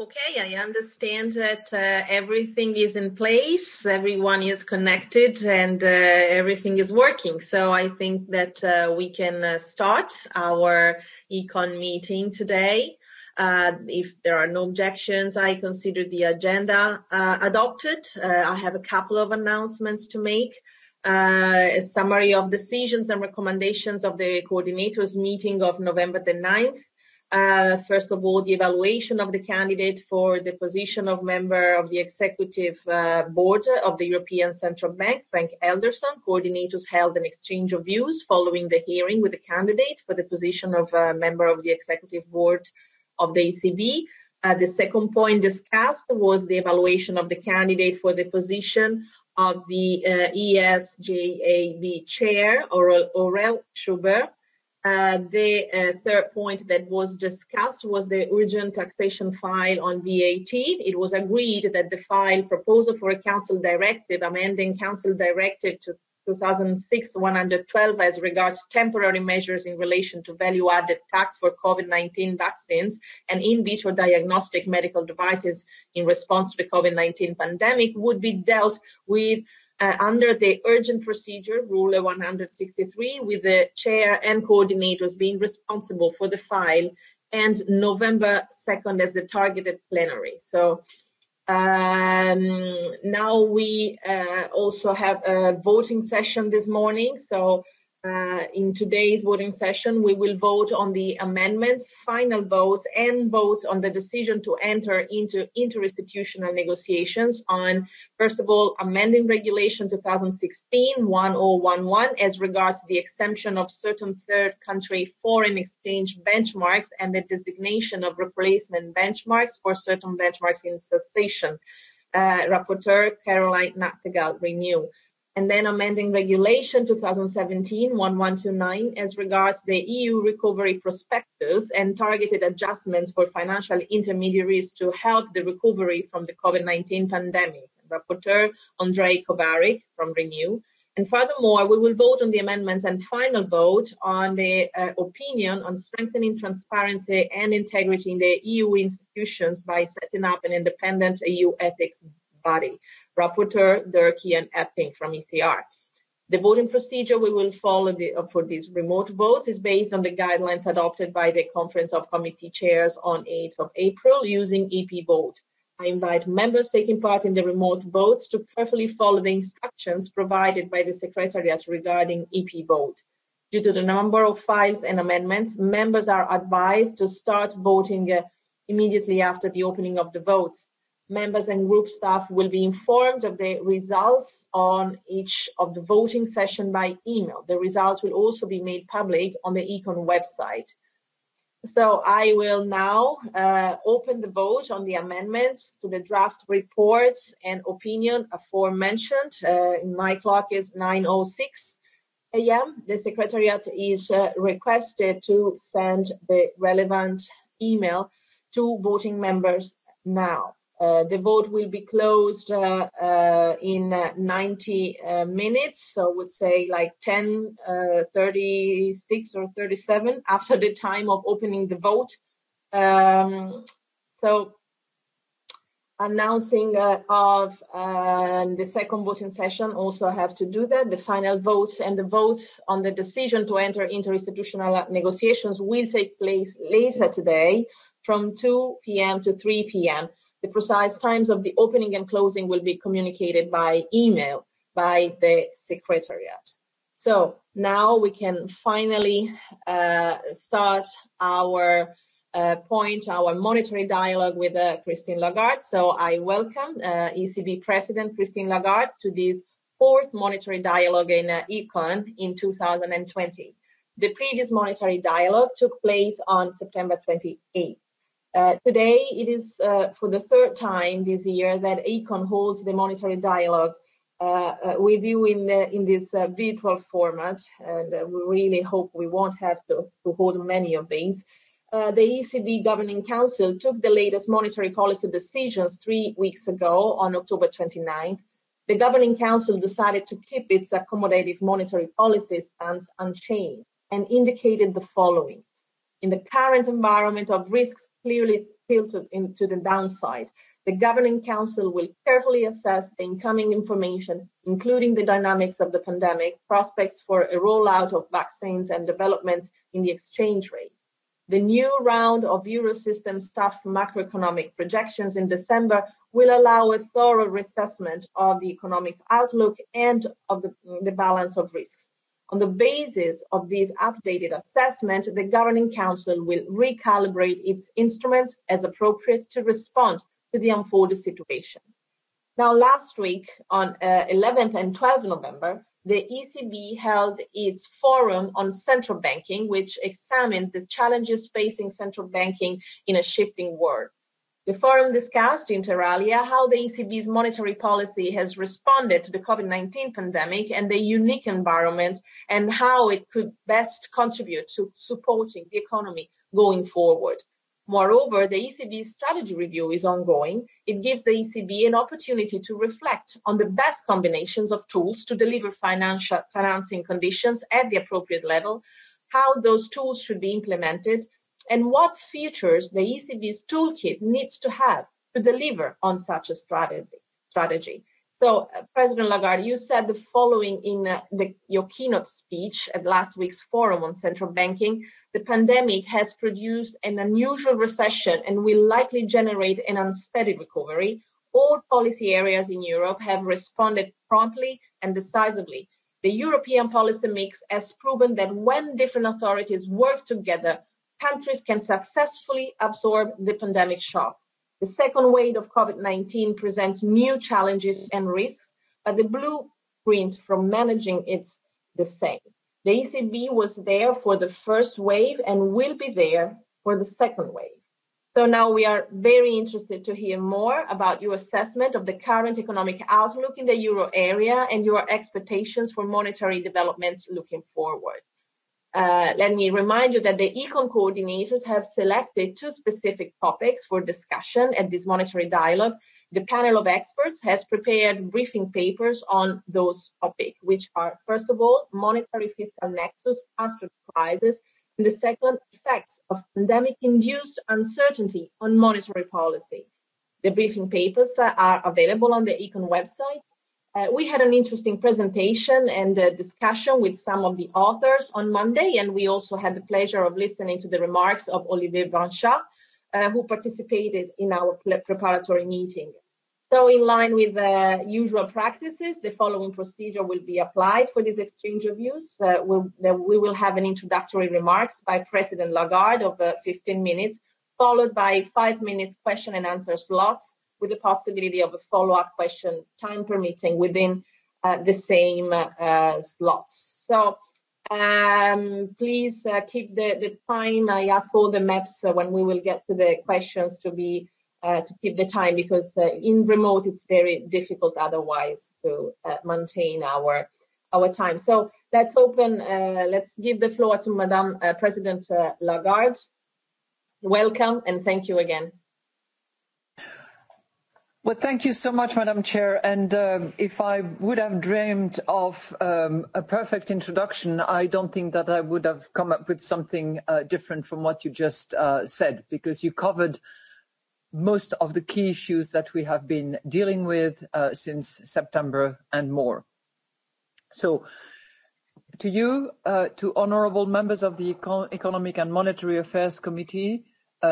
okay, I understand that uh, everything is in place, everyone is connected, and uh, everything is working. So I think that uh, we can start our econ meeting today. if there are no objections, I consider the agenda adopted. I have a couple of announcements to make. a summary of decisions and recommendations of the coordinators meeting of November the 9th first of all, the evaluation of the candidate for the position of member of the executive board of the European Central Bank, Frank Elderson. Coordinators held an exchange of views following the hearing with the candidate for the position of member of the executive board of the ECB. The second point discussed was the evaluation of the candidate for the position of the ESJAB chair, Aurel Schubert Uh, the uh, third point that was discussed was the urgent taxation file on VAT. It was agreed that the file proposal for a council directive amending council directive to 2006-112 as regards temporary measures in relation to value-added tax for COVID-19 vaccines and in vitro diagnostic medical devices in response to the COVID-19 pandemic would be dealt with under the urgent procedure rule 163 with the chair and coordinators being responsible for the file and november 2nd as the targeted plenary so um now we uh, also have a voting session this morning so in today's voting session, we will vote on the amendments, final votes, and votes on the decision to enter into interinstitutional negotiations on, first of all, amending Regulation 2016-1011 as regards the exemption of certain third country foreign exchange benchmarks and the designation of replacement benchmarks for certain benchmarks in cessation. Rapporteur Caroline Nattegal, Renew and then amending Regulation 2017-1129 as regards the EU recovery prospectus and targeted adjustments for financial intermediaries to help the recovery from the COVID-19 pandemic. Rapporteur Andrei Kovarik from Renew. And furthermore, we will vote on the amendments and final vote on the opinion on strengthening transparency and integrity in the EU institutions by setting up an independent EU ethics body. Rapporteur Durkee and Epping from ECR. The voting procedure we will follow for these remote votes is based on the guidelines adopted by the Conference of Committee Chairs on 8th of April using EP vote. I invite members taking part in the remote votes to carefully follow the instructions provided by the Secretariat regarding EP vote. Due to the number of files and amendments, members are advised to start voting immediately after the opening of the votes members and group staff will be informed of the results on each of the voting session by email. The results will also be made public on the Econ website. So I will now open the vote on the amendments to the draft reports and opinion aforementioned. My clock is 9.06 a.m. The Secretariat is requested to send the relevant email to voting members now. The vote will be closed in 90 minutes, so I would say like 36 or 37 after the time of opening the vote. So announcing of the second voting session also have to do that. The final votes and the votes on the decision to enter interinstitutional negotiations will take place later today from 2 p.m. to 3 p.m. The precise times of the opening and closing will be communicated by email by the Secretariat. So now we can finally uh, start our uh, point, our monetary dialogue with uh, Christine Lagarde. So I welcome uh, ECB President Christine Lagarde to this fourth monetary dialogue in uh, Econ in 2020. The previous monetary dialogue took place on September 28th. Uh, today, it is uh, for the third time this year that ECON holds the monetary dialogue uh, with you in, the, in this uh, virtual format, and uh, we really hope we won't have to, to hold many of these. Uh, the ECB Governing Council took the latest monetary policy decisions three weeks ago on October 29th. The Governing Council decided to keep its accommodative monetary policy stance unchanged and indicated the following in the current environment of risks clearly tilted into the downside, the Governing Council will carefully assess the incoming information, including the dynamics of the pandemic, prospects for a rollout of vaccines, and developments in the exchange rate. The new round of Eurosystem staff macroeconomic projections in December will allow a thorough reassessment of the economic outlook and of the balance of risks On the basis of this updated assessment, the Governing Council will recalibrate its instruments as appropriate to respond to the unfolded situation. Now, last week, on 11th and 12th November, the ECB held its forum on central banking, which examined the challenges facing central banking in a shifting world. The forum discussed, inter alia, how the ECB's monetary policy has responded to the COVID-19 pandemic and the unique environment and how it could best contribute to supporting the economy going forward. Moreover, the ECB's strategy review is ongoing. It gives the ECB an opportunity to reflect on the best combinations of tools to deliver financial financing conditions at the appropriate level, how those tools should be implemented, and what features the ECB's toolkit needs to have to deliver on such a strategy. So, President Lagarde, you said the following in your keynote speech at last week's forum on central banking. The pandemic has produced an unusual recession and will likely generate an unsteady recovery. All policy areas in Europe have responded promptly and decisively. The European policy mix has proven that when different authorities work together, countries can successfully absorb the pandemic shock. The second wave of COVID-19 presents new challenges and risks, but the blueprint from managing it's the same. The ECB was there for the first wave and will be there for the second wave. So now we are very interested to hear more about your assessment of the current economic outlook in the euro area and your expectations for monetary developments looking forward. Uh, let me remind you that the econ coordinators have selected two specific topics for discussion at this monetary dialogue. The panel of experts has prepared briefing papers on those topics, which are, first of all, monetary fiscal nexus after the crisis, and the second, effects of pandemic-induced uncertainty on monetary policy. The briefing papers are available on the econ website we had an interesting presentation and discussion with some of the authors on Monday, and we also had the pleasure of listening to the remarks of Olivier Branchat, who participated in our preparatory meeting. So, in line with the usual practices, the following procedure will be applied for this exchange of views. we will have an introductory remarks by President Lagarde of 15 minutes, followed by five minutes question and answer slots with the possibility of a follow-up question, time permitting, within the same slots. So please keep the the time. I ask all the maps when we will get to the questions to be to keep the time because in remote, it's very difficult otherwise to maintain our our time. So let's open, let's give the floor to Madame President Lagarde. Welcome, and thank you again. Well, thank you so much, Madam Chair. And if I would have dreamed of a perfect introduction, I don't think that I would have come up with something different from what you just said, because you covered most of the key issues that we have been dealing with since September and more. So to you, to honourable members of the Economic and Monetary Affairs Committee,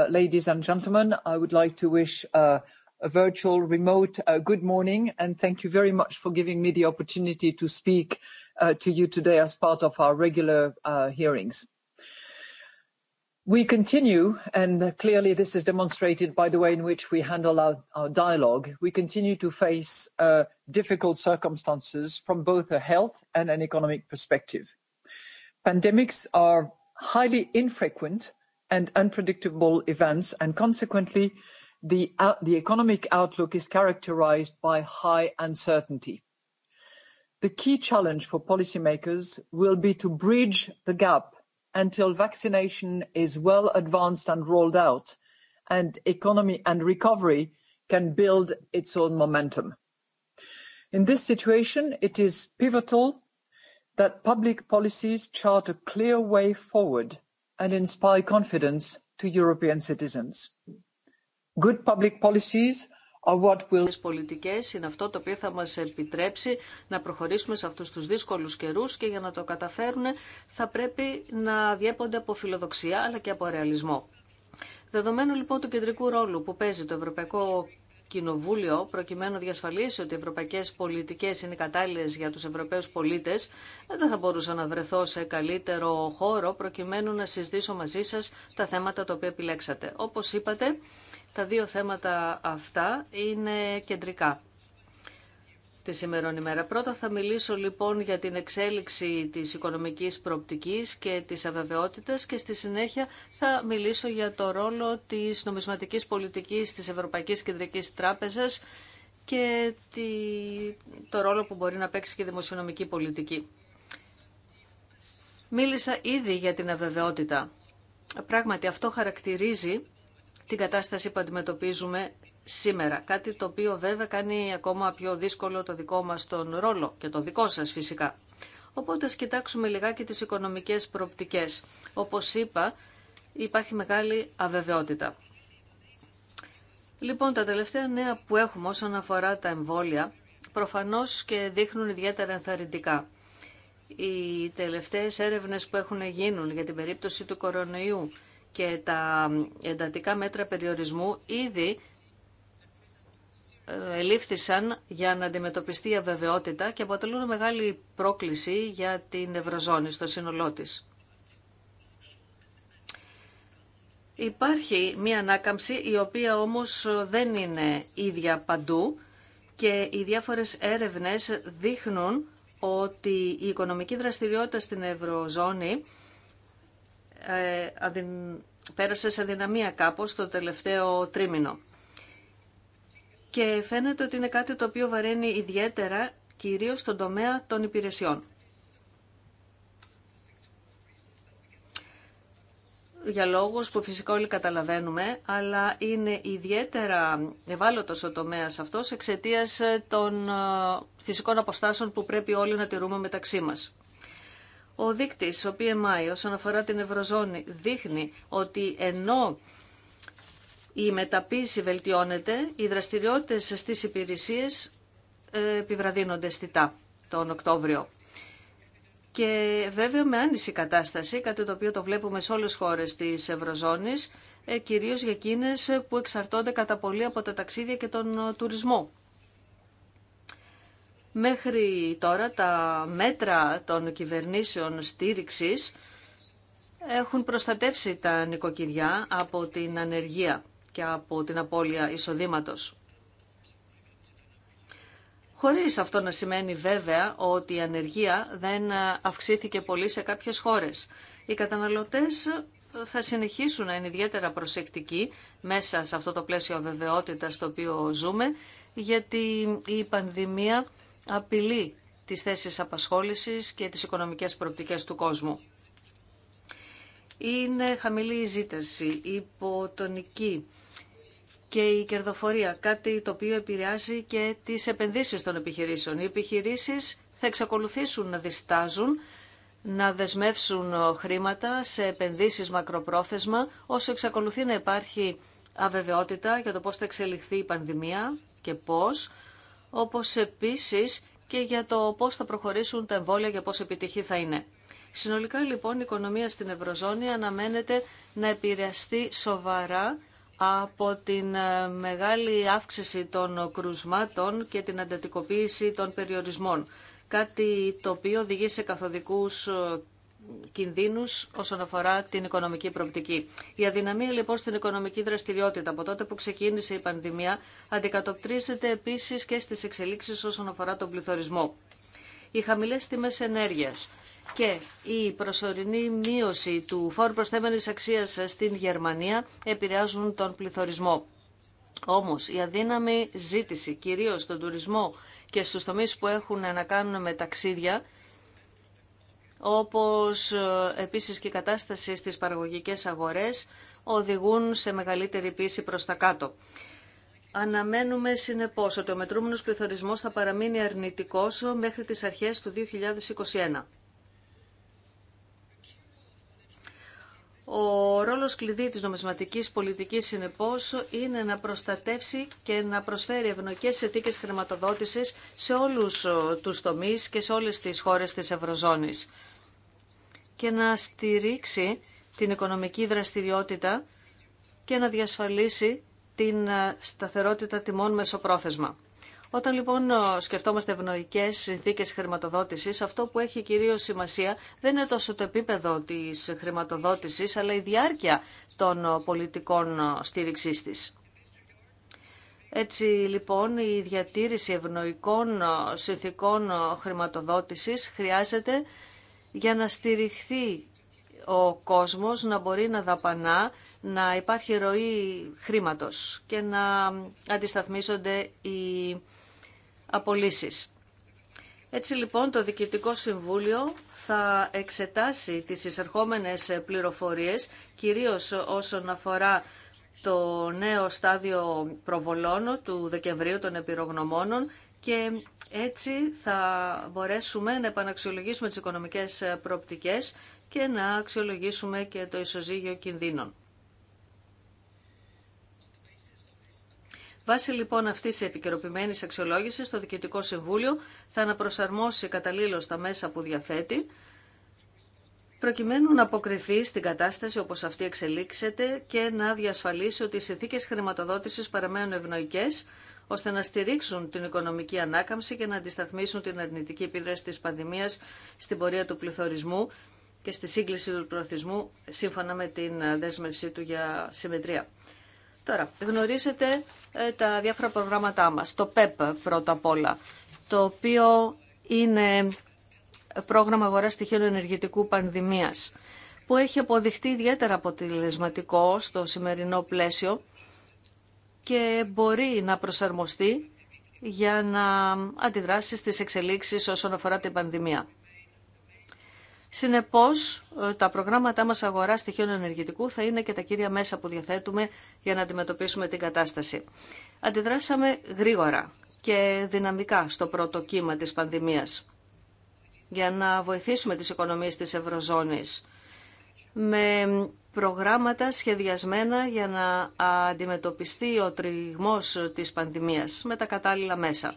ladies and gentlemen, I would like to wish a virtual remote good morning and thank you very much for giving me the opportunity to speak to you today as part of our regular hearings. We continue, and clearly this is demonstrated by the way in which we handle our dialogue, we continue to face difficult circumstances from both a health and an economic perspective. Pandemics are highly infrequent and unpredictable events and consequently the economic outlook is characterized by high uncertainty. The key challenge for policymakers will be to bridge the gap until vaccination is well advanced and rolled out, and economy and recovery can build its own momentum. In this situation, it is pivotal that public policies chart a clear way forward and inspire confidence to European citizens. Οι πολιτικές είναι αυτό το οποίο θα μας επιτρέψει να προχωρήσουμε σε αυτούς τους δύσκολους καιρούς και για να το καταφέρουν θα πρέπει να διέπονται από φιλοδοξία αλλά και από ρεαλισμό. Δεδομένου λοιπόν του κεντρικού ρόλου που παίζει το Ευρωπαϊκό Κοινοβούλιο, προκειμένου να διασφαλίσει ότι οι ευρωπαϊκέ πολιτικέ είναι κατάλληλε για του Ευρωπαίου πολίτε, δεν θα μπορούσα να βρεθώ σε καλύτερο χώρο προκειμένου να συζητήσω μαζί σα τα θέματα τα οποία επιλέξατε. Όπω είπατε, τα δύο θέματα αυτά είναι κεντρικά τη σήμερον ημέρα. Πρώτα θα μιλήσω λοιπόν για την εξέλιξη της οικονομικής προοπτικής και της αβεβαιότητας και στη συνέχεια θα μιλήσω για το ρόλο της νομισματικής πολιτικής της Ευρωπαϊκής Κεντρικής Τράπεζας και το ρόλο που μπορεί να παίξει και η δημοσιονομική πολιτική. Μίλησα ήδη για την αβεβαιότητα. Πράγματι αυτό χαρακτηρίζει την κατάσταση που αντιμετωπίζουμε σήμερα. Κάτι το οποίο βέβαια κάνει ακόμα πιο δύσκολο το δικό μας τον ρόλο και το δικό σας φυσικά. Οπότε ας κοιτάξουμε λιγάκι τις οικονομικές προοπτικές. Όπως είπα, υπάρχει μεγάλη αβεβαιότητα. Λοιπόν, τα τελευταία νέα που έχουμε όσον αφορά τα εμβόλια, προφανώς και δείχνουν ιδιαίτερα ενθαρρυντικά. Οι τελευταίες έρευνες που έχουν γίνουν για την περίπτωση του κορονοϊού και τα εντατικά μέτρα περιορισμού ήδη ε, ελήφθησαν για να αντιμετωπιστεί η αβεβαιότητα και αποτελούν μεγάλη πρόκληση για την Ευρωζώνη στο σύνολό της. Υπάρχει μία ανάκαμψη η οποία όμως δεν είναι ίδια παντού και οι διάφορες έρευνες δείχνουν ότι η οικονομική δραστηριότητα στην Ευρωζώνη ε, πέρασε σε δυναμία κάπως το τελευταίο τρίμηνο. Και φαίνεται ότι είναι κάτι το οποίο βαραίνει ιδιαίτερα κυρίως στον τομέα των υπηρεσιών. για λόγους που φυσικά όλοι καταλαβαίνουμε, αλλά είναι ιδιαίτερα ευάλωτος ο τομέας αυτός εξαιτίας των ε, φυσικών αποστάσεων που πρέπει όλοι να τηρούμε μεταξύ μας. Ο δείκτης, ο PMI, όσον αφορά την Ευρωζώνη, δείχνει ότι ενώ η μεταποίηση βελτιώνεται, οι δραστηριότητες στις υπηρεσίες ε, επιβραδύνονται αισθητά τον Οκτώβριο. Και βέβαια με άνηση κατάσταση, κάτι το οποίο το βλέπουμε σε όλες τις χώρες της Ευρωζώνης, ε, κυρίως για εκείνες που εξαρτώνται κατά πολύ από τα ταξίδια και τον ε, τουρισμό. Μέχρι τώρα τα μέτρα των κυβερνήσεων στήριξης έχουν προστατεύσει τα νοικοκυριά από την ανεργία και από την απώλεια εισοδήματος. Χωρίς αυτό να σημαίνει βέβαια ότι η ανεργία δεν αυξήθηκε πολύ σε κάποιες χώρες. Οι καταναλωτές θα συνεχίσουν να είναι ιδιαίτερα προσεκτικοί μέσα σε αυτό το πλαίσιο βεβαιότητας στο οποίο ζούμε, γιατί η πανδημία απειλεί τις θέσεις απασχόλησης και τις οικονομικές προοπτικές του κόσμου. Είναι χαμηλή η ζήτηση, υποτονική και η κερδοφορία, κάτι το οποίο επηρεάζει και τις επενδύσεις των επιχειρήσεων. Οι επιχειρήσεις θα εξακολουθήσουν να διστάζουν να δεσμεύσουν χρήματα σε επενδύσεις μακροπρόθεσμα, όσο εξακολουθεί να υπάρχει αβεβαιότητα για το πώς θα εξελιχθεί η πανδημία και πώς, όπως επίσης και για το πώς θα προχωρήσουν τα εμβόλια και πώς επιτυχή θα είναι. Συνολικά λοιπόν η οικονομία στην Ευρωζώνη αναμένεται να επηρεαστεί σοβαρά από την ε, μεγάλη αύξηση των κρουσμάτων και την αντατικοποίηση των περιορισμών. Κάτι το οποίο οδηγεί σε καθοδικούς ε, κινδύνους όσον αφορά την οικονομική προοπτική. Η αδυναμία λοιπόν στην οικονομική δραστηριότητα από τότε που ξεκίνησε η πανδημία αντικατοπτρίζεται επίσης και στις εξελίξεις όσον αφορά τον πληθωρισμό. Οι χαμηλές τιμές ενέργειας και η προσωρινή μείωση του φόρου προσθέμενης αξίας στην Γερμανία επηρεάζουν τον πληθωρισμό. Όμως η αδύναμη ζήτηση κυρίως στον τουρισμό και στους τομείς που έχουν να κάνουν με ταξίδια όπως ε, επίσης και η κατάσταση στις παραγωγικές αγορές οδηγούν σε μεγαλύτερη πίεση προς τα κάτω. Αναμένουμε συνεπώς ότι ο μετρούμενος πληθωρισμός θα παραμείνει αρνητικός μέχρι τις αρχές του 2021. Ο ρόλος κλειδί της νομισματικής πολιτικής συνεπώς είναι να προστατεύσει και να προσφέρει ευνοϊκές συνθήκες χρηματοδότησης σε όλους ε, τους τομείς και σε όλες τις χώρες της Ευρωζώνης και να στηρίξει την οικονομική δραστηριότητα και να διασφαλίσει την ε, σταθερότητα τιμών μεσοπρόθεσμα. Όταν λοιπόν ε, σκεφτόμαστε ευνοϊκέ συνθήκε χρηματοδότηση, αυτό που έχει κυρίω σημασία δεν είναι τόσο το επίπεδο τη χρηματοδότηση, αλλά η διάρκεια των ε, πολιτικών στήριξή τη. Έτσι λοιπόν η διατήρηση ευνοϊκών συνθήκων χρηματοδότησης χρειάζεται για να στηριχθεί ο κόσμος να μπορεί να δαπανά, να υπάρχει ροή χρήματος και να αντισταθμίσονται οι απολύσεις. Έτσι λοιπόν το Δικητικό Συμβούλιο θα εξετάσει τις εισερχόμενες πληροφορίες, κυρίως όσον αφορά το νέο στάδιο προβολών του Δεκεμβρίου των Επιρρογνωμόνων και έτσι θα μπορέσουμε να επαναξιολογήσουμε τις οικονομικές προοπτικές και να αξιολογήσουμε και το ισοζύγιο κινδύνων. Βάσει λοιπόν αυτή τη επικαιροποιημένη αξιολόγηση, το Διοικητικό Συμβούλιο θα αναπροσαρμόσει καταλήλω τα μέσα που διαθέτει, προκειμένου να αποκριθεί στην κατάσταση όπως αυτή εξελίξεται και να διασφαλίσει ότι οι συνθήκε χρηματοδότησης παραμένουν ευνοϊκές, ώστε να στηρίξουν την οικονομική ανάκαμψη και να αντισταθμίσουν την αρνητική επίδραση της πανδημίας στην πορεία του πληθωρισμού και στη σύγκληση του πληθωρισμού σύμφωνα με την δέσμευσή του για συμμετρία. Τώρα, γνωρίζετε ε, τα διάφορα προγράμματά μας. Το ΠΕΠ πρώτα απ' όλα, το οποίο είναι πρόγραμμα αγοράς στοιχείων ενεργητικού πανδημίας, που έχει αποδειχτεί ιδιαίτερα αποτελεσματικό στο σημερινό πλαίσιο και μπορεί να προσαρμοστεί για να αντιδράσει στις εξελίξεις όσον αφορά την πανδημία. Συνεπώς, τα προγράμματά μας αγορά στοιχείων ενεργητικού θα είναι και τα κύρια μέσα που διαθέτουμε για να αντιμετωπίσουμε την κατάσταση. Αντιδράσαμε γρήγορα και δυναμικά στο πρώτο κύμα της πανδημίας για να βοηθήσουμε τις οικονομίες της Ευρωζώνης με προγράμματα σχεδιασμένα για να αντιμετωπιστεί ο τριγμός της πανδημίας με τα κατάλληλα μέσα.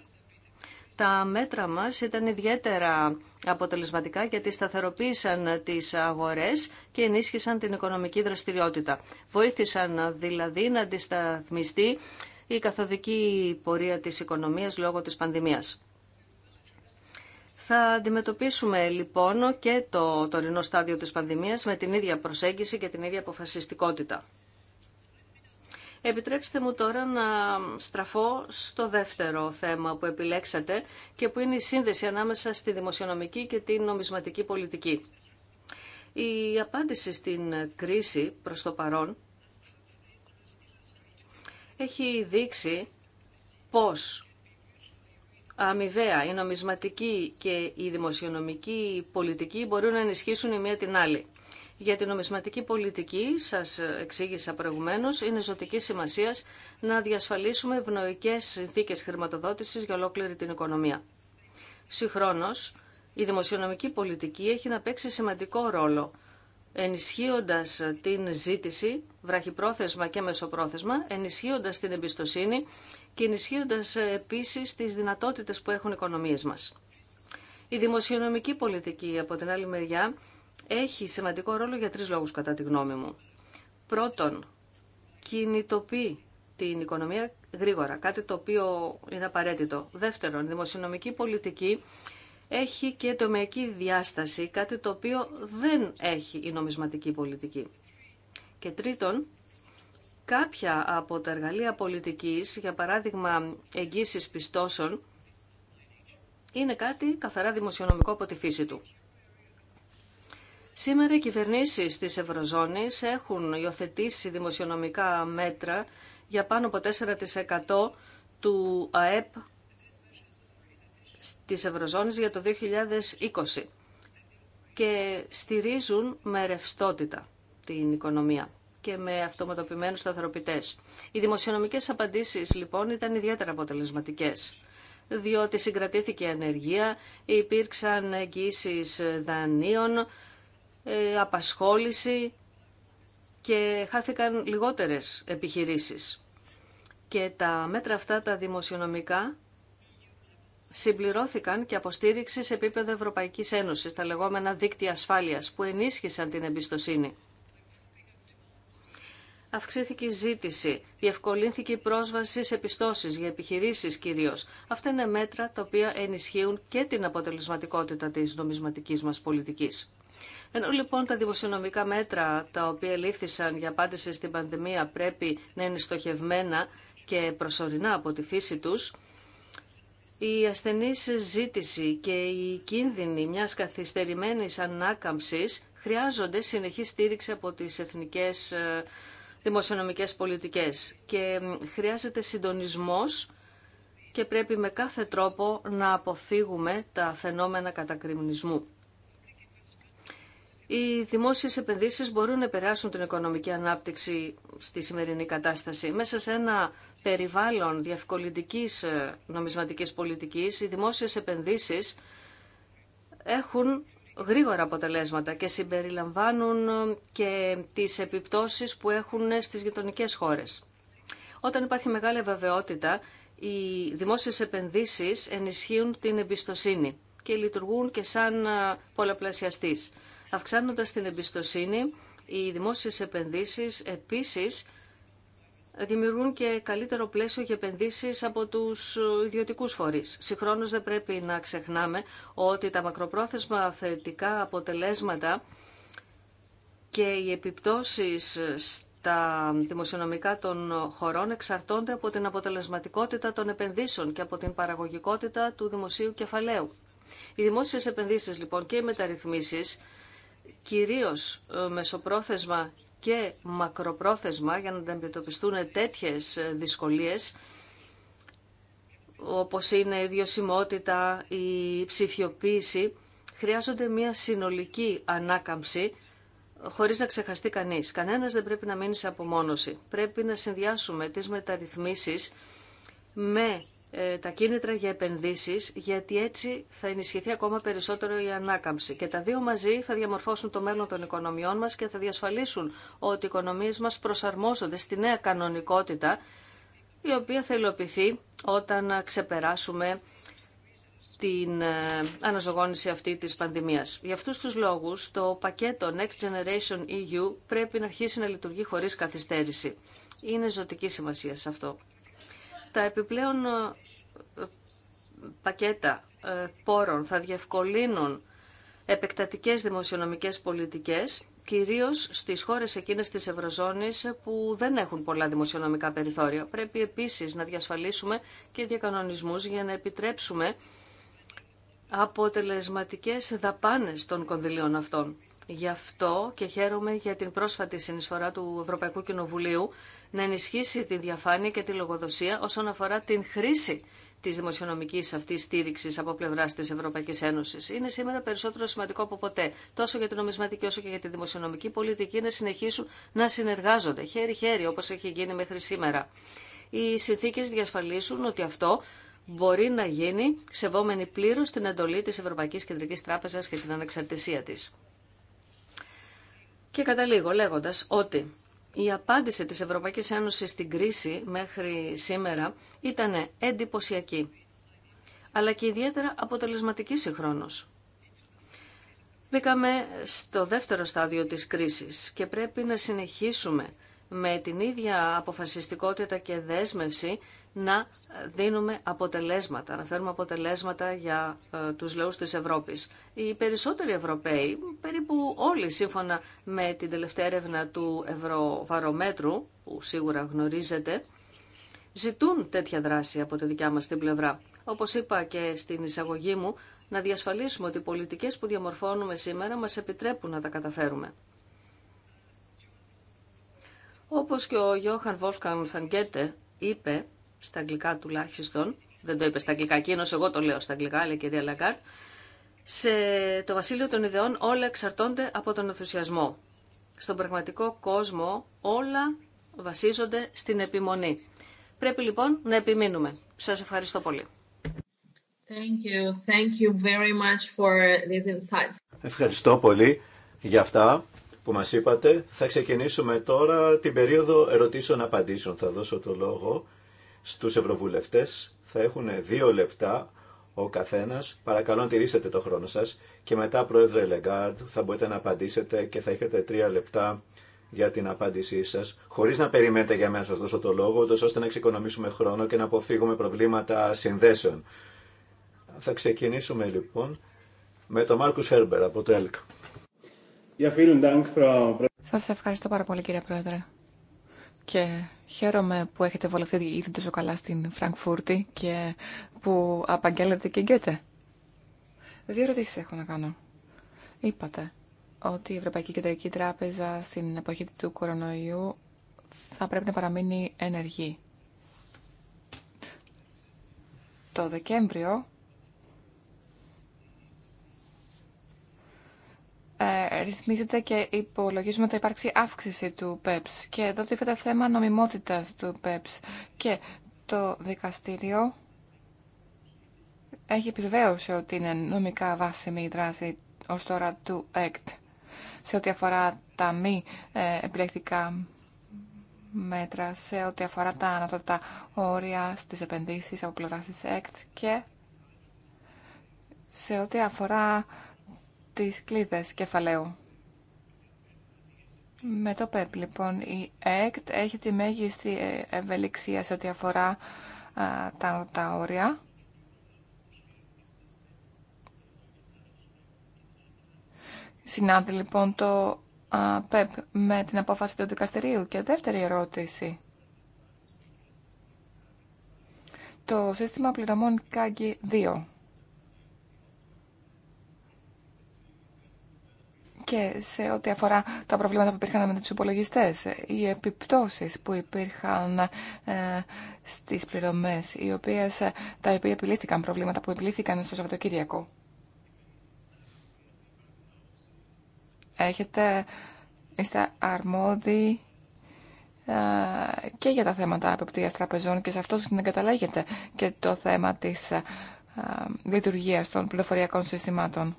Τα μέτρα μας ήταν ιδιαίτερα αποτελεσματικά γιατί σταθεροποίησαν τις αγορές και ενίσχυσαν την οικονομική δραστηριότητα. Βοήθησαν δηλαδή να αντισταθμιστεί η καθοδική πορεία της οικονομίας λόγω της πανδημίας. Θα αντιμετωπίσουμε λοιπόν και το τωρινό στάδιο της πανδημίας με την ίδια προσέγγιση και την ίδια αποφασιστικότητα. Επιτρέψτε μου τώρα να στραφώ στο δεύτερο θέμα που επιλέξατε και που είναι η σύνδεση ανάμεσα στη δημοσιονομική και την νομισματική πολιτική. Η απάντηση στην κρίση προς το παρόν έχει δείξει πώς αμοιβαία. Η νομισματική και η δημοσιονομική πολιτική μπορούν να ενισχύσουν η μία την άλλη. Για την νομισματική πολιτική, σας εξήγησα προηγουμένως, είναι ζωτική σημασία να διασφαλίσουμε ευνοϊκές συνθήκες χρηματοδότησης για ολόκληρη την οικονομία. Συγχρόνως, η δημοσιονομική πολιτική έχει να παίξει σημαντικό ρόλο, ενισχύοντας την ζήτηση, βραχυπρόθεσμα και μεσοπρόθεσμα, ενισχύοντας την εμπιστοσύνη και ενισχύοντα ε, επίσης τις δυνατότητες που έχουν οι οικονομίες μας. Η δημοσιονομική πολιτική, από την άλλη μεριά, έχει σημαντικό ρόλο για τρεις λόγους κατά τη γνώμη μου. Πρώτον, κινητοποιεί την οικονομία γρήγορα, κάτι το οποίο είναι απαραίτητο. Δεύτερον, η δημοσιονομική πολιτική έχει και τομεική διάσταση, κάτι το οποίο δεν έχει η νομισματική πολιτική. Και τρίτον, κάποια από τα εργαλεία πολιτικής, για παράδειγμα εγγύσεις πιστώσεων, είναι κάτι καθαρά δημοσιονομικό από τη φύση του. Σήμερα οι κυβερνήσεις της Ευρωζώνης έχουν υιοθετήσει δημοσιονομικά μέτρα για πάνω από 4% του ΑΕΠ της Ευρωζώνης για το 2020 και στηρίζουν με ρευστότητα την οικονομία και με αυτοματοποιημένους σταθεροποιητέ. Οι δημοσιονομικές απαντήσεις λοιπόν ήταν ιδιαίτερα αποτελεσματικές διότι συγκρατήθηκε η ανεργία, υπήρξαν εγγύσεις δανείων, ε, απασχόληση και χάθηκαν λιγότερες επιχειρήσεις. Και τα μέτρα αυτά τα δημοσιονομικά συμπληρώθηκαν και αποστήριξη σε επίπεδο Ευρωπαϊκής Ένωσης, τα λεγόμενα δίκτυα ασφάλειας που ενίσχυσαν την εμπιστοσύνη αυξήθηκε η ζήτηση, διευκολύνθηκε η πρόσβαση σε πιστώσεις για επιχειρήσεις κυρίως. Αυτά είναι μέτρα τα οποία ενισχύουν και την αποτελεσματικότητα της νομισματικής μας πολιτικής. Ενώ λοιπόν τα δημοσιονομικά μέτρα τα οποία λήφθησαν για απάντηση στην πανδημία πρέπει να είναι στοχευμένα και προσωρινά από τη φύση τους, η ασθενή ζήτηση και οι κίνδυνοι μιας καθυστερημένης ανάκαμψης χρειάζονται συνεχή στήριξη από τις εθνικές ε, δημοσιονομικές πολιτικές και χρειάζεται συντονισμός και πρέπει με κάθε τρόπο να αποφύγουμε τα φαινόμενα κατακριμνισμού. Οι δημόσιες επενδύσεις μπορούν να επηρεάσουν την οικονομική ανάπτυξη στη σημερινή κατάσταση. Μέσα σε ένα περιβάλλον διευκολυντικής ε, νομισματικής πολιτικής, οι δημόσιες επενδύσεις έχουν γρήγορα αποτελέσματα και συμπεριλαμβάνουν ε, και τις επιπτώσεις που έχουν ε, στις γειτονικέ χώρες. Όταν υπάρχει μεγάλη βεβαιότητα, οι δημόσιες επενδύσεις ενισχύουν την εμπιστοσύνη και λειτουργούν και σαν ε, πολλαπλασιαστής. Αυξάνοντας την εμπιστοσύνη, οι δημόσιες επενδύσεις επίσης δημιουργούν και καλύτερο πλαίσιο για επενδύσεις από τους ιδιωτικούς φορείς. Συγχρόνως δεν πρέπει να ξεχνάμε ότι τα μακροπρόθεσμα θετικά αποτελέσματα και οι επιπτώσεις στα δημοσιονομικά των χωρών εξαρτώνται από την αποτελεσματικότητα των επενδύσεων και από την παραγωγικότητα του δημοσίου κεφαλαίου. Οι δημόσιες επενδύσεις λοιπόν και οι μεταρρυθμίσεις κυρίως μεσοπρόθεσμα και μακροπρόθεσμα για να αντιμετωπιστούν τέτοιες δυσκολίες όπως είναι η η ψηφιοποίηση, χρειάζονται μια συνολική ανάκαμψη χωρίς να ξεχαστεί κανείς. Κανένας δεν πρέπει να μείνει σε απομόνωση. Πρέπει να συνδυάσουμε τις μεταρρυθμίσεις με ε, τα κίνητρα για επενδύσεις, γιατί έτσι θα ενισχυθεί ακόμα περισσότερο η ανάκαμψη. Και τα δύο μαζί θα διαμορφώσουν το μέλλον των οικονομιών μας και θα διασφαλίσουν ότι οι οικονομίες μας προσαρμόζονται στη νέα κανονικότητα, η οποία θα υλοποιηθεί όταν ξεπεράσουμε την ε, αναζωγόνηση αυτή της πανδημίας. Για αυτούς τους λόγους, το πακέτο Next Generation EU πρέπει να αρχίσει να λειτουργεί χωρίς καθυστέρηση. Είναι ζωτική σημασία σε αυτό. Τα επιπλέον ε, πακέτα ε, πόρων θα διευκολύνουν επεκτατικές δημοσιονομικές πολιτικές, κυρίως στις χώρες εκείνες της Ευρωζώνης που δεν έχουν πολλά δημοσιονομικά περιθώρια. Πρέπει επίσης να διασφαλίσουμε και διακανονισμούς για να επιτρέψουμε αποτελεσματικές δαπάνες των κονδυλίων αυτών. Γι' αυτό και χαίρομαι για την πρόσφατη συνεισφορά του Ευρωπαϊκού Κοινοβουλίου να ενισχύσει τη διαφάνεια και τη λογοδοσία όσον αφορά την χρήση τη δημοσιονομική αυτή στήριξη από πλευρά τη Ευρωπαϊκή Ένωση. Είναι σήμερα περισσότερο σημαντικό από ποτέ, τόσο για την νομισματική όσο και για τη δημοσιονομική πολιτική, να συνεχίσουν να συνεργάζονται χέρι-χέρι, όπω έχει γίνει μέχρι σήμερα. Οι συνθήκε διασφαλίσουν ότι αυτό μπορεί να γίνει σεβόμενη πλήρω την εντολή τη Ευρωπαϊκή Κεντρική Τράπεζα και την ανεξαρτησία τη. Και καταλήγω λέγοντα ότι η απάντηση της Ευρωπαϊκής Ένωσης στην κρίση μέχρι σήμερα ήταν εντυπωσιακή, αλλά και ιδιαίτερα αποτελεσματική συγχρόνως. Μπήκαμε στο δεύτερο στάδιο της κρίσης και πρέπει να συνεχίσουμε με την ίδια αποφασιστικότητα και δέσμευση να δίνουμε αποτελέσματα, να φέρουμε αποτελέσματα για ε, τους λαούς της Ευρώπης. Οι περισσότεροι Ευρωπαίοι, περίπου όλοι σύμφωνα με την τελευταία έρευνα του Ευρωβαρομέτρου, που σίγουρα γνωρίζετε, ζητούν τέτοια δράση από τη δικιά μας την πλευρά. Όπως είπα και στην εισαγωγή μου, να διασφαλίσουμε ότι οι πολιτικές που διαμορφώνουμε σήμερα μας επιτρέπουν να τα καταφέρουμε. Όπως και ο Γιώχαν Βόλφκαν Φανγκέτε είπε, στα αγγλικά τουλάχιστον, δεν το είπε στα αγγλικά εκείνο, εγώ το λέω στα αγγλικά, λέει η κυρία Λαγκάρτ, σε το βασίλειο των ιδεών όλα εξαρτώνται από τον ενθουσιασμό. Στον πραγματικό κόσμο όλα βασίζονται στην επιμονή. Πρέπει λοιπόν να επιμείνουμε. Σας ευχαριστώ πολύ. Thank you. Thank you very much for this insight. Ευχαριστώ πολύ για αυτά που μας είπατε. Θα ξεκινήσουμε τώρα την περίοδο ερωτήσεων-απαντήσεων. Θα δώσω το λόγο στους ευρωβουλευτές θα έχουν δύο λεπτά ο καθένας. Παρακαλώ να το χρόνο σας και μετά πρόεδρε Λεγκάρντ θα μπορείτε να απαντήσετε και θα έχετε τρία λεπτά για την απάντησή σας, χωρίς να περιμένετε για μένα να σας δώσω το λόγο, ώστε να εξοικονομήσουμε χρόνο και να αποφύγουμε προβλήματα συνδέσεων. Θα ξεκινήσουμε λοιπόν με τον Μάρκους Φέρμπερ από το ΕΛΚ. Σας ευχαριστώ πάρα πολύ κύριε Πρόεδρε και χαίρομαι που έχετε βολευτεί ήδη τόσο καλά στην Φραγκφούρτη και που απαγγέλλετε και γκέτε. Δύο ερωτήσει έχω να κάνω. Είπατε ότι η Ευρωπαϊκή Κεντρική Τράπεζα στην εποχή του κορονοϊού θα πρέπει να παραμείνει ενεργή. Το Δεκέμβριο Ε, ρυθμίζεται και υπολογίζουμε ότι υπάρξει αύξηση του ΠΕΠΣ. Και εδώ τίθεται θέμα νομιμότητας του ΠΕΠΣ. Και το δικαστήριο έχει επιβεβαίωση ότι είναι νομικά βάσιμη η δράση ως τώρα του ΕΚΤ σε ό,τι αφορά τα μη ε, επιλεκτικά μέτρα, σε ό,τι αφορά τα ανατολικά όρια στις επενδύσεις από πλευρά της ΕΚΤ και σε ό,τι αφορά τις κλίδες κεφαλαίου. Με το ΠΕΠ, λοιπόν, η ΕΚΤ έχει τη μέγιστη ε, ευελιξία σε ό,τι αφορά α, τα, τα όρια. Συνάδει, λοιπόν, το α, ΠΕΠ με την απόφαση του δικαστηρίου. Και δεύτερη ερώτηση. Το σύστημα πληρωμών ΚΑΓΚΙ 2. και σε ό,τι αφορά τα προβλήματα που υπήρχαν με τους υπολογιστέ, οι επιπτώσεις που υπήρχαν ε, στις πληρωμές, οι οποίες, ε, τα οποία επιλύθηκαν, προβλήματα που επιλύθηκαν στο Σαββατοκύριακο. Έχετε, είστε αρμόδιοι ε, και για τα θέματα εποπτείας τραπεζών και σε αυτό συγκαταλέγεται και το θέμα της λειτουργία ε, λειτουργίας των πληροφοριακών συστημάτων.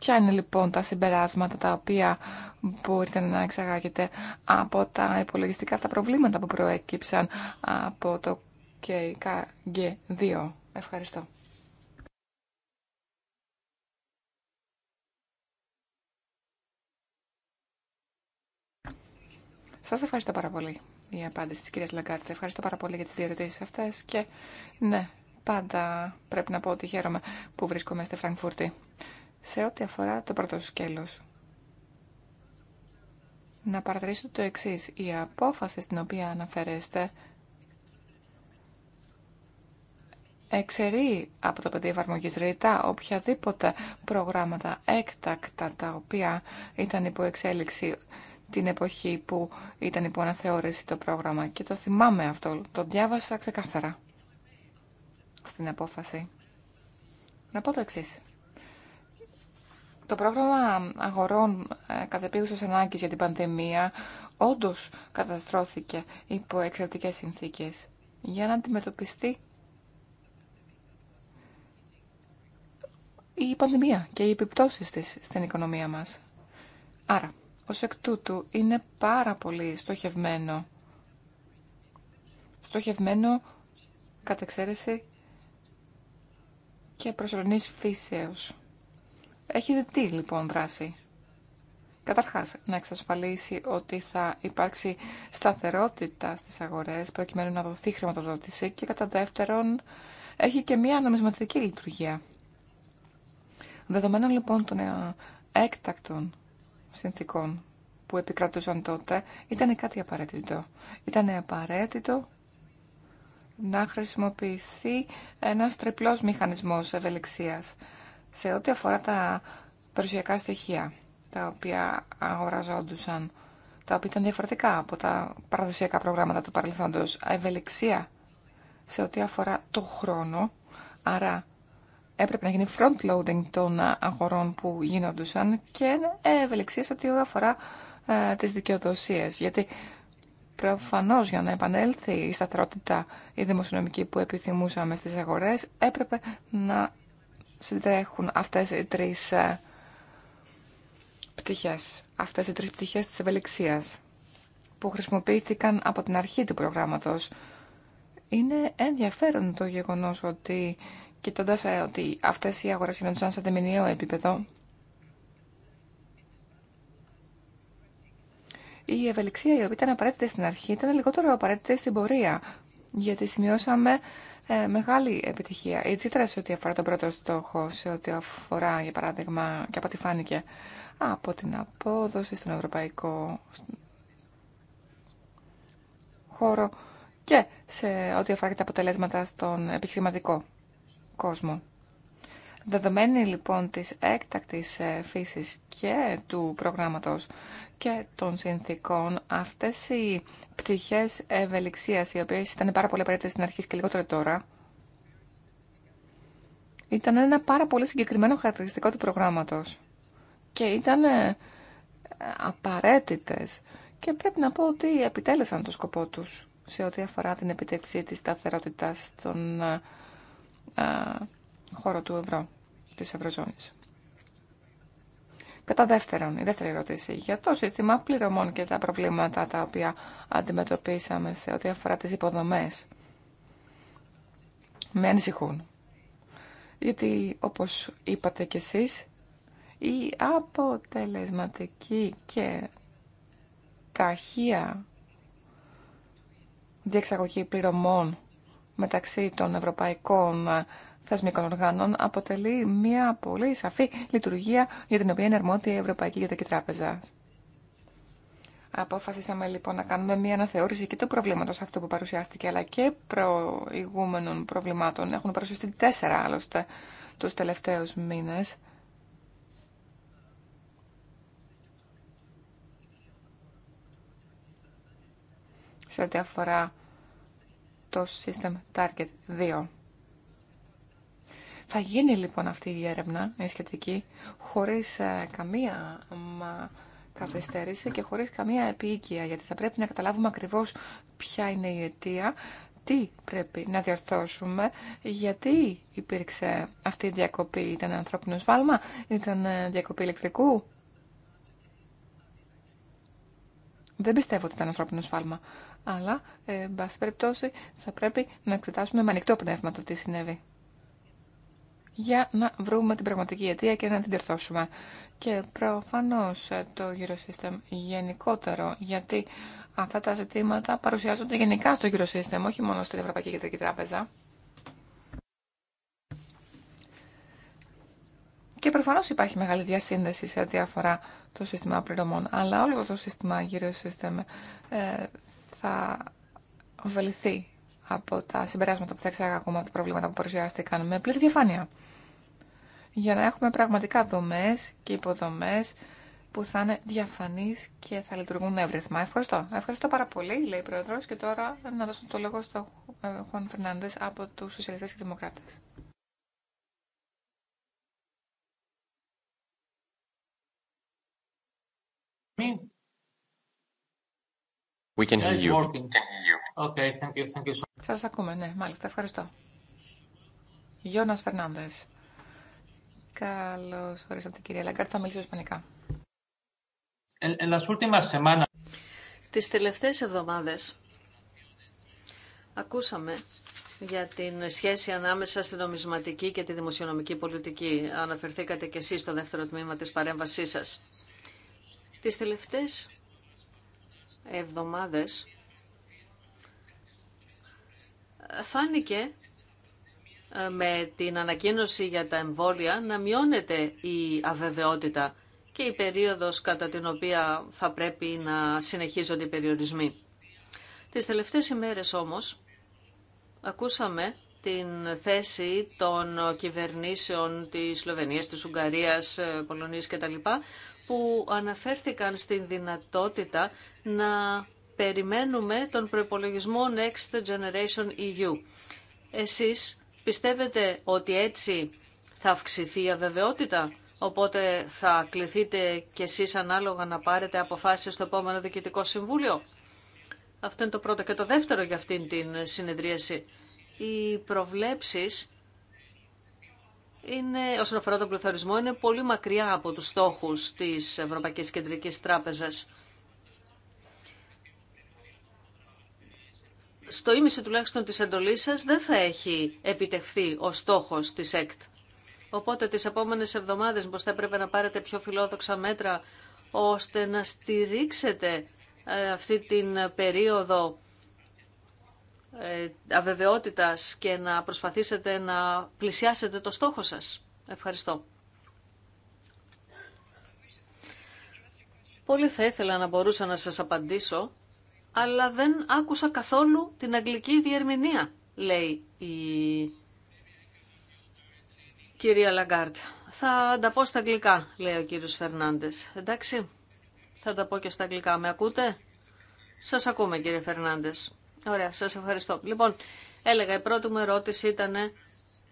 Ποια είναι λοιπόν τα συμπεράσματα τα οποία μπορείτε να εξαγάγετε από τα υπολογιστικά αυτά προβλήματα που προέκυψαν από το KKG2. Ευχαριστώ. Σας ευχαριστώ πάρα πολύ η απάντηση της κυρίας Λαγκάρτη. Ευχαριστώ πάρα πολύ για τις δύο αυτέ. αυτές και ναι, πάντα πρέπει να πω ότι χαίρομαι που βρίσκομαι στη Φραγκφούρτη σε ό,τι αφορά το πρώτο σκέλος. Να παρατηρήσω το εξή. Η απόφαση στην οποία αναφέρεστε εξαιρεί από το πεδίο εφαρμογή ρητά οποιαδήποτε προγράμματα έκτακτα τα οποία ήταν υπό εξέλιξη την εποχή που ήταν υπό αναθεώρηση το πρόγραμμα και το θυμάμαι αυτό, το διάβασα ξεκάθαρα στην απόφαση. Να πω το εξής. Το πρόγραμμα αγορών ε, κατεπίγουσας ανάγκης για την πανδημία όντως καταστρώθηκε υπό εξαιρετικές συνθήκες για να αντιμετωπιστεί η πανδημία και οι επιπτώσει της στην οικονομία μας. Άρα, ω εκ τούτου είναι πάρα πολύ στοχευμένο. Στοχευμένο κατ' και προσωρινής φύσεως. Έχετε τι λοιπόν δράση. Καταρχάς, να εξασφαλίσει ότι θα υπάρξει σταθερότητα στις αγορές προκειμένου να δοθεί χρηματοδότηση και κατά δεύτερον έχει και μία νομισματική λειτουργία. Δεδομένων λοιπόν των ε, έκτακτων συνθήκων που επικρατούσαν τότε ήταν κάτι απαραίτητο. Ήταν απαραίτητο να χρησιμοποιηθεί ένας τριπλός μηχανισμός ευελιξίας σε ό,τι αφορά τα περιουσιακά στοιχεία τα οποία αγοραζόντουσαν, τα οποία ήταν διαφορετικά από τα παραδοσιακά προγράμματα του παρελθόντος, ευελιξία σε ό,τι αφορά το χρόνο, άρα έπρεπε να γίνει front-loading των αγορών που γίνοντουσαν και ευελιξία σε ό,τι αφορά ε, τις δικαιοδοσίες, γιατί προφανώς για να επανέλθει η σταθερότητα η δημοσιονομική που επιθυμούσαμε στις αγορές έπρεπε να συντρέχουν αυτές οι τρεις ε, πτυχές, αυτές οι τρεις πτυχές της ευελιξίας που χρησιμοποιήθηκαν από την αρχή του προγράμματος. Είναι ενδιαφέρον το γεγονός ότι κοιτώντα ε, ότι αυτές οι αγορές σαν σε τεμηνιαίο επίπεδο, η ευελιξία η οποία ήταν απαραίτητη στην αρχή ήταν λιγότερο απαραίτητη στην πορεία, γιατί σημειώσαμε ε, μεγάλη επιτυχία. Ιδιαίτερα σε ό,τι αφορά τον πρώτο στόχο, σε ό,τι αφορά, για παράδειγμα, και από ό,τι φάνηκε, από την απόδοση στον ευρωπαϊκό χώρο και σε ό,τι αφορά και τα αποτελέσματα στον επιχειρηματικό κόσμο. Δεδομένη λοιπόν της έκτακτης ε, φύσης και του προγράμματος και των συνθήκων, αυτές οι πτυχές ευελιξίας, οι οποίες ήταν πάρα πολύ απαραίτητες στην αρχή και λιγότερο τώρα, ήταν ένα πάρα πολύ συγκεκριμένο χαρακτηριστικό του προγράμματος και ήταν ε, απαραίτητες και πρέπει να πω ότι επιτέλεσαν το σκοπό τους σε ό,τι αφορά την επιτεύξη της σταθερότητας στον ε, ε, χώρο του ευρώ, της ευρωζώνης. Κατά δεύτερον, η δεύτερη ερώτηση για το σύστημα πληρωμών και τα προβλήματα τα οποία αντιμετωπίσαμε σε ό,τι αφορά τις υποδομές. Με ανησυχούν. Γιατί, όπως είπατε κι εσείς, η αποτελεσματική και ταχεία διεξαγωγή πληρωμών μεταξύ των ευρωπαϊκών θεσμικών οργάνων αποτελεί μια πολύ σαφή λειτουργία για την οποία είναι αρμόδια η Ευρωπαϊκή Κεντρική Τράπεζα. Αποφασίσαμε λοιπόν να κάνουμε μια αναθεώρηση και του προβλήματο αυτό που παρουσιάστηκε, αλλά και προηγούμενων προβλημάτων. Έχουν παρουσιαστεί τέσσερα άλλωστε του τελευταίους μήνε. Σε ό,τι αφορά το System Target 2. Θα γίνει λοιπόν αυτή η έρευνα, η σχετική, χωρίς ε, καμία μα, καθυστέρηση και χωρίς καμία επίοικια, γιατί θα πρέπει να καταλάβουμε ακριβώς ποια είναι η αιτία, τι πρέπει να διορθώσουμε, γιατί υπήρξε αυτή η διακοπή, ήταν ανθρώπινο σφάλμα, ήταν ε, διακοπή ηλεκτρικού. Δεν πιστεύω ότι ήταν ανθρώπινο σφάλμα, αλλά, ε, εν πάση περιπτώσει, θα πρέπει να εξετάσουμε με ανοιχτό πνεύμα το τι συνέβη για να βρούμε την πραγματική αιτία και να την τερθώσουμε. Και προφανώς ε, το Eurosystem γενικότερο, γιατί αυτά τα ζητήματα παρουσιάζονται γενικά στο Eurosystem, όχι μόνο στην Ευρωπαϊκή Κεντρική Τράπεζα. Και προφανώς υπάρχει μεγάλη διασύνδεση σε ό,τι αφορά το σύστημα πληρωμών, αλλά όλο το σύστημα Eurosystem ε, θα βεληθεί από τα συμπεράσματα που θα εξάγαμε από τα προβλήματα που παρουσιάστηκαν με πλήρη διαφάνεια για να έχουμε πραγματικά δομές και υποδομές που θα είναι διαφανείς και θα λειτουργούν εύρυθμα. Ευχαριστώ. Ευχαριστώ πάρα πολύ, λέει η Πρόεδρος. Και τώρα να δώσω το λόγο στον ε, Χουάν Φερνάνδες από τους Σοσιαλιστές και Δημοκράτες. We can hear you. Okay, thank you, thank you. Σας ακούμε, ναι, μάλιστα, ευχαριστώ. Γιώνας Φερνάνδες. Καλώ ορίσατε, κυρία Λαγκάρτ. Θα μιλήσω ισπανικά. Τις τελευταίες εβδομάδες ακούσαμε για την σχέση ανάμεσα στην νομισματική και τη δημοσιονομική πολιτική. Αναφερθήκατε και εσείς στο δεύτερο τμήμα της παρέμβασής σας. Τις τελευταίες εβδομάδες φάνηκε ε, με την ανακοίνωση για τα εμβόλια να μειώνεται η αβεβαιότητα και η περίοδος κατά την οποία θα πρέπει να συνεχίζονται οι περιορισμοί. Τις τελευταίες ημέρες όμως ακούσαμε την θέση των κυβερνήσεων της Σλοβενίας, της Ουγγαρίας, ε, Πολωνίας κτλ. που αναφέρθηκαν στην δυνατότητα να περιμένουμε τον προπολογισμό Next Generation EU. Εσείς Πιστεύετε ότι έτσι θα αυξηθεί η αβεβαιότητα, οπότε θα κληθείτε κι εσείς ανάλογα να πάρετε αποφάσεις στο επόμενο Διοικητικό Συμβούλιο. Αυτό είναι το πρώτο. Και το δεύτερο για αυτήν την συνεδρίαση. Οι προβλέψεις είναι, όσον αφορά τον πληθωρισμό είναι πολύ μακριά από τους στόχους της Ευρωπαϊκής Κεντρικής Τράπεζας. στο ίμιση τουλάχιστον της εντολής σας δεν θα έχει επιτευχθεί ο στόχος της ΕΚΤ. Οπότε τις επόμενες εβδομάδες μπροστά θα έπρεπε να πάρετε πιο φιλόδοξα μέτρα ώστε να στηρίξετε ε, αυτή την περίοδο ε, αβεβαιότητας και να προσπαθήσετε να πλησιάσετε το στόχο σας. Ευχαριστώ. Πολύ θα ήθελα να μπορούσα να σας απαντήσω αλλά δεν άκουσα καθόλου την αγγλική διερμηνία, λέει η κυρία Λαγκάρτ. Θα τα πω στα αγγλικά, λέει ο κύριος Φερνάντες. Εντάξει, θα τα πω και στα αγγλικά. Με ακούτε? Σας ακούμε κύριε Φερνάντες. Ωραία, σας ευχαριστώ. Λοιπόν, έλεγα η πρώτη μου ερώτηση ήταν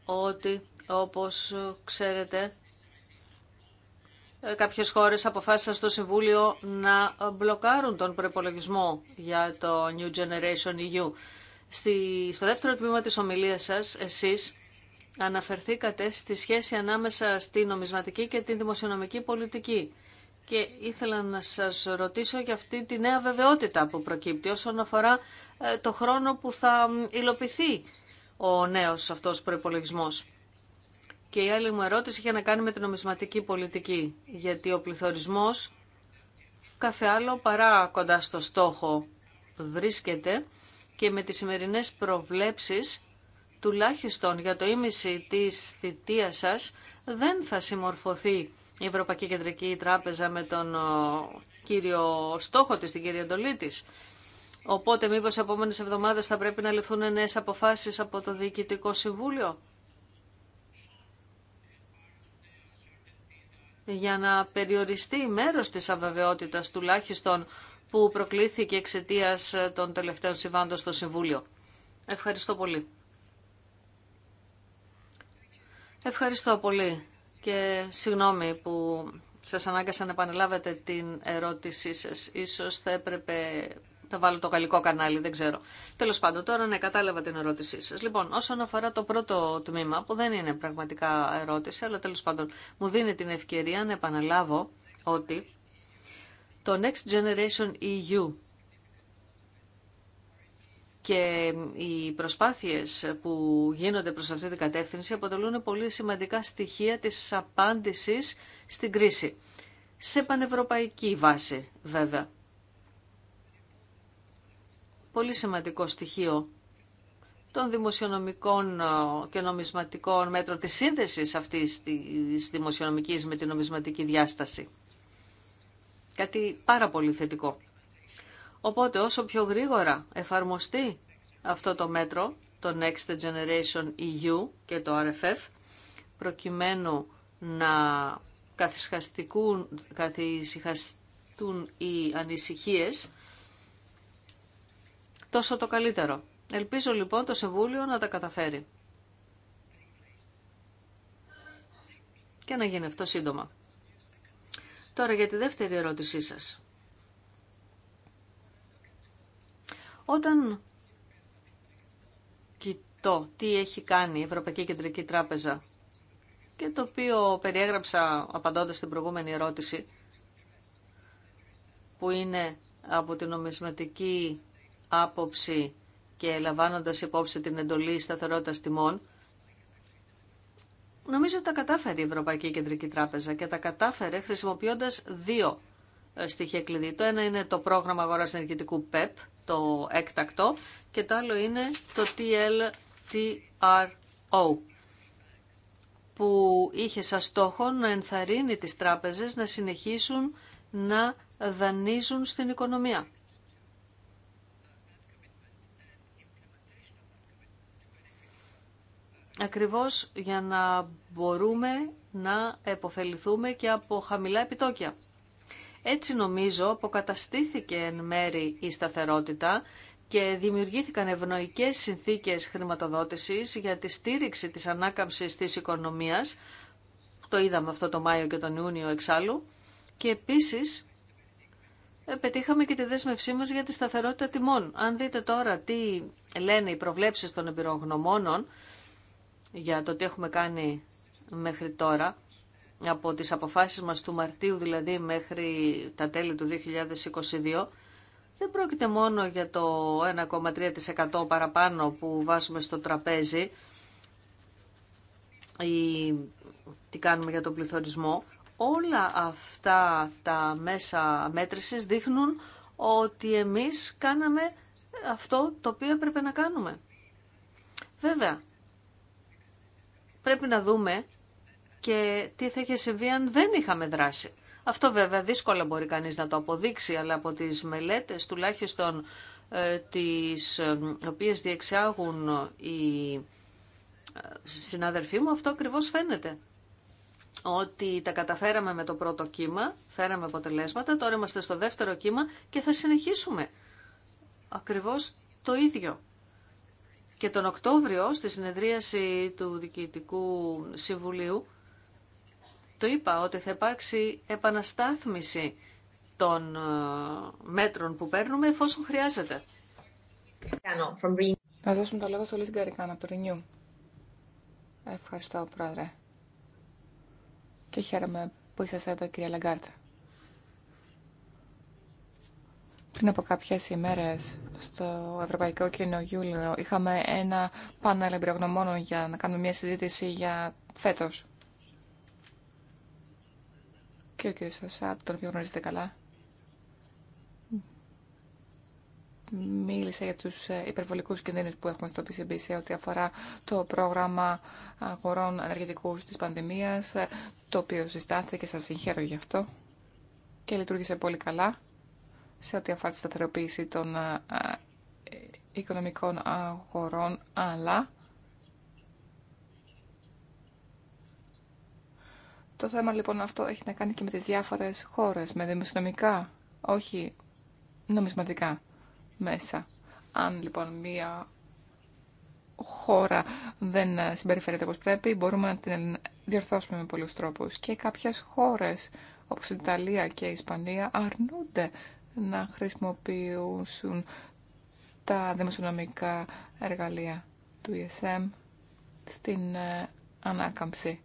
ότι όπως ξέρετε ε, κάποιες χώρες αποφάσισαν στο Συμβούλιο να μπλοκάρουν τον προπολογισμό για το New Generation EU. Στη, στο δεύτερο τμήμα της ομιλίας σας, εσείς αναφερθήκατε στη σχέση ανάμεσα στη νομισματική και την δημοσιονομική πολιτική. Και ήθελα να σας ρωτήσω για αυτή τη νέα βεβαιότητα που προκύπτει όσον αφορά ε, το χρόνο που θα υλοποιηθεί ο νέος αυτός προϋπολογισμός. Και η άλλη μου ερώτηση είχε να κάνει με την νομισματική πολιτική, γιατί ο πληθωρισμός κάθε άλλο παρά κοντά στο στόχο βρίσκεται και με τις σημερινές προβλέψεις τουλάχιστον για το ίμιση της θητείας σας δεν θα συμμορφωθεί η Ευρωπαϊκή Κεντρική Τράπεζα με τον κύριο στόχο της, την κυρία εντολή τη. Οπότε μήπως επόμενες εβδομάδες θα πρέπει να ληφθούν νέες αποφάσεις από το Διοικητικό Συμβούλιο. για να περιοριστεί μέρος της αβεβαιότητας τουλάχιστον που προκλήθηκε εξαιτία των τελευταίων συμβάντων στο Συμβούλιο. Ευχαριστώ πολύ. Ευχαριστώ πολύ και συγγνώμη που σας ανάγκασα να επανελάβετε την ερώτησή σας. Ίσως θα έπρεπε θα βάλω το γαλλικό κανάλι, δεν ξέρω. Τέλο πάντων, τώρα ναι, κατάλαβα την ερώτησή σα. Λοιπόν, όσον αφορά το πρώτο τμήμα, που δεν είναι πραγματικά ερώτηση, αλλά τέλο πάντων μου δίνει την ευκαιρία να επαναλάβω ότι το Next Generation EU και οι προσπάθειες που γίνονται προς αυτή την κατεύθυνση αποτελούν πολύ σημαντικά στοιχεία της απάντησης στην κρίση. Σε πανευρωπαϊκή βάση βέβαια πολύ σημαντικό στοιχείο των δημοσιονομικών ε, και νομισματικών μέτρων της σύνδεσης αυτής της δημοσιονομικής με την νομισματική διάσταση. Κάτι πάρα πολύ θετικό. Οπότε όσο πιο γρήγορα εφαρμοστεί αυτό το μέτρο, το Next Generation EU και το RFF, προκειμένου να καθυσυχαστούν οι ανησυχίες τόσο το καλύτερο. Ελπίζω λοιπόν το Σεβούλιο να τα καταφέρει. Και να γίνει αυτό σύντομα. Τώρα για τη δεύτερη ερώτησή σας. Όταν κοιτώ τι έχει κάνει η Ευρωπαϊκή Κεντρική Τράπεζα και το οποίο περιέγραψα απαντώντας στην προηγούμενη ερώτηση που είναι από την νομισματική άποψη και λαμβάνοντας υπόψη την εντολή σταθερότητας τιμών, νομίζω ότι τα κατάφερε η Ευρωπαϊκή Κεντρική Τράπεζα και τα κατάφερε χρησιμοποιώντας δύο ε, στοιχεία κλειδί. Το ένα είναι το πρόγραμμα αγοράς ενεργητικού ΠΕΠ, το έκτακτο, και το άλλο είναι το TLTRO, που είχε σαν στόχο να ενθαρρύνει τις τράπεζες να συνεχίσουν να δανείζουν στην οικονομία. ακριβώς για να μπορούμε να επωφεληθούμε και από χαμηλά επιτόκια. Έτσι νομίζω αποκαταστήθηκε εν μέρη η σταθερότητα και δημιουργήθηκαν ευνοϊκές συνθήκες χρηματοδότησης για τη στήριξη της ανάκαμψης της οικονομίας, το είδαμε αυτό το Μάιο και τον Ιούνιο εξάλλου, και επίσης ε, πετύχαμε και τη δέσμευσή μας για τη σταθερότητα τιμών. Αν δείτε τώρα τι λένε οι προβλέψεις των επιρογνωμόνων για το τι έχουμε κάνει μέχρι τώρα, από τις αποφάσεις μας του Μαρτίου δηλαδή μέχρι τα τέλη του 2022, δεν πρόκειται μόνο για το 1,3% παραπάνω που βάζουμε στο τραπέζι ή τι κάνουμε για τον πληθωρισμό. Όλα αυτά τα μέσα μέτρησης δείχνουν ότι εμείς κάναμε αυτό το οποίο έπρεπε να κάνουμε. Βέβαια, πρέπει να δούμε και τι θα είχε συμβεί αν δεν είχαμε δράσει. Αυτό βέβαια δύσκολα μπορεί κανείς να το αποδείξει, αλλά από τις μελέτες τουλάχιστον ε, τις οποίες διεξάγουν οι ε, συναδελφοί μου, αυτό ακριβώς φαίνεται. Ότι τα καταφέραμε με το πρώτο κύμα, φέραμε αποτελέσματα, τώρα είμαστε στο δεύτερο κύμα και θα συνεχίσουμε. Ακριβώς το ίδιο. Και τον Οκτώβριο, στη συνεδρίαση του Δικητικού Συμβουλίου, το είπα ότι θα υπάρξει επαναστάθμιση των ε, μέτρων που παίρνουμε εφόσον χρειάζεται. Να δώσουμε το λόγο στο Λίσ Γκαρικάν από το ΡΙΝΙΟΥ. Ευχαριστώ, Πρόεδρε. Και χαίρομαι που είσαστε εδώ, κυρία Λαγκάρτα. Πριν από κάποιες ημέρες στο Ευρωπαϊκό Ιούλιο. είχαμε ένα πάνελ εμπειρογνωμόνων για να κάνουμε μια συζήτηση για φέτος. Και ο κ. Σασάτ, τον οποίο γνωρίζετε καλά, μίλησε για τους ε, υπερβολικούς κινδύνους που έχουμε στο PCB ό,τι αφορά το πρόγραμμα αγορών ενεργητικού της πανδημίας, ε, το οποίο συστάθηκε, σας συγχαίρω γι' αυτό και λειτουργήσε πολύ καλά σε ό,τι αφορά τη σταθεροποίηση των ε, ε, οικονομικών αγορών, αλλά το θέμα λοιπόν αυτό έχει να κάνει και με τις διάφορες χώρες, με δημοσιονομικά, όχι νομισματικά μέσα. Αν λοιπόν μία χώρα δεν συμπεριφέρεται όπως πρέπει, μπορούμε να την διορθώσουμε με πολλούς τρόπους. Και κάποιες χώρες, όπως η Ιταλία και η Ισπανία, αρνούνται να χρησιμοποιήσουν τα δημοσιονομικά εργαλεία του ESM στην ε, ανάκαμψη.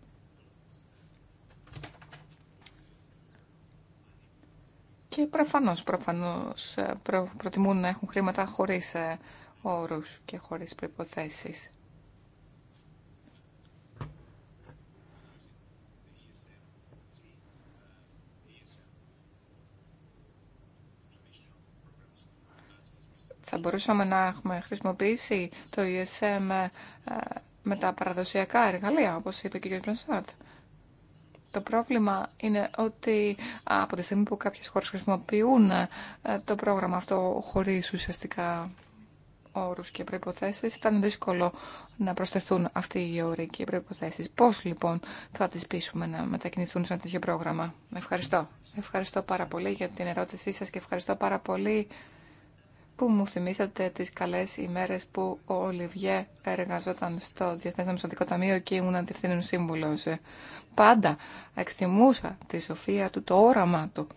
Και προφανώς, προφανώς ε, προ, προτιμούν να έχουν χρήματα χωρίς ε, όρους και χωρίς προϋποθέσεις. Θα μπορούσαμε να έχουμε χρησιμοποιήσει το ESM ε, με τα παραδοσιακά εργαλεία, όπως είπε και ο κ. Μπρανσάρτ. Το πρόβλημα είναι ότι από τη στιγμή που κάποιες χώρες χρησιμοποιούν ε, το πρόγραμμα αυτό χωρίς ουσιαστικά όρους και προϋποθέσεις, ήταν δύσκολο να προσθεθούν αυτοί οι όροι και οι προϋποθέσεις. Πώς λοιπόν θα τις πείσουμε να μετακινηθούν σε ένα τέτοιο πρόγραμμα. Ευχαριστώ. Ευχαριστώ πάρα πολύ για την ερώτησή σας και ευχαριστώ πάρα πολύ που μου θυμήσατε τις καλές ημέρες που ο Ολιβιέ εργαζόταν στο Διεθνές Νομισματικό Ταμείο και ήμουν αντιθύνων σύμβουλος. Πάντα εκτιμούσα τη σοφία του, το όραμά του.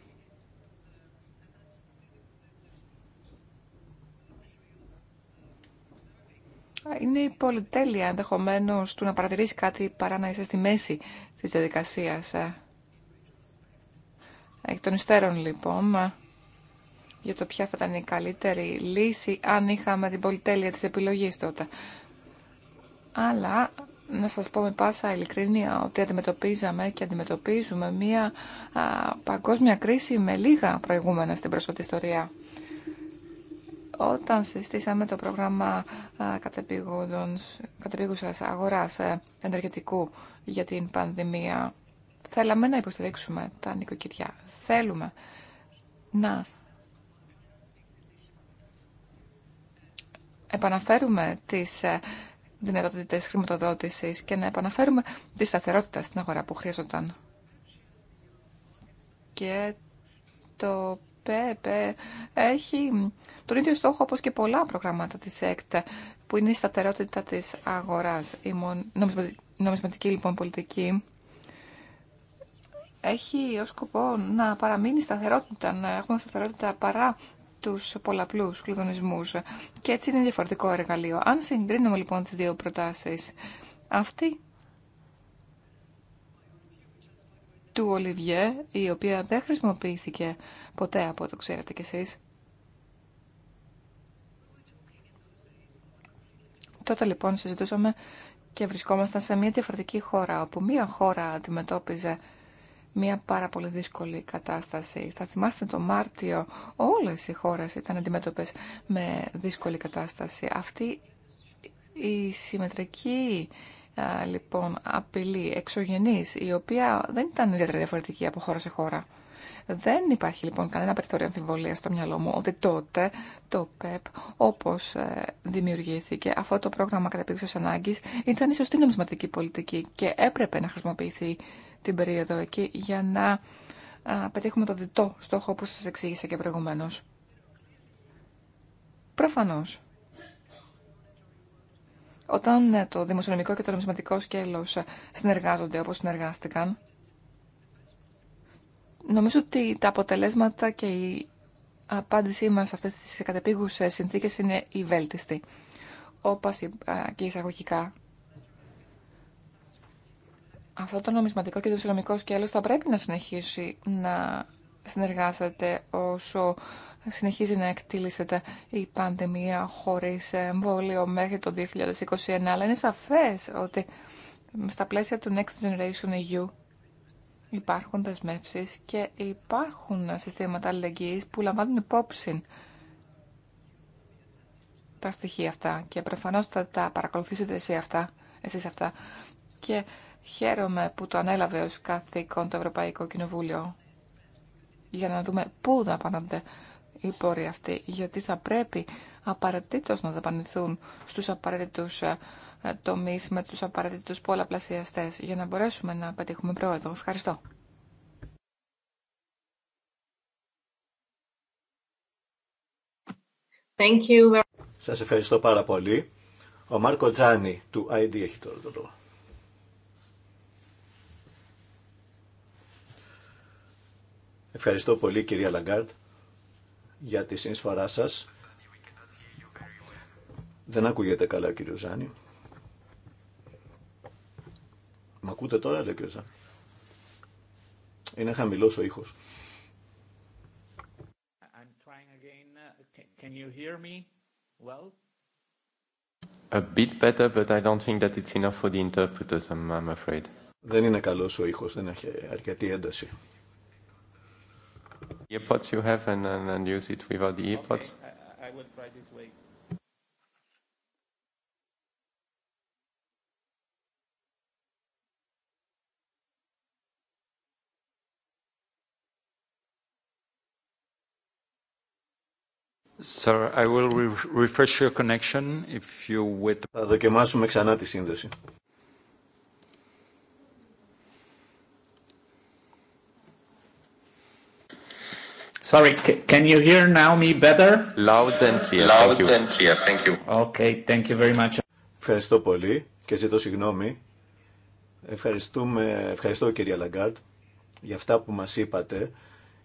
Είναι η πολυτέλεια ενδεχομένω του να παρατηρήσει κάτι παρά να είσαι στη μέση της διαδικασίας. Ε, εκ των υστέρων λοιπόν για το ποια θα ήταν η καλύτερη λύση αν είχαμε την πολυτέλεια της επιλογής τότε. Αλλά να σας πω με πάσα ειλικρίνεια ότι αντιμετωπίζαμε και αντιμετωπίζουμε μια παγκόσμια κρίση με λίγα προηγούμενα στην προσωπική ιστορία. Όταν συστήσαμε το πρόγραμμα κατεπήγουσας αγοράς ε, ενεργετικού για την πανδημία, θέλαμε να υποστηρίξουμε τα νοικοκυριά. Θέλουμε να επαναφέρουμε τις ε, δυνατότητες χρηματοδότησης και να επαναφέρουμε τη σταθερότητα στην αγορά που χρειαζόταν. Και το ΠΕΠ έχει τον ίδιο στόχο όπως και πολλά προγράμματα της ΕΚΤ που είναι η σταθερότητα της αγοράς. Η νομισματική λοιπόν πολιτική έχει ως σκοπό να παραμείνει σταθερότητα, να έχουμε σταθερότητα παρά του πολλαπλού κλειδονισμού. και έτσι είναι διαφορετικό εργαλείο. Αν συγκρίνουμε λοιπόν τις δύο προτάσεις, αυτή του Ολιβιέ, η οποία δεν χρησιμοποιήθηκε ποτέ από το ξέρετε κι εσείς, Τότε λοιπόν συζητούσαμε και βρισκόμασταν σε μια διαφορετική χώρα, όπου μια χώρα αντιμετώπιζε μια πάρα πολύ δύσκολη κατάσταση. Θα θυμάστε το Μάρτιο όλες οι χώρες ήταν αντιμέτωπες με δύσκολη κατάσταση. Αυτή η συμμετρική λοιπόν απειλή εξωγενής η οποία δεν ήταν ιδιαίτερα διαφορετική από χώρα σε χώρα. Δεν υπάρχει λοιπόν κανένα περιθώριο αμφιβολία στο μυαλό μου ότι τότε το ΠΕΠ όπως ε, δημιουργήθηκε αυτό το πρόγραμμα καταπίξεως ανάγκης ήταν η σωστή νομισματική πολιτική και έπρεπε να χρησιμοποιηθεί την περίοδο εκεί για να πετύχουμε το διτό στόχο που σας εξήγησα και προηγουμένως. Προφανώς. Όταν ε, το δημοσιονομικό και το νομισματικό σκέλος ε, συνεργάζονται όπως συνεργάστηκαν, νομίζω ότι τα αποτελέσματα και η απάντησή μας σε αυτές τις κατεπήγουσες συνθήκες είναι η βέλτιστη. Όπως ε, και εισαγωγικά αυτό το νομισματικό και το ψηλωμικό σκέλος θα πρέπει να συνεχίσει να συνεργάζεται όσο συνεχίζει να εκτίλησεται η πανδημία χωρίς εμβόλιο μέχρι το 2021. Αλλά είναι σαφές ότι στα πλαίσια του Next Generation EU υπάρχουν δεσμεύσει και υπάρχουν συστήματα αλληλεγγύης που λαμβάνουν υπόψη τα στοιχεία αυτά και προφανώς θα τα παρακολουθήσετε εσείς αυτά, αυτά. Και Χαίρομαι που το ανέλαβε ως καθήκον το Ευρωπαϊκό Κοινοβούλιο για να δούμε πού δαπανώνται οι πόροι αυτοί, γιατί θα πρέπει απαραίτητος να δαπανηθούν στους απαραίτητους ε, τομείς με τους απαραίτητους πολλαπλασιαστές για να μπορέσουμε να πετύχουμε πρόοδο. Ευχαριστώ. Thank you. Σας ευχαριστώ πάρα πολύ. Ο Μάρκο Τζάνι του ID έχει τώρα το λόγο. Ευχαριστώ πολύ κυρία Λαγκάρτ για τη συνεισφορά σας. Δεν ακούγεται καλά ο κύριος Ζάνη. Μ' ακούτε τώρα, λέει ο κύριος Ζάνη. Είναι χαμηλός ο ήχος. I'm trying again. Can you hear me well? A bit better, but I don't think that it's enough for the interpreters, I'm, I'm afraid. Δεν είναι καλός ο ήχος, δεν έχει αρκετή ένταση earpods you have and, and, and use it without the earpods. Okay. I, I will try this way. Sir, I will re refresh your connection if you wait. Θα δοκιμάσουμε ξανά τη σύνδεση. Sorry, can you hear now me better? Loud and clear. Loud and clear. Thank you. Okay, thank you very much. Ευχαριστώ πολύ και ζητώ συγγνώμη. Ευχαριστούμε, ευχαριστώ κυρία Λαγκάρτ για αυτά που μας είπατε.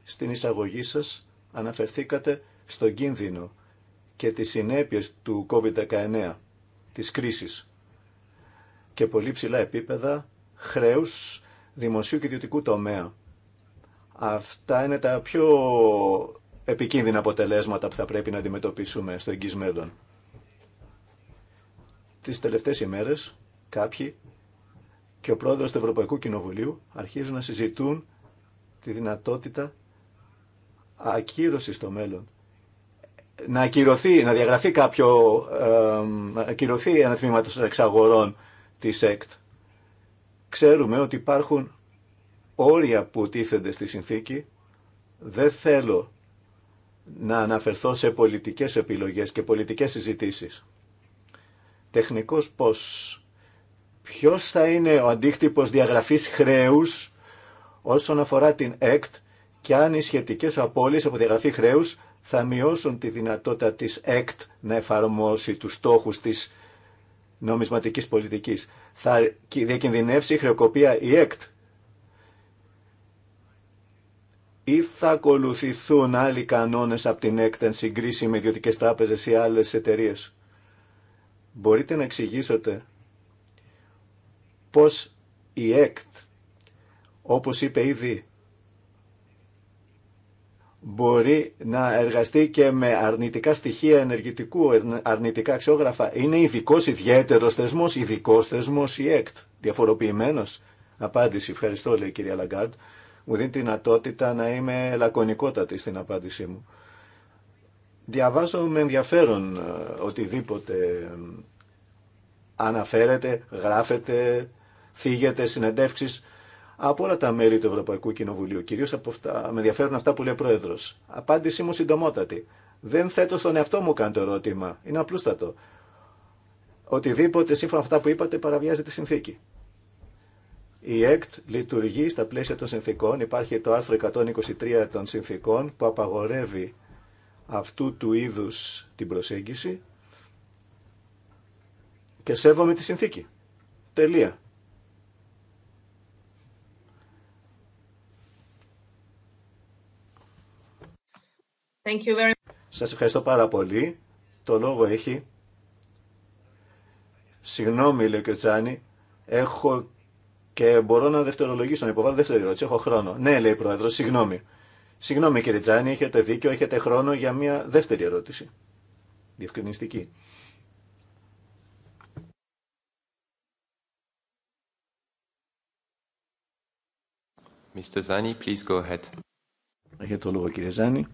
Στην εισαγωγή σας αναφερθήκατε στον κίνδυνο και τις συνέπειες του COVID-19, της κρίσης και πολύ ψηλά επίπεδα χρέους δημοσίου και ιδιωτικού τομέα Αυτά είναι τα πιο επικίνδυνα αποτελέσματα που θα πρέπει να αντιμετωπίσουμε στο εγγύς μέλλον. Τις τελευταίες ημέρες κάποιοι και ο πρόεδρος του Ευρωπαϊκού Κοινοβουλίου αρχίζουν να συζητούν τη δυνατότητα ακύρωσης στο μέλλον. Να ακυρωθεί, να διαγραφεί κάποιο, να ακυρωθεί ένα τμήμα των εξαγορών της ΕΚΤ. Ξέρουμε ότι υπάρχουν όρια που τίθενται στη συνθήκη. Δεν θέλω να αναφερθώ σε πολιτικές επιλογές και πολιτικές συζητήσεις. Τεχνικός πώς. Ποιος θα είναι ο αντίκτυπος διαγραφής χρέους όσον αφορά την ΕΚΤ και αν οι σχετικές απώλειες από διαγραφή χρέους θα μειώσουν τη δυνατότητα της ΕΚΤ να εφαρμόσει τους στόχους της νομισματικής πολιτικής. Θα διακινδυνεύσει η χρεοκοπία η ΕΚΤ ή θα ακολουθηθούν άλλοι κανόνες από την εν συγκρίση με ιδιωτικέ τράπεζες ή άλλες εταιρείε. Μπορείτε να εξηγήσετε πως η ΕΚΤ, όπως είπε ήδη, μπορεί να εργαστεί και με αρνητικά στοιχεία ενεργητικού, αρνητικά αξιόγραφα. Είναι ειδικό ιδιαίτερο θεσμό, ειδικό θεσμό η ΕΚΤ, διαφοροποιημένο. Απάντηση, ευχαριστώ, λέει η κυρία Λαγκάρντ μου δίνει τη δυνατότητα να είμαι λακωνικότατη στην απάντησή μου. Διαβάζω με ενδιαφέρον ε, οτιδήποτε αναφέρεται, γράφεται, θίγεται, συνεντεύξεις από όλα τα μέλη του Ευρωπαϊκού Κοινοβουλίου, κυρίως από αυτά, με ενδιαφέρουν αυτά που λέει ο Πρόεδρος. Απάντησή μου συντομότατη. Δεν θέτω στον εαυτό μου καν το ερώτημα. Είναι απλούστατο. Οτιδήποτε σύμφωνα με αυτά που είπατε παραβιάζει τη συνθήκη. Η ΕΚΤ λειτουργεί στα πλαίσια των συνθήκων. Υπάρχει το άρθρο 123 των συνθήκων που απαγορεύει αυτού του είδους την προσέγγιση και σέβομαι τη συνθήκη. Τελεία. Thank Σας ευχαριστώ πάρα πολύ. Το λόγο έχει. Συγγνώμη, λέει ο έχω και μπορώ να δευτερολογήσω, να υποβάλω δεύτερη ερώτηση. Έχω χρόνο. Ναι, λέει η Πρόεδρο, συγγνώμη. Συγγνώμη κύριε Τζάνι, έχετε δίκιο, έχετε χρόνο για μια δεύτερη ερώτηση. Διευκρινιστική. Mr. Zani, please go ahead. Έχετε το λόγο κύριε Τζάνι.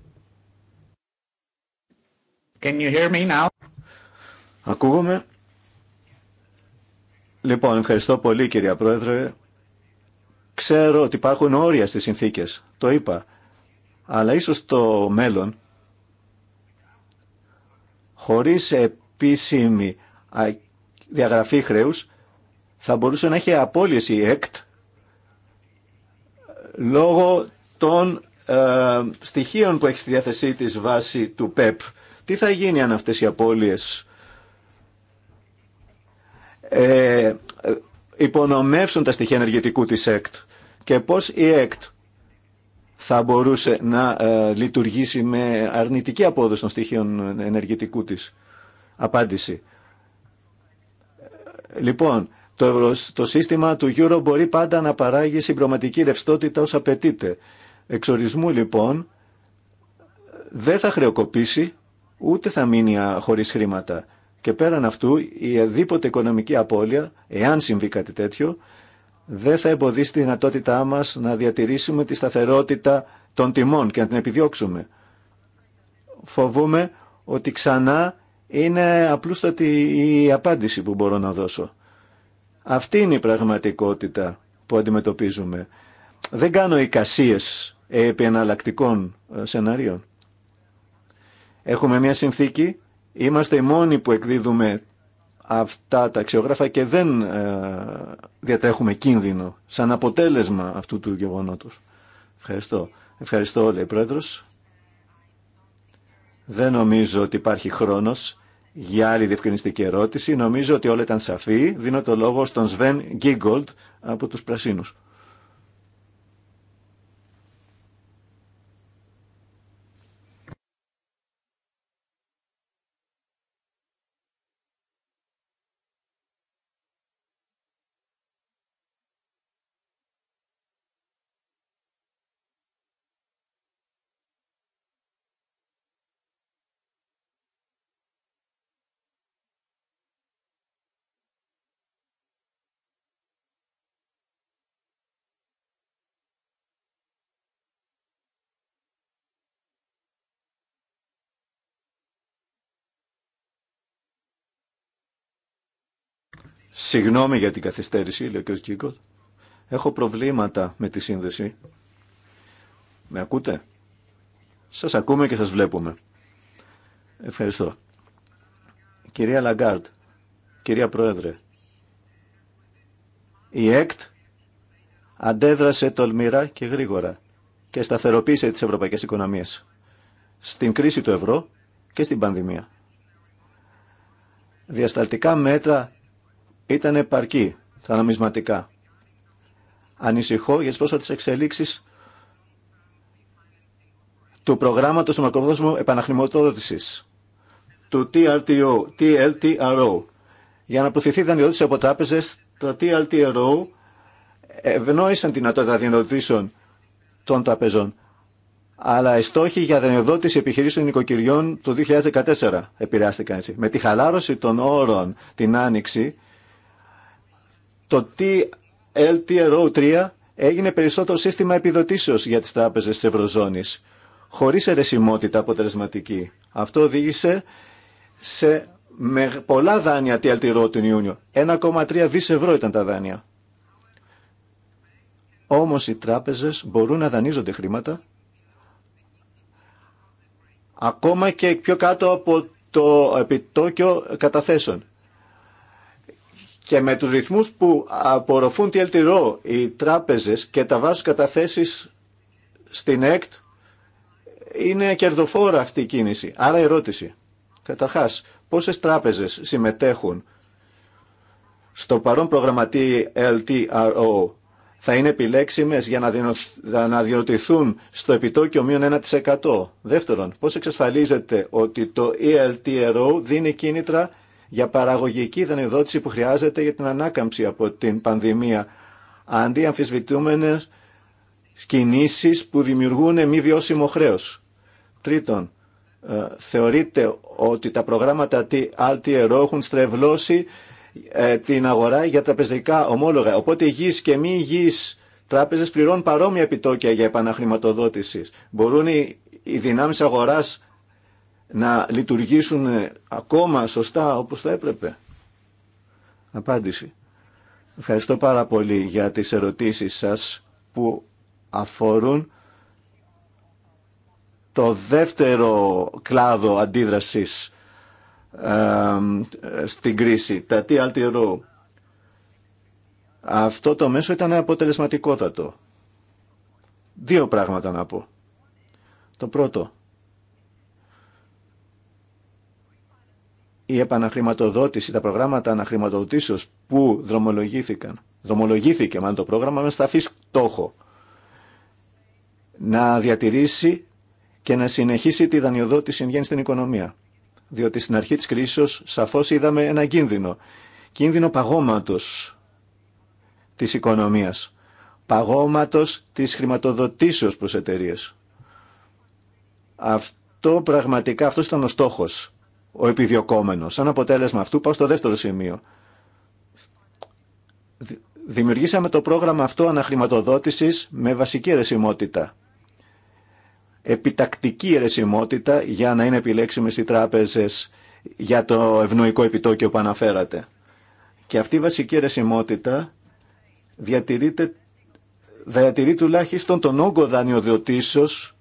Can you hear me now? Ακούγομαι. Λοιπόν, ευχαριστώ πολύ κυρία Πρόεδρε. Ξέρω ότι υπάρχουν όρια στις συνθήκες, το είπα, αλλά ίσως το μέλλον, χωρίς επίσημη διαγραφή χρέους, θα μπορούσε να έχει απόλυση η ΕΚΤ ε, λόγω των ε, στοιχείων που έχει στη διάθεσή της βάση του ΠΕΠ. Τι θα γίνει αν αυτές οι απώλειες ε, υπονομεύσουν τα στοιχεία ενεργητικού της ΕΚΤ και πώς η ΕΚΤ θα μπορούσε να ε, λειτουργήσει με αρνητική απόδοση των στοιχείων ενεργητικού της. Απάντηση. Λοιπόν, το, το σύστημα του Euro μπορεί πάντα να παράγει συμπροματική ρευστότητα ως απαιτείται. Εξορισμού λοιπόν δεν θα χρεοκοπήσει ούτε θα μείνει χωρίς χρήματα. Και πέραν αυτού, η αδίποτε οικονομική απώλεια, εάν συμβεί κάτι τέτοιο, δεν θα εμποδίσει τη δυνατότητά μας να διατηρήσουμε τη σταθερότητα των τιμών και να την επιδιώξουμε. Φοβούμε ότι ξανά είναι απλούστατη η απάντηση που μπορώ να δώσω. Αυτή είναι η πραγματικότητα που αντιμετωπίζουμε. Δεν κάνω εικασίες επί εναλλακτικών ε, σενάριων. Έχουμε μια συνθήκη Είμαστε οι μόνοι που εκδίδουμε αυτά τα αξιογράφα και δεν ε, διατέχουμε κίνδυνο σαν αποτέλεσμα αυτού του γεγονότος. Ευχαριστώ. Ευχαριστώ, λέει Πρόεδρος. Δεν νομίζω ότι υπάρχει χρόνος για άλλη διευκρινιστική ερώτηση. Νομίζω ότι όλα ήταν σαφή. Δίνω το λόγο στον Σβέν Γκίγκολτ από τους Πρασίνους. Συγγνώμη για την καθυστέρηση, λέει ο κ. Έχω προβλήματα με τη σύνδεση. Με ακούτε? Σας ακούμε και σας βλέπουμε. Ευχαριστώ. Κυρία Λαγκάρτ, κυρία Πρόεδρε, η ΕΚΤ αντέδρασε τολμηρά και γρήγορα και σταθεροποίησε τις ευρωπαϊκές οικονομίες στην κρίση του ευρώ και στην πανδημία. Διασταλτικά μέτρα ήταν επαρκή τα νομισματικά. Ανησυχώ για τις πρόσφατες εξελίξεις του προγράμματος του μακροπρόθεσμου επαναχρηματοδότησης, του TRTO, TLTRO. Για να προωθηθεί η δανειοδότηση από τράπεζες, τα TLTRO ευνόησαν την δυνατότητα δανειοδοτήσεων των τραπεζών. Αλλά οι στόχοι για δανειοδότηση επιχειρήσεων νοικοκυριών το 2014 επηρεάστηκαν έτσι. Με τη χαλάρωση των όρων την άνοιξη, το TLTRO 3 έγινε περισσότερο σύστημα επιδοτήσεως για τις τράπεζες της Ευρωζώνης, χωρίς αιρεσιμότητα αποτελεσματική. Αυτό οδήγησε σε με πολλά δάνεια TLTRO τον Ιούνιο. 1,3 δις ευρώ ήταν τα δάνεια. Όμως οι τράπεζες μπορούν να δανείζονται χρήματα ακόμα και πιο κάτω από το επιτόκιο καταθέσεων και με τους ρυθμούς που απορροφούν τη LTRO οι τράπεζες και τα βάζουν καταθέσεις στην ΕΚΤ είναι κερδοφόρα αυτή η κίνηση. Άρα ερώτηση. Καταρχάς, πόσες τράπεζες συμμετέχουν στο παρόν προγραμματή LTRO θα είναι επιλέξιμες για να διορτηθούν στο επιτόκιο μείον 1%. Δεύτερον, πώς εξασφαλίζεται ότι το ELTRO δίνει κίνητρα για παραγωγική δανειοδότηση που χρειάζεται για την ανάκαμψη από την πανδημία, αντί αμφισβητούμενες κινήσεις που δημιουργούν μη βιώσιμο χρέος. Τρίτον, ε, θεωρείται ότι τα προγράμματα Altiero έχουν στρεβλώσει ε, την αγορά για τραπεζικά ομόλογα. Οπότε υγιείς και μη υγιείς τράπεζες πληρώνουν παρόμοια επιτόκια για επαναχρηματοδότηση. Μπορούν οι δυνάμεις αγοράς να λειτουργήσουν ε, ακόμα σωστά όπως θα έπρεπε. Απάντηση. Ευχαριστώ πάρα πολύ για τις ερωτήσεις σας που αφορούν το δεύτερο κλάδο αντίδρασης ε, στην κρίση, τα Αυτό το μέσο ήταν αποτελεσματικότατο. Δύο πράγματα να πω. Το πρώτο, η επαναχρηματοδότηση, τα προγράμματα αναχρηματοδοτήσεως που δρομολογήθηκαν, δρομολογήθηκε μάλλον το πρόγραμμα με σταφή στόχο να διατηρήσει και να συνεχίσει τη δανειοδότηση εν γέννη στην οικονομία. Διότι στην αρχή της κρίσης σαφώς είδαμε ένα κίνδυνο. Κίνδυνο παγώματος της οικονομίας. Παγώματος της χρηματοδοτήσεω προ εταιρείε. Αυτό πραγματικά, αυτό ήταν ο στόχος ο επιδιωκόμενος. Σαν αποτέλεσμα αυτού πάω στο δεύτερο σημείο. Δημιουργήσαμε το πρόγραμμα αυτό αναχρηματοδότησης με βασική ερεσιμότητα. Επιτακτική ερεσιμότητα για να είναι επιλέξιμες οι τράπεζες για το ευνοϊκό επιτόκιο που αναφέρατε. Και αυτή η βασική ερεσιμότητα διατηρείται, διατηρεί τουλάχιστον τον όγκο δανειοδοτήσεως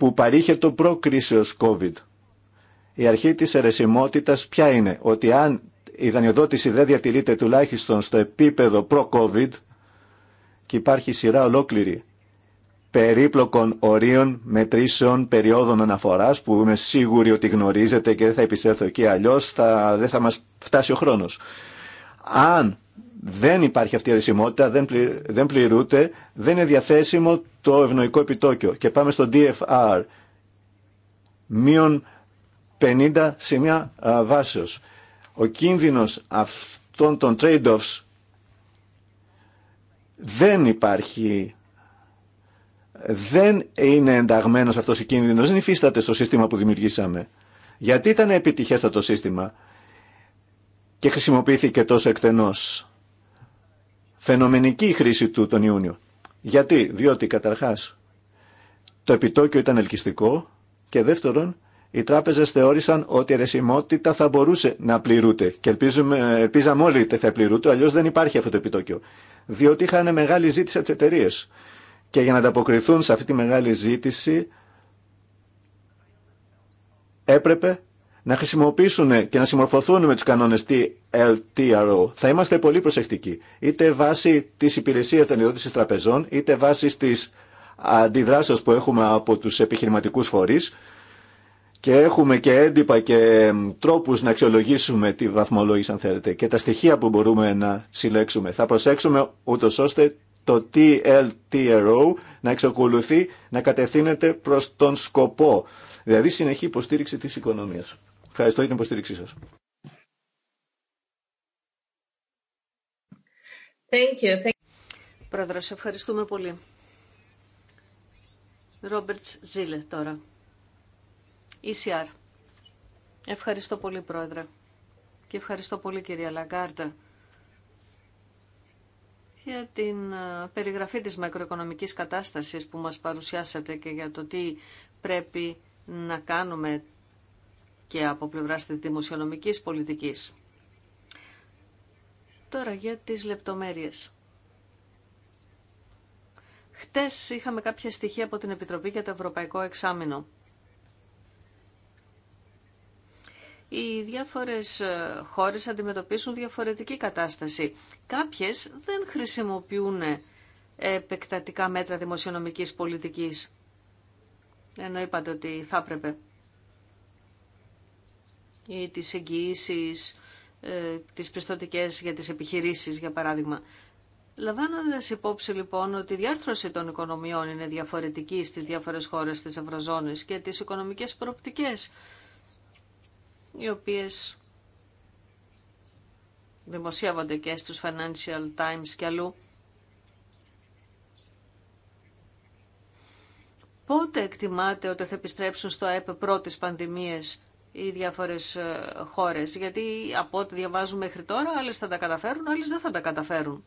που παρήχε το πρόκρισεως COVID. Η αρχή της αιρεσιμότητας ποια είναι, ότι αν η δανειοδότηση δεν διατηρείται τουλάχιστον στο επίπεδο προ-COVID και υπάρχει σειρά ολόκληρη περίπλοκων ορίων, μετρήσεων, περιόδων αναφοράς που είμαι σίγουροι ότι γνωρίζετε και δεν θα επισέλθω εκεί αλλιώς θα, δεν θα μας φτάσει ο χρόνος. Αν δεν υπάρχει αυτή η αρισιμότητα, δεν, δεν πληρούνται, δεν είναι διαθέσιμο το ευνοϊκό επιτόκιο. Και πάμε στο DFR, μείον 50 σημεία βάσεως. Ο κίνδυνος αυτών των trade-offs δεν υπάρχει, δεν είναι ενταγμένος αυτός ο κίνδυνος, δεν υφίσταται στο σύστημα που δημιουργήσαμε. Γιατί ήταν επιτυχέστατο το σύστημα και χρησιμοποιήθηκε τόσο εκτενώς. Φαινομενική η χρήση του τον Ιούνιο. Γιατί, διότι καταρχάς το επιτόκιο ήταν ελκυστικό και δεύτερον οι τράπεζες θεώρησαν ότι η αιρεσιμότητα θα μπορούσε να πληρούνται και ελπίζουμε, ελπίζαμε όλοι ότι θα πληρούνται, αλλιώς δεν υπάρχει αυτό το επιτόκιο. Διότι είχαν μεγάλη ζήτηση από τι εταιρείε. Και για να ανταποκριθούν σε αυτή τη μεγάλη ζήτηση έπρεπε να χρησιμοποιήσουν και να συμμορφωθούν με τους κανόνες TLTRO. Θα είμαστε πολύ προσεκτικοί, είτε βάσει της υπηρεσίας της τραπεζών, είτε βάσει της αντιδράσεως που έχουμε από τους επιχειρηματικούς φορείς και έχουμε και έντυπα και τρόπους να αξιολογήσουμε τη βαθμολόγηση αν θέλετε και τα στοιχεία που μπορούμε να συλλέξουμε. Θα προσέξουμε ούτω ώστε το TLTRO να εξακολουθεί να κατευθύνεται προς τον σκοπό, δηλαδή συνεχή υποστήριξη της οικονομίας. Ευχαριστώ για την υποστήριξή σας. Thank ευχαριστούμε πολύ. Ρόμπερτ Ζήλε τώρα. ECR. Ευχαριστώ πολύ, Πρόεδρε. Και ευχαριστώ πολύ, κυρία Λαγκάρτα, για την περιγραφή της μακροοικονομικής κατάστασης που μας παρουσιάσατε και για το τι πρέπει να κάνουμε και από πλευράς της δημοσιονομικής πολιτικής. Τώρα για τις λεπτομέρειες. Χτες είχαμε κάποια στοιχεία από την Επιτροπή για το Ευρωπαϊκό Εξάμεινο. Οι διάφορες ε, χώρες αντιμετωπίσουν διαφορετική κατάσταση. Κάποιες δεν χρησιμοποιούν ε, επεκτατικά μέτρα δημοσιονομικής πολιτικής. Ενώ είπατε ότι θα έπρεπε ή τις εγγυήσεις, ε, τις για τις επιχειρήσεις, για παράδειγμα. Λαμβάνοντας υπόψη λοιπόν ότι η διάρθρωση των οικονομιών είναι διαφορετική στις διάφορες χώρες της Ευρωζώνης και τις οικονομικές προοπτικές, οι οποίες δημοσίευονται και στους Financial Times και αλλού, πότε εκτιμάτε ότι θα επιστρέψουν στο ΑΕΠ πρώτης πανδημίας οι διάφορες ε, χώρες. Γιατί από ό,τι διαβάζουμε μέχρι τώρα, άλλες θα τα καταφέρουν, άλλες δεν θα τα καταφέρουν.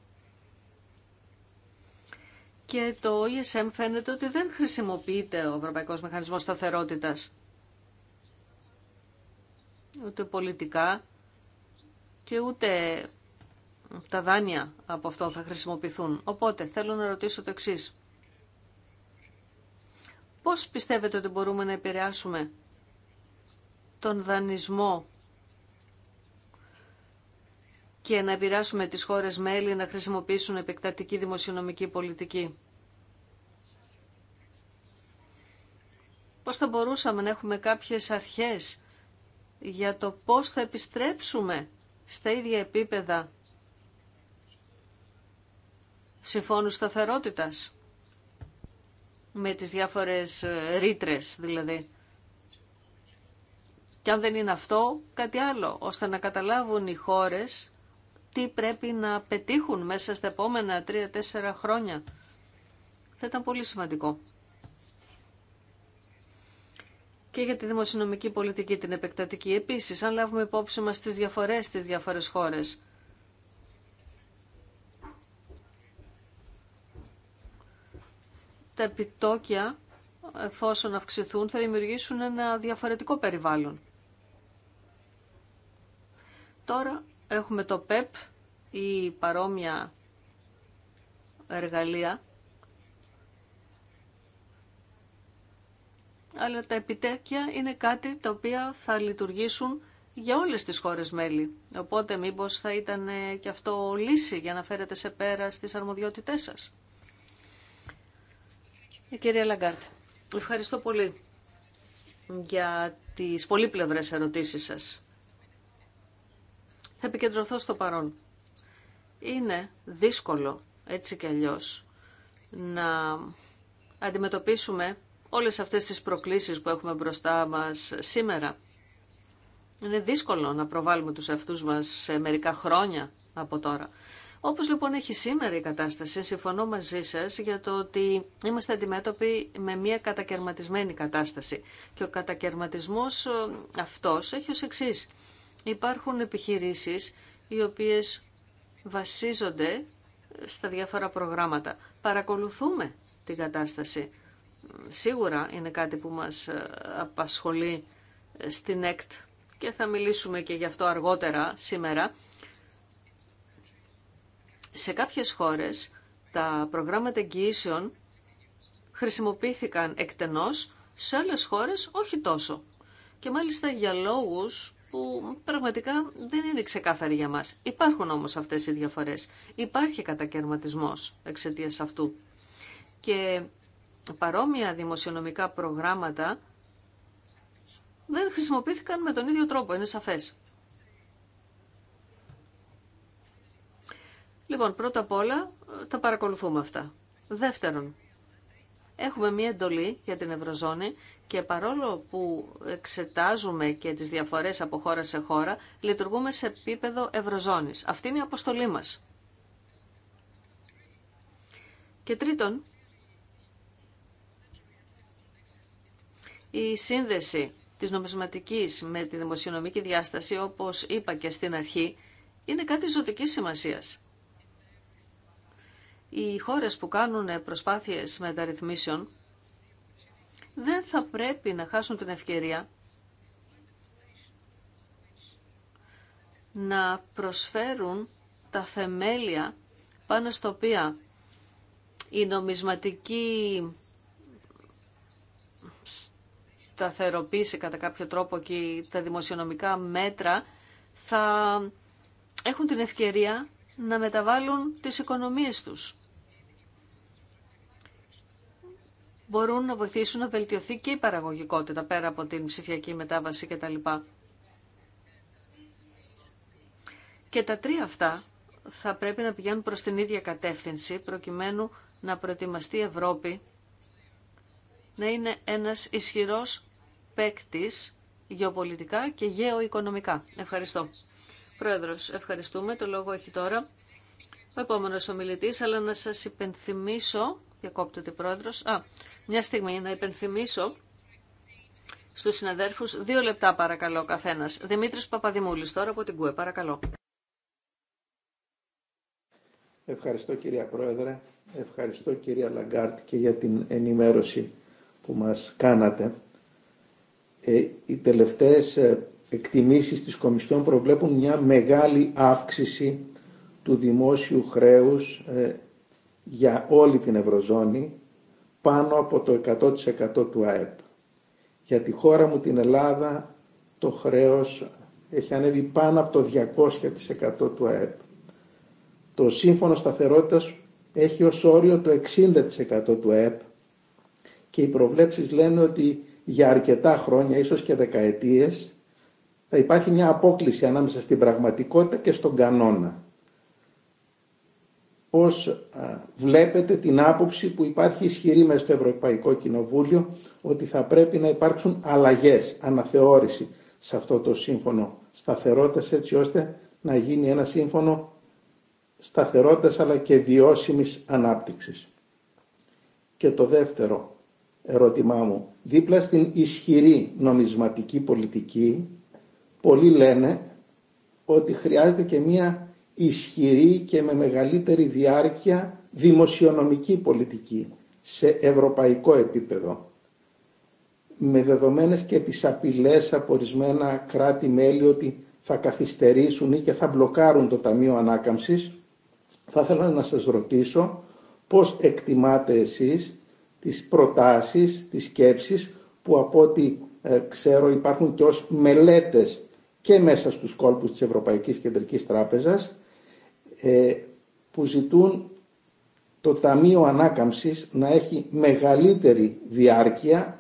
Και το ESM φαίνεται ότι δεν χρησιμοποιείται ο Ευρωπαϊκός Μηχανισμός σταθερότητα. Ούτε πολιτικά και ούτε τα δάνεια από αυτό θα χρησιμοποιηθούν. Οπότε θέλω να ρωτήσω το εξής. Πώς πιστεύετε ότι μπορούμε να επηρεάσουμε τον δανεισμό και να επηρεάσουμε τις χώρες μέλη να χρησιμοποιήσουν επεκτατική δημοσιονομική πολιτική. Πώς θα μπορούσαμε να έχουμε κάποιες αρχές για το πώς θα επιστρέψουμε στα ίδια επίπεδα συμφώνου σταθερότητας με τις διάφορες ρήτρε δηλαδή. Και αν δεν είναι αυτό, κάτι άλλο, ώστε να καταλάβουν οι χώρες τι πρέπει να πετύχουν μέσα στα επόμενα τρία-τέσσερα χρόνια. Θα ήταν πολύ σημαντικό. Και για τη δημοσιονομική πολιτική την επεκτατική. Επίσης, αν λάβουμε υπόψη μας τις διαφορές στις διάφορες χώρες, τα επιτόκια, εφόσον αυξηθούν, θα δημιουργήσουν ένα διαφορετικό περιβάλλον. Τώρα έχουμε το ΠΕΠ ή παρόμοια εργαλεία, αλλά τα επιτέκια είναι κάτι τα οποία θα λειτουργήσουν για όλες τις χώρες μέλη. Οπότε μήπως θα ήταν και αυτό λύση για να φέρετε σε πέρα στις αρμοδιότητές σας. Η κυρία Λαγκάρτ, ευχαριστώ πολύ για τις πολύπλευρες ερωτήσεις σας. Θα επικεντρωθώ στο παρόν. Είναι δύσκολο, έτσι κι αλλιώς, να αντιμετωπίσουμε όλες αυτές τις προκλήσεις που έχουμε μπροστά μας σήμερα. Είναι δύσκολο να προβάλλουμε τους εαυτούς μας σε μερικά χρόνια από τώρα. Όπως λοιπόν έχει σήμερα η κατάσταση, συμφωνώ μαζί σας για το ότι είμαστε αντιμέτωποι με μια κατακαιρματισμένη κατάσταση. Και ο κατακαιρματισμός ε, αυτός έχει ως εξής. Υπάρχουν επιχειρήσεις οι οποίες βασίζονται στα διάφορα προγράμματα. Παρακολουθούμε την κατάσταση. Σίγουρα είναι κάτι που μας ε, απασχολεί ε, στην ΕΚΤ και θα μιλήσουμε και γι' αυτό αργότερα σήμερα. Σε κάποιες χώρες τα προγράμματα εγγυήσεων χρησιμοποιήθηκαν εκτενώς, σε άλλες χώρες όχι τόσο. Και μάλιστα για λόγους που πραγματικά δεν είναι ξεκάθαρη για μας. Υπάρχουν όμως αυτές οι διαφορές. Υπάρχει κατακαιρματισμός εξαιτία αυτού. Και παρόμοια δημοσιονομικά προγράμματα δεν χρησιμοποιήθηκαν με τον ίδιο τρόπο, είναι σαφές. Λοιπόν, πρώτα απ' όλα τα παρακολουθούμε αυτά. Δεύτερον, έχουμε μία εντολή για την Ευρωζώνη και παρόλο που εξετάζουμε και τις διαφορές από χώρα σε χώρα, λειτουργούμε σε επίπεδο Ευρωζώνης. Αυτή είναι η αποστολή μας. Και τρίτον, η σύνδεση της νομισματικής με τη δημοσιονομική διάσταση, όπως είπα και στην αρχή, είναι κάτι ζωτικής σημασίας οι χώρες που κάνουν προσπάθειες μεταρρυθμίσεων δεν θα πρέπει να χάσουν την ευκαιρία να προσφέρουν τα θεμέλια πάνω στο οποία η νομισματική σταθεροποίηση κατά κάποιο τρόπο και τα δημοσιονομικά μέτρα θα έχουν την ευκαιρία να μεταβάλουν τις οικονομίες τους. μπορούν να βοηθήσουν να βελτιωθεί και η παραγωγικότητα πέρα από την ψηφιακή μετάβαση κτλ. Και τα τρία αυτά θα πρέπει να πηγαίνουν προς την ίδια κατεύθυνση προκειμένου να προετοιμαστεί η Ευρώπη να είναι ένας ισχυρός παίκτη γεωπολιτικά και γεωοικονομικά. Ευχαριστώ. Πρόεδρος, ευχαριστούμε. Το λόγο έχει τώρα ο επόμενος ομιλητής, αλλά να σας υπενθυμίσω, διακόπτεται πρόεδρος, α, μια στιγμή να υπενθυμίσω στους συναδέρφους. Δύο λεπτά παρακαλώ καθένας. Δημήτρης Παπαδημούλης τώρα από την ΚΟΕ. Παρακαλώ. Ευχαριστώ κυρία Πρόεδρε. Ευχαριστώ κυρία Λαγκάρτ και για την ενημέρωση που μας κάνατε. Ε, οι τελευταίες ε, εκτιμήσεις της Κομισιόν προβλέπουν μια μεγάλη αύξηση του δημόσιου χρέους ε, για όλη την Ευρωζώνη πάνω από το 100% του ΑΕΠ. Για τη χώρα μου την Ελλάδα το χρέος έχει ανέβει πάνω από το 200% του ΑΕΠ. Το σύμφωνο σταθερότητας έχει ως όριο το 60% του ΑΕΠ και οι προβλέψεις λένε ότι για αρκετά χρόνια, ίσως και δεκαετίες, θα υπάρχει μια απόκληση ανάμεσα στην πραγματικότητα και στον κανόνα. Πώς ε, βλέπετε την άποψη που υπάρχει ισχυρή μέσα στο Ευρωπαϊκό Κοινοβούλιο ότι θα πρέπει να υπάρξουν αλλαγές, αναθεώρηση σε αυτό το σύμφωνο σταθερότητας έτσι ώστε να γίνει ένα σύμφωνο σταθερότητας αλλά και βιώσιμης ανάπτυξης. Και το δεύτερο ερώτημά μου, δίπλα στην ισχυρή νομισματική πολιτική, πολλοί λένε ότι χρειάζεται και μία ισχυρή και με μεγαλύτερη διάρκεια δημοσιονομική πολιτική σε ευρωπαϊκό επίπεδο με δεδομένες και τις απειλές από ορισμένα κράτη-μέλη ότι θα καθυστερήσουν ή και θα μπλοκάρουν το Ταμείο Ανάκαμψης, θα ήθελα να σας ρωτήσω πώς εκτιμάτε εσείς τις προτάσεις, τις σκέψεις που από ό,τι ε, ξέρω υπάρχουν και ως μελέτες και μέσα στους κόλπους της Ευρωπαϊκής Κεντρικής Τράπεζας ε, που ζητούν το Ταμείο Ανάκαμψης να έχει μεγαλύτερη διάρκεια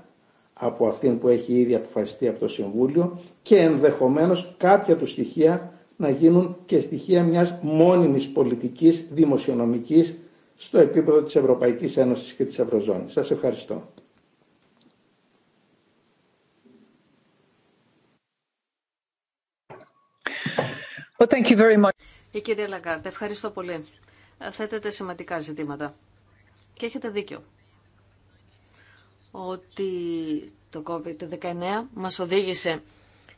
από αυτήν που έχει ήδη αποφασιστεί από το Συμβούλιο και ενδεχομένως κάποια του στοιχεία να γίνουν και στοιχεία μιας μόνιμης πολιτικής δημοσιονομικής στο επίπεδο της Ευρωπαϊκής Ένωσης και της Ευρωζώνης. Σας ευχαριστώ. Η κυρία ευχαριστώ πολύ. Θέτετε σημαντικά ζητήματα. Και έχετε δίκιο ότι το COVID-19 μας οδήγησε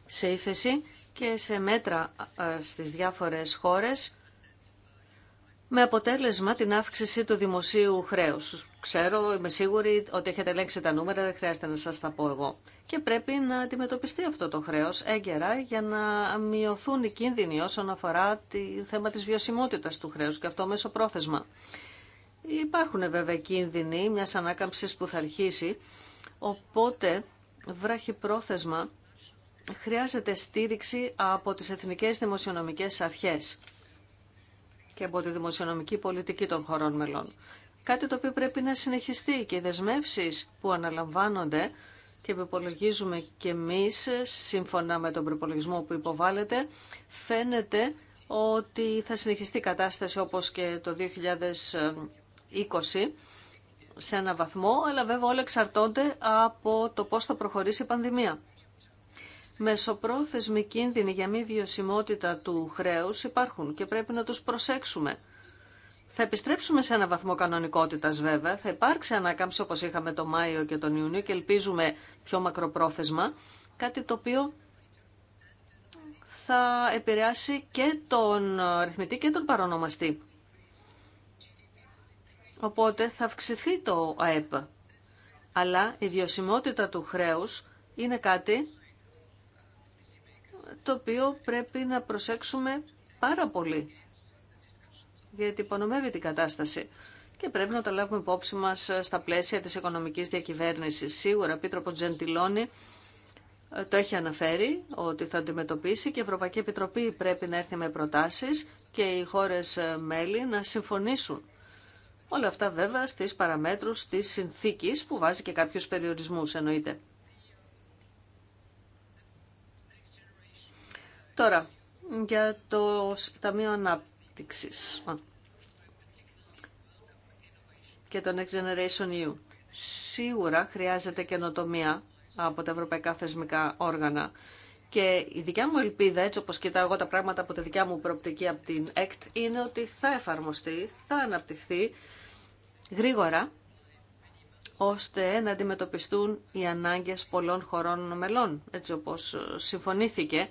σε ύφεση και σε μέτρα ε, στις διάφορες χώρες με αποτέλεσμα την αύξηση του δημοσίου χρέους ξέρω, είμαι σίγουρη ότι έχετε ελέγξει τα νούμερα, δεν χρειάζεται να σας τα πω εγώ. Και πρέπει να αντιμετωπιστεί αυτό το χρέος έγκαιρα για να μειωθούν οι κίνδυνοι όσον αφορά το θέμα της βιωσιμότητας του χρέους και αυτό μέσω πρόθεσμα. Υπάρχουν βέβαια κίνδυνοι μιας ανάκαμψης που θα αρχίσει, οπότε βράχει πρόθεσμα χρειάζεται στήριξη από τις εθνικές δημοσιονομικές αρχές και από τη δημοσιονομική πολιτική των χωρών μελών. Κάτι το οποίο πρέπει να συνεχιστεί και οι δεσμεύσει που αναλαμβάνονται και που υπολογίζουμε και εμείς, σύμφωνα με τον προπολογισμό που υποβάλλεται, φαίνεται ότι θα συνεχιστεί η κατάσταση όπως και το 2020 σε ένα βαθμό, αλλά βέβαια όλα εξαρτώνται από το πώς θα προχωρήσει η πανδημία. Μεσοπρόθεσμοι κίνδυνοι για μη βιωσιμότητα του χρέους υπάρχουν και πρέπει να τους προσέξουμε. Θα επιστρέψουμε σε ένα βαθμό κανονικότητα βέβαια. Θα υπάρξει ανάκαμψη όπω είχαμε το Μάιο και τον Ιούνιο και ελπίζουμε πιο μακροπρόθεσμα. Κάτι το οποίο θα επηρεάσει και τον αριθμητή και τον παρονομαστή. Οπότε θα αυξηθεί το ΑΕΠ. Αλλά η βιωσιμότητα του χρέους είναι κάτι το οποίο πρέπει να προσέξουμε πάρα πολύ γιατί υπονομεύει την κατάσταση και πρέπει να το λάβουμε υπόψη μα ε, στα πλαίσια της οικονομικής διακυβέρνηση. Σίγουρα, ο Πίτροπος Τζεντιλόνι ε, το έχει αναφέρει ότι θα αντιμετωπίσει και η Ευρωπαϊκή Επιτροπή πρέπει να έρθει με προτάσεις και οι χώρες ε, μέλη να συμφωνήσουν. Όλα αυτά βέβαια στις παραμέτρους της συνθήκης που βάζει και κάποιους περιορισμούς εννοείται. Τώρα, για το Ταμείο Ανάπτυξη και το Next Generation EU. Σίγουρα χρειάζεται καινοτομία από τα ευρωπαϊκά θεσμικά όργανα. Και η δικιά μου ελπίδα, έτσι όπως κοιτάω εγώ τα πράγματα από τη δικιά μου προοπτική από την ΕΚΤ, είναι ότι θα εφαρμοστεί, θα αναπτυχθεί γρήγορα, ώστε να αντιμετωπιστούν οι ανάγκες πολλών χωρών μελών, έτσι όπως συμφωνήθηκε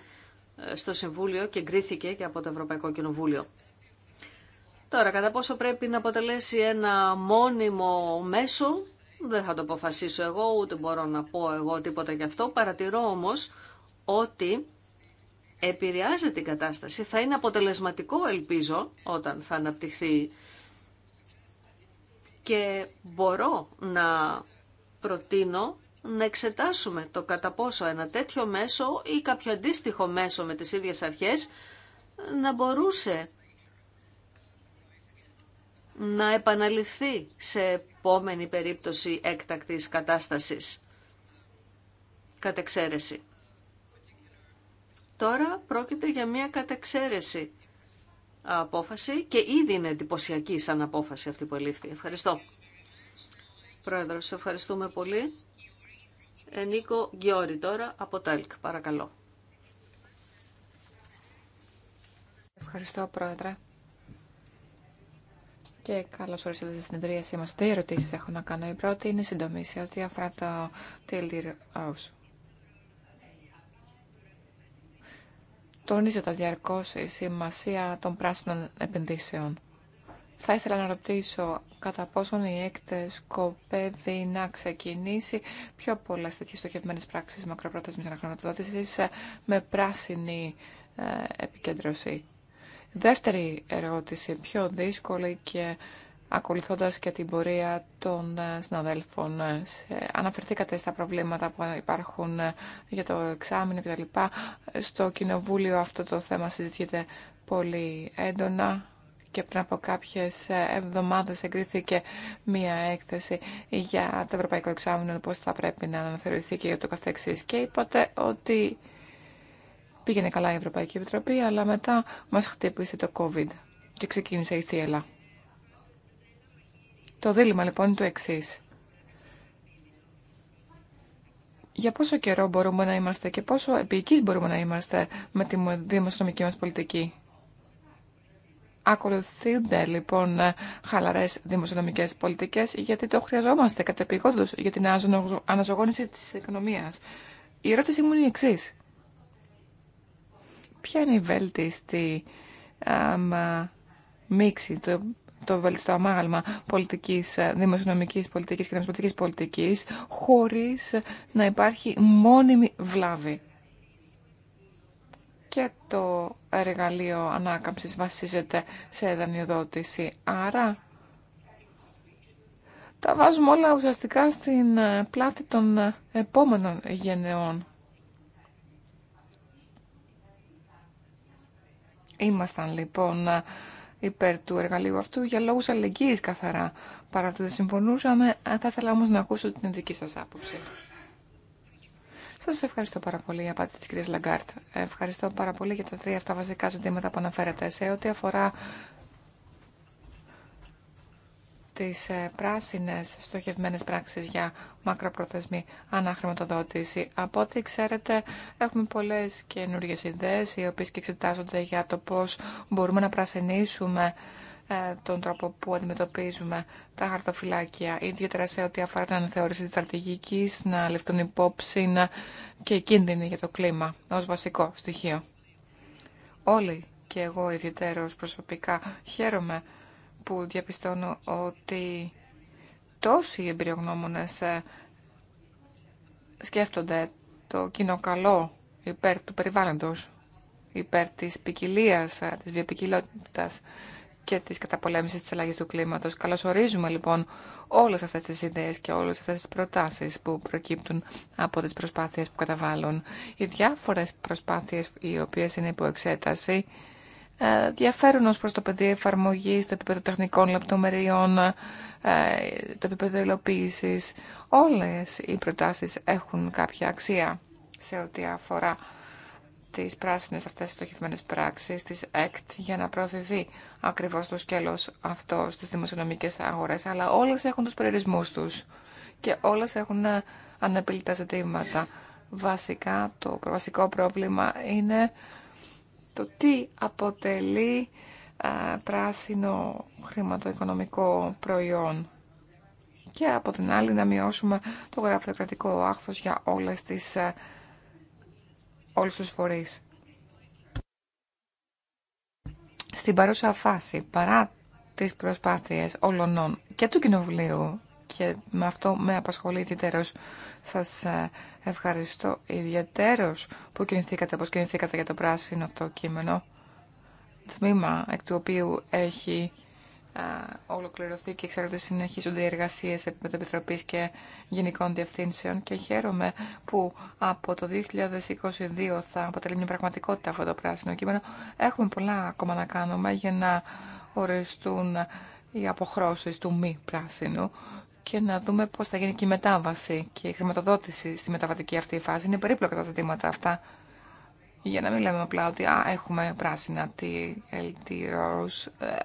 στο Συμβούλιο και εγκρίθηκε και από το Ευρωπαϊκό Κοινοβούλιο. Τώρα, κατά πόσο πρέπει να αποτελέσει ένα μόνιμο μέσο, δεν θα το αποφασίσω εγώ, ούτε μπορώ να πω εγώ τίποτα γι' αυτό. Παρατηρώ όμως ότι επηρεάζει την κατάσταση. Θα είναι αποτελεσματικό, ελπίζω, όταν θα αναπτυχθεί και μπορώ να προτείνω να εξετάσουμε το κατά πόσο ένα τέτοιο μέσο ή κάποιο αντίστοιχο μέσο με τις ίδιες αρχές να μπορούσε να επαναληφθεί σε επόμενη περίπτωση έκτακτης κατάστασης κατεξαίρεση. Τώρα πρόκειται για μια κατεξαίρεση απόφαση και ήδη είναι εντυπωσιακή σαν απόφαση αυτή που ελήφθη. Ευχαριστώ. Πρόεδρο, σε ευχαριστούμε πολύ. Ενίκο Γκιόρη τώρα από το ΕΛΚ, παρακαλώ. Ευχαριστώ, Πρόεδρε και καλώ ορίσατε στη συνεδρίασή μα. Δύο ερωτήσει έχω να κάνω. Η πρώτη είναι σύντομη σε ό,τι αφορά το House. Τονίζεται διαρκώ η σημασία των πράσινων επενδύσεων. Θα ήθελα να ρωτήσω κατά πόσον η ΕΚΤΕ σκοπεύει να ξεκινήσει πιο πολλέ τέτοιε στοχευμένε πράξει μακροπρόθεσμη αναχρηματοδότηση με πράσινη ε, επικέντρωση. Δεύτερη ερώτηση, πιο δύσκολη και ακολουθώντας και την πορεία των ε, συναδέλφων. Ε, αναφερθήκατε στα προβλήματα που υπάρχουν ε, για το εξάμεινο κτλ. Στο Κοινοβούλιο αυτό το θέμα συζητιέται πολύ έντονα και πριν από κάποιες εβδομάδες εγκρίθηκε μία έκθεση για το Ευρωπαϊκό Εξάμεινο, πώς θα πρέπει να αναθεωρηθεί και για το καθεξής. Και είπατε ότι Πήγαινε καλά η Ευρωπαϊκή Επιτροπή, αλλά μετά μας χτύπησε το COVID και ξεκίνησε η θύελα. Το δίλημα λοιπόν είναι το εξή. Για πόσο καιρό μπορούμε να είμαστε και πόσο επίκης μπορούμε να είμαστε με τη δημοσιονομική μας πολιτική. Ακολουθούνται λοιπόν χαλαρές δημοσιονομικές πολιτικές γιατί το χρειαζόμαστε κατ' για την αναζωγόνηση της οικονομίας. Η ερώτηση μου είναι η εξής. Ποια είναι η βέλτιστη μίξη, το, το βελτιστό αμάγαλμα πολιτικής, ε, δημοσιονομικής πολιτικής και δημοσιονομικής πολιτικής, χωρίς να υπάρχει μόνιμη βλάβη. Και το εργαλείο ανάκαμψης βασίζεται σε δανειοδότηση. Άρα, τα βάζουμε όλα ουσιαστικά στην ε, πλάτη των ε, επόμενων γενεών. Ήμασταν λοιπόν υπέρ του εργαλείου αυτού για λόγους αλληλεγγύης καθαρά. Παρά το δεν συμφωνούσαμε, ε, θα ήθελα όμως να ακούσω την δική σας άποψη. Σας ευχαριστώ πάρα πολύ για απάντηση της κυρίας Λαγκάρτ. Ευχαριστώ πάρα πολύ για τα τρία αυτά βασικά ζητήματα που αναφέρατε σε ό,τι αφορά τις ε, πράσινες στοχευμένες πράξεις για μακροπροθεσμή αναχρηματοδότηση. Από ό,τι ξέρετε, έχουμε πολλές καινούργιες ιδέες, οι οποίες και εξετάζονται για το πώς μπορούμε να πρασινίσουμε ε, τον τρόπο που αντιμετωπίζουμε τα χαρτοφυλάκια, ιδιαίτερα σε ό,τι αφορά την αναθεώρηση της στρατηγικής, να ληφθούν υπόψη και κίνδυνοι για το κλίμα ως βασικό στοιχείο. Όλοι και εγώ ιδιαίτερος προσωπικά χαίρομαι που διαπιστώνω ότι τόσοι εμπειρογνώμονες ε, σκέφτονται το κοινό καλό υπέρ του περιβάλλοντος, υπέρ της ποικιλία, ε, της βιοποικιλότητας και της καταπολέμησης της αλλαγής του κλίματος. Καλωσορίζουμε λοιπόν όλες αυτές τις ιδέες και όλες αυτές τις προτάσεις που προκύπτουν από τις προσπάθειες που καταβάλουν. Οι διάφορες προσπάθειες οι οποίες είναι υπό εξέταση ε, διαφέρουν ω προς το πεδίο εφαρμογή το επίπεδο τεχνικών λεπτομεριών, ε, το επίπεδο υλοποίηση. Όλες οι προτάσεις έχουν κάποια αξία σε ό,τι αφορά τις πράσινες αυτές στοχευμένες πράξεις της ΕΚΤ για να προωθηθεί ακριβώς το σκέλος αυτό στις δημοσιονομικές αγορές. Αλλά όλες έχουν τους περιορισμούς του και όλες έχουν ε, αναπηλητά ζητήματα. Βασικά, το βασικό πρόβλημα είναι το τι αποτελεί πράσινο χρηματοοικονομικό προϊόν και από την άλλη να μειώσουμε το γραφειοκρατικό άχθος για όλες τις, όλους τους φορείς. Στην παρούσα φάση, παρά τις προσπάθειες όλων και του Κοινοβουλίου και με αυτό με απασχολεί ιδιαίτερος σας Ευχαριστώ ιδιαίτερος που κινηθήκατε όπως κινηθήκατε για το πράσινο αυτό κείμενο. Τμήμα εκ του οποίου έχει α, ολοκληρωθεί και ξέρω ότι συνεχίζονται οι εργασίες με το Επιτροπής και Γενικών Διευθύνσεων και χαίρομαι που από το 2022 θα αποτελεί μια πραγματικότητα αυτό το πράσινο κείμενο. Έχουμε πολλά ακόμα να κάνουμε για να οριστούν οι αποχρώσεις του μη πράσινου και να δούμε πώς θα γίνει και η μετάβαση και η χρηματοδότηση στη μεταβατική αυτή φάση. Είναι περίπλοκα τα ζητήματα αυτά. Για να μην λέμε απλά ότι έχουμε πράσινα τι, τι ε,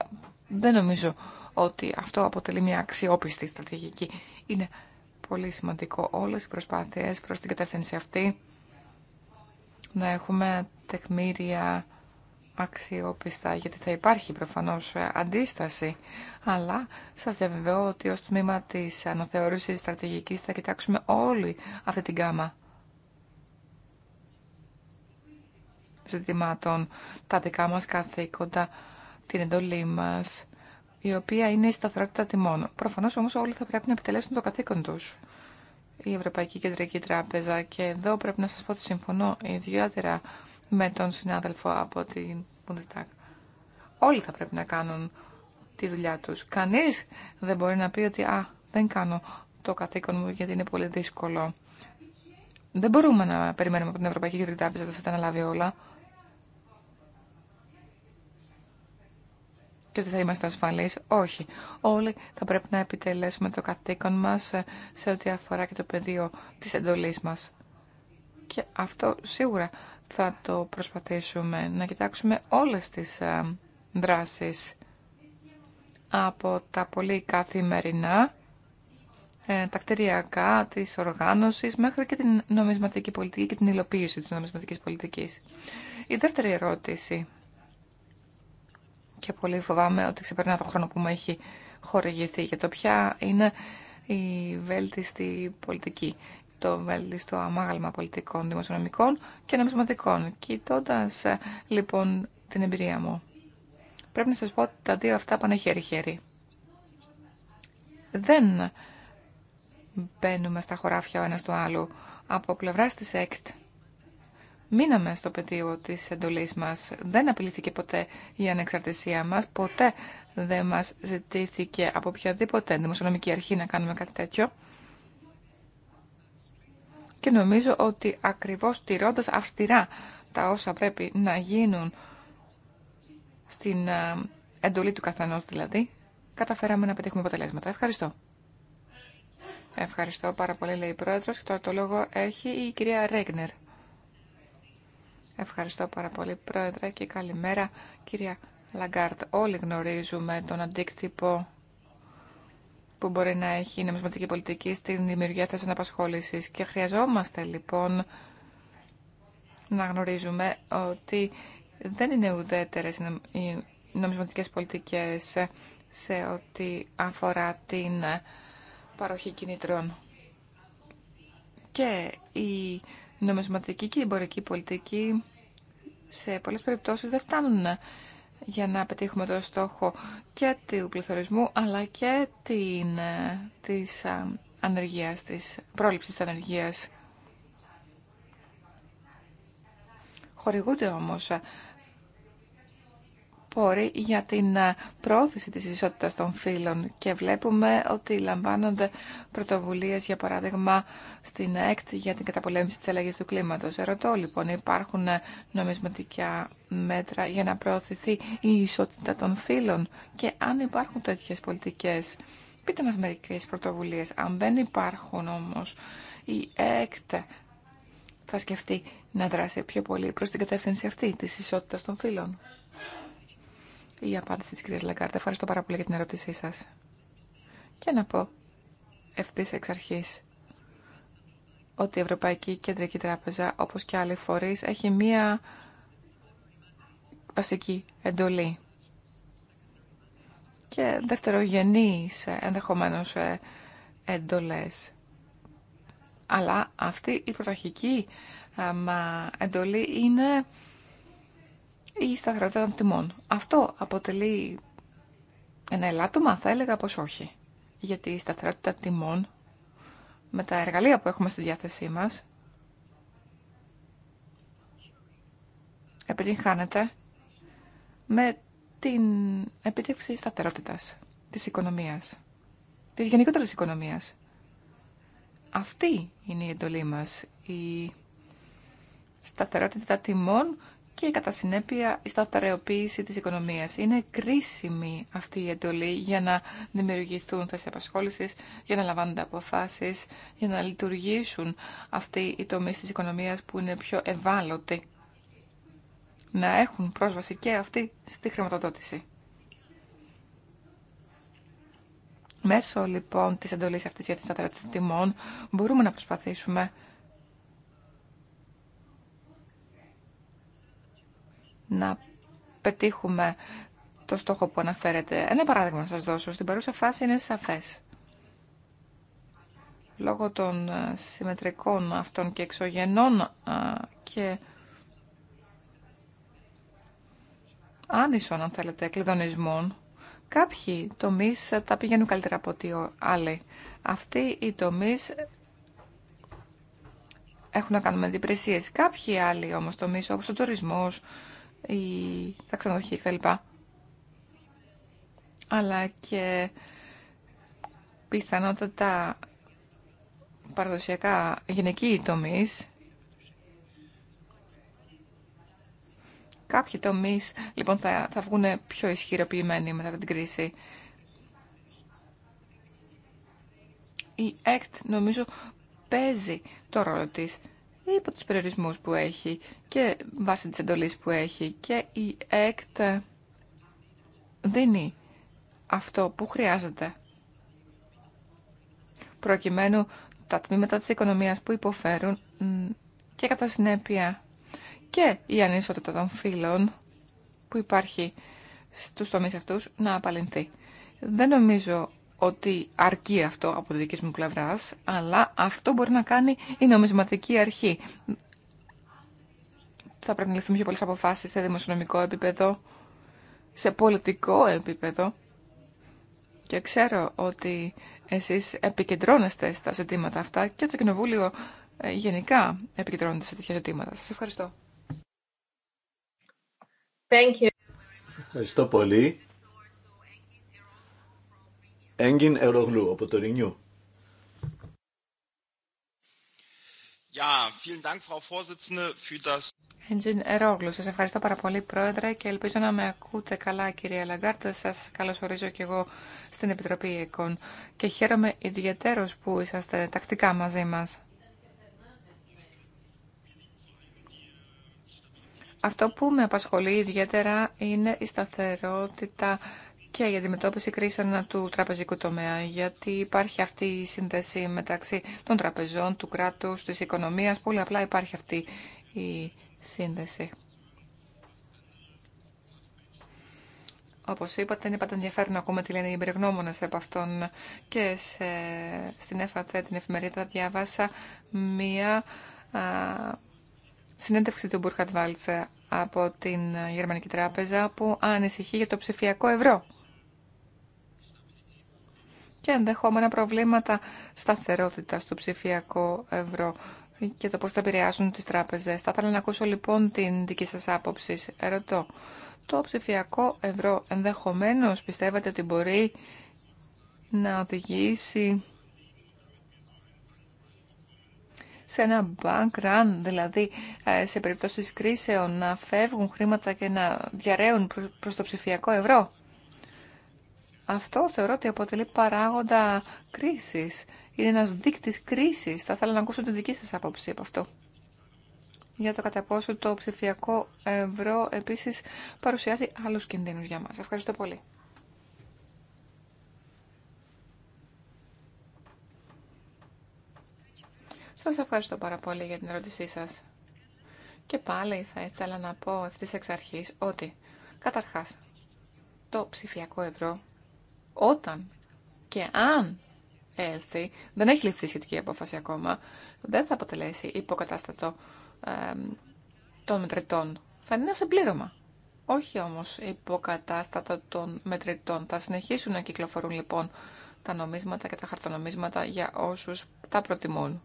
δεν νομίζω ότι αυτό αποτελεί μια αξιόπιστη στρατηγική. Είναι πολύ σημαντικό όλες οι προσπάθειες προς την κατεύθυνση αυτή να έχουμε τεκμήρια αξιόπιστα, γιατί θα υπάρχει προφανώς ε, αντίσταση. Αλλά σας διαβεβαιώ ότι ως τμήμα της αναθεωρήσης στρατηγικής θα κοιτάξουμε όλη αυτή την γάμα ζητημάτων, τα δικά μας καθήκοντα, την εντολή μας, η οποία είναι η σταθερότητα τιμών. Προφανώς όμως όλοι θα πρέπει να επιτελέσουν το καθήκον τους. Η Ευρωπαϊκή Κεντρική Τράπεζα και εδώ πρέπει να σας πω ότι συμφωνώ ιδιαίτερα με τον συνάδελφο από την Bundestag. Όλοι θα πρέπει να κάνουν τη δουλειά τους. Κανείς δεν μπορεί να πει ότι «Α, δεν κάνω το καθήκον μου γιατί είναι πολύ δύσκολο». Δεν μπορούμε να περιμένουμε από την Ευρωπαϊκή Κεντρική Τράπεζα ότι θα τα αναλάβει όλα. και ότι θα είμαστε ασφαλείς. Όχι. Όλοι θα πρέπει να επιτελέσουμε το καθήκον μας σε ό,τι αφορά και το πεδίο της εντολής μας. Και αυτό σίγουρα θα το προσπαθήσουμε να κοιτάξουμε όλες τις ε, δράσεις από τα πολύ καθημερινά, ε, τα κτηριακά, της οργάνωσης, μέχρι και την νομισματική πολιτική και την υλοποίηση της νομισματικής πολιτικής. Η δεύτερη ερώτηση, και πολύ φοβάμαι ότι ξεπερνά το χρόνο που μου έχει χορηγηθεί, για το ποια είναι η βέλτιστη πολιτική το βέλτιστο αμάγαλμα πολιτικών, δημοσιονομικών και νομισματικών. Κοιτώντα ε, λοιπόν την εμπειρία μου, πρέπει να σας πω ότι τα δύο αυτά πάνε χέρι-χέρι. Δεν μπαίνουμε στα χωράφια ο ένας του άλλου. Από πλευρά τη ΕΚΤ μείναμε στο πεδίο τη εντολή μας. Δεν απειλήθηκε ποτέ η ανεξαρτησία μα, ποτέ δεν μα ζητήθηκε από οποιαδήποτε δημοσιονομική αρχή να κάνουμε κάτι τέτοιο και νομίζω ότι ακριβώς τηρώντας αυστηρά τα όσα πρέπει να γίνουν στην ε, εντολή του καθενός δηλαδή, καταφέραμε να πετύχουμε αποτελέσματα. Ευχαριστώ. Ευχαριστώ πάρα πολύ, λέει η Πρόεδρος. Και τώρα το λόγο έχει η κυρία Ρέγνερ. Ευχαριστώ πάρα πολύ, Πρόεδρε, και καλημέρα, κυρία Λαγκάρτ. Όλοι γνωρίζουμε τον αντίκτυπο που μπορεί να έχει η νομισματική πολιτική στην δημιουργία θέσεων απασχόληση. Και χρειαζόμαστε λοιπόν να γνωρίζουμε ότι δεν είναι ουδέτερες οι νομισματικές πολιτικές σε ό,τι αφορά την παροχή κινητρών. Και η νομισματική και η εμπορική πολιτική σε πολλές περιπτώσεις δεν φτάνουν για να πετύχουμε το στόχο και του πληθωρισμού αλλά και την, ε, της ανεργίας, της πρόληψης της ανεργίας. Χορηγούνται όμως ε, πόροι για την ε, πρόθεση της ισότητας των φύλων και βλέπουμε ότι λαμβάνονται πρωτοβουλίες, για παράδειγμα, στην ΕΚΤ για την καταπολέμηση της αλλαγής του κλίματος. Ερωτώ λοιπόν, υπάρχουν ε, νομισματικά μέτρα για να προωθηθεί η ισότητα των φύλων και αν υπάρχουν τέτοιες πολιτικές. Πείτε μας μερικές πρωτοβουλίες. Αν δεν υπάρχουν όμως, η ΕΚΤ θα σκεφτεί να δράσει πιο πολύ προς την κατεύθυνση αυτή της ισότητας των φύλων η απάντηση της κυρίας Λαγκάρτα. Ευχαριστώ πάρα πολύ για την ερώτησή σας. Και να πω ευθύ εξ αρχής ότι η Ευρωπαϊκή Κεντρική Τράπεζα, όπως και άλλοι φορείς, έχει μία βασική εντολή και δευτερογενείς ενδεχομένως ε, εντολές. Αλλά αυτή η πρωταρχική ε, εντολή είναι η σταθερότητα των τιμών. Αυτό αποτελεί ένα ελάττωμα, θα έλεγα πως όχι. Γιατί η σταθερότητα τιμών με τα εργαλεία που έχουμε στη διάθεσή μας επιτυγχάνεται με την επίτευξη σταθερότητας της οικονομίας, της γενικότερης οικονομίας. Αυτή είναι η εντολή μας, η σταθερότητα τιμών και κατά συνέπεια η σταθεροποίηση της οικονομίας. Είναι κρίσιμη αυτή η εντολή για να δημιουργηθούν θέσει απασχόληση, για να λαμβάνονται αποφάσεις, για να λειτουργήσουν αυτοί οι τομείς της οικονομίας που είναι πιο ευάλωτοι. Να έχουν πρόσβαση και αυτοί στη χρηματοδότηση. Μέσω λοιπόν της εντολής αυτής για τη σταθερότητα τιμών μπορούμε να προσπαθήσουμε να πετύχουμε το στόχο που αναφέρετε. Ένα παράδειγμα να σας δώσω. Στην παρούσα φάση είναι σαφές. Λόγω των ε, συμμετρικών αυτών και εξωγενών ε, και άνισων, αν θέλετε, κλειδονισμών, κάποιοι τομείς ε, τα πηγαίνουν καλύτερα από ότι άλλοι. Αυτοί οι τομείς έχουν να κάνουν με διπρεσίες. Κάποιοι άλλοι όμως τομείς, όπως ο τουρισμός, η ξενοδοχή κτλ. Αλλά και πιθανότατα παραδοσιακά γυναικοί τομείς Κάποιοι τομεί λοιπόν θα, θα βγουν πιο ισχυροποιημένοι μετά την κρίση. Η ΕΚΤ νομίζω παίζει το ρόλο της υπό τους περιορισμούς που έχει και βάσει της εντολής που έχει και η ΕΚΤ δίνει αυτό που χρειάζεται προκειμένου τα τμήματα της οικονομίας που υποφέρουν και κατά συνέπεια και η ανίσότητα των φύλων που υπάρχει στους τομείς αυτούς να απαλληλθεί. Δεν νομίζω ότι αρκεί αυτό από τη δική μου πλευρά, αλλά αυτό μπορεί να κάνει η νομισματική αρχή. Θα πρέπει να ληφθούν πιο πολλέ αποφάσει σε δημοσιονομικό επίπεδο, σε πολιτικό επίπεδο. Και ξέρω ότι εσείς επικεντρώνεστε στα ζητήματα αυτά και το Κοινοβούλιο ε, γενικά επικεντρώνεται σε τέτοια ζητήματα. Σας ευχαριστώ. Ευχαριστώ πολύ. Έγκυν Ερογλού από το Ρινιού. Engin Ερόγλου, σας ευχαριστώ πάρα πολύ Πρόεδρε και ελπίζω να με ακούτε καλά κυρία Λαγκάρτα. Σας καλωσορίζω και εγώ στην Επιτροπή ΕΚΟΝ και χαίρομαι ιδιαίτερος που είσαστε τακτικά μαζί μας. Αυτό που με απασχολεί ιδιαίτερα είναι η σταθερότητα και για αντιμετώπιση κρίσεων του τραπεζικού τομέα, γιατί υπάρχει αυτή η σύνδεση μεταξύ των τραπεζών, του κράτους, της οικονομίας, πολύ απλά υπάρχει αυτή η σύνδεση. Όπω είπατε, είναι πάντα ενδιαφέρον να ακούμε τι λένε οι εμπειρογνώμονε από αυτόν. Και σε, στην ΕΦΑΤΣ, την εφημερίδα, διάβασα μία συνέντευξη του Μπουρχατ Βάλτσε από την Γερμανική Τράπεζα που ανησυχεί για το ψηφιακό ευρώ και ενδεχόμενα προβλήματα σταθερότητα του ψηφιακού ευρώ και το πώς θα επηρεάσουν τις τράπεζες. Θα ήθελα να ακούσω λοιπόν την δική σας άποψη. Ερωτώ, το ψηφιακό ευρώ ενδεχομένως πιστεύετε ότι μπορεί να οδηγήσει σε ένα bank run, δηλαδή ε, σε περιπτώσεις κρίσεων να φεύγουν χρήματα και να διαραίουν προς το ψηφιακό ευρώ. Αυτό θεωρώ ότι αποτελεί παράγοντα κρίσης. Είναι ένας δείκτης κρίσης. Θα ήθελα να ακούσω την δική σας άποψη από αυτό. Για το κατά πόσο το ψηφιακό ευρώ επίσης παρουσιάζει άλλους κινδύνους για μας. Ευχαριστώ πολύ. Σας ευχαριστώ πάρα πολύ για την ερώτησή σας. Και πάλι θα ήθελα να πω ευθύς εξ αρχής ότι καταρχάς το ψηφιακό ευρώ όταν και αν έλθει, δεν έχει ληφθεί σχετική απόφαση ακόμα, δεν θα αποτελέσει υποκατάστατο των μετρητών. Θα είναι ένα συμπλήρωμα. Όχι όμως υποκατάστατο των μετρητών. Θα συνεχίσουν να κυκλοφορούν λοιπόν τα νομίσματα και τα χαρτονομίσματα για όσους τα προτιμούν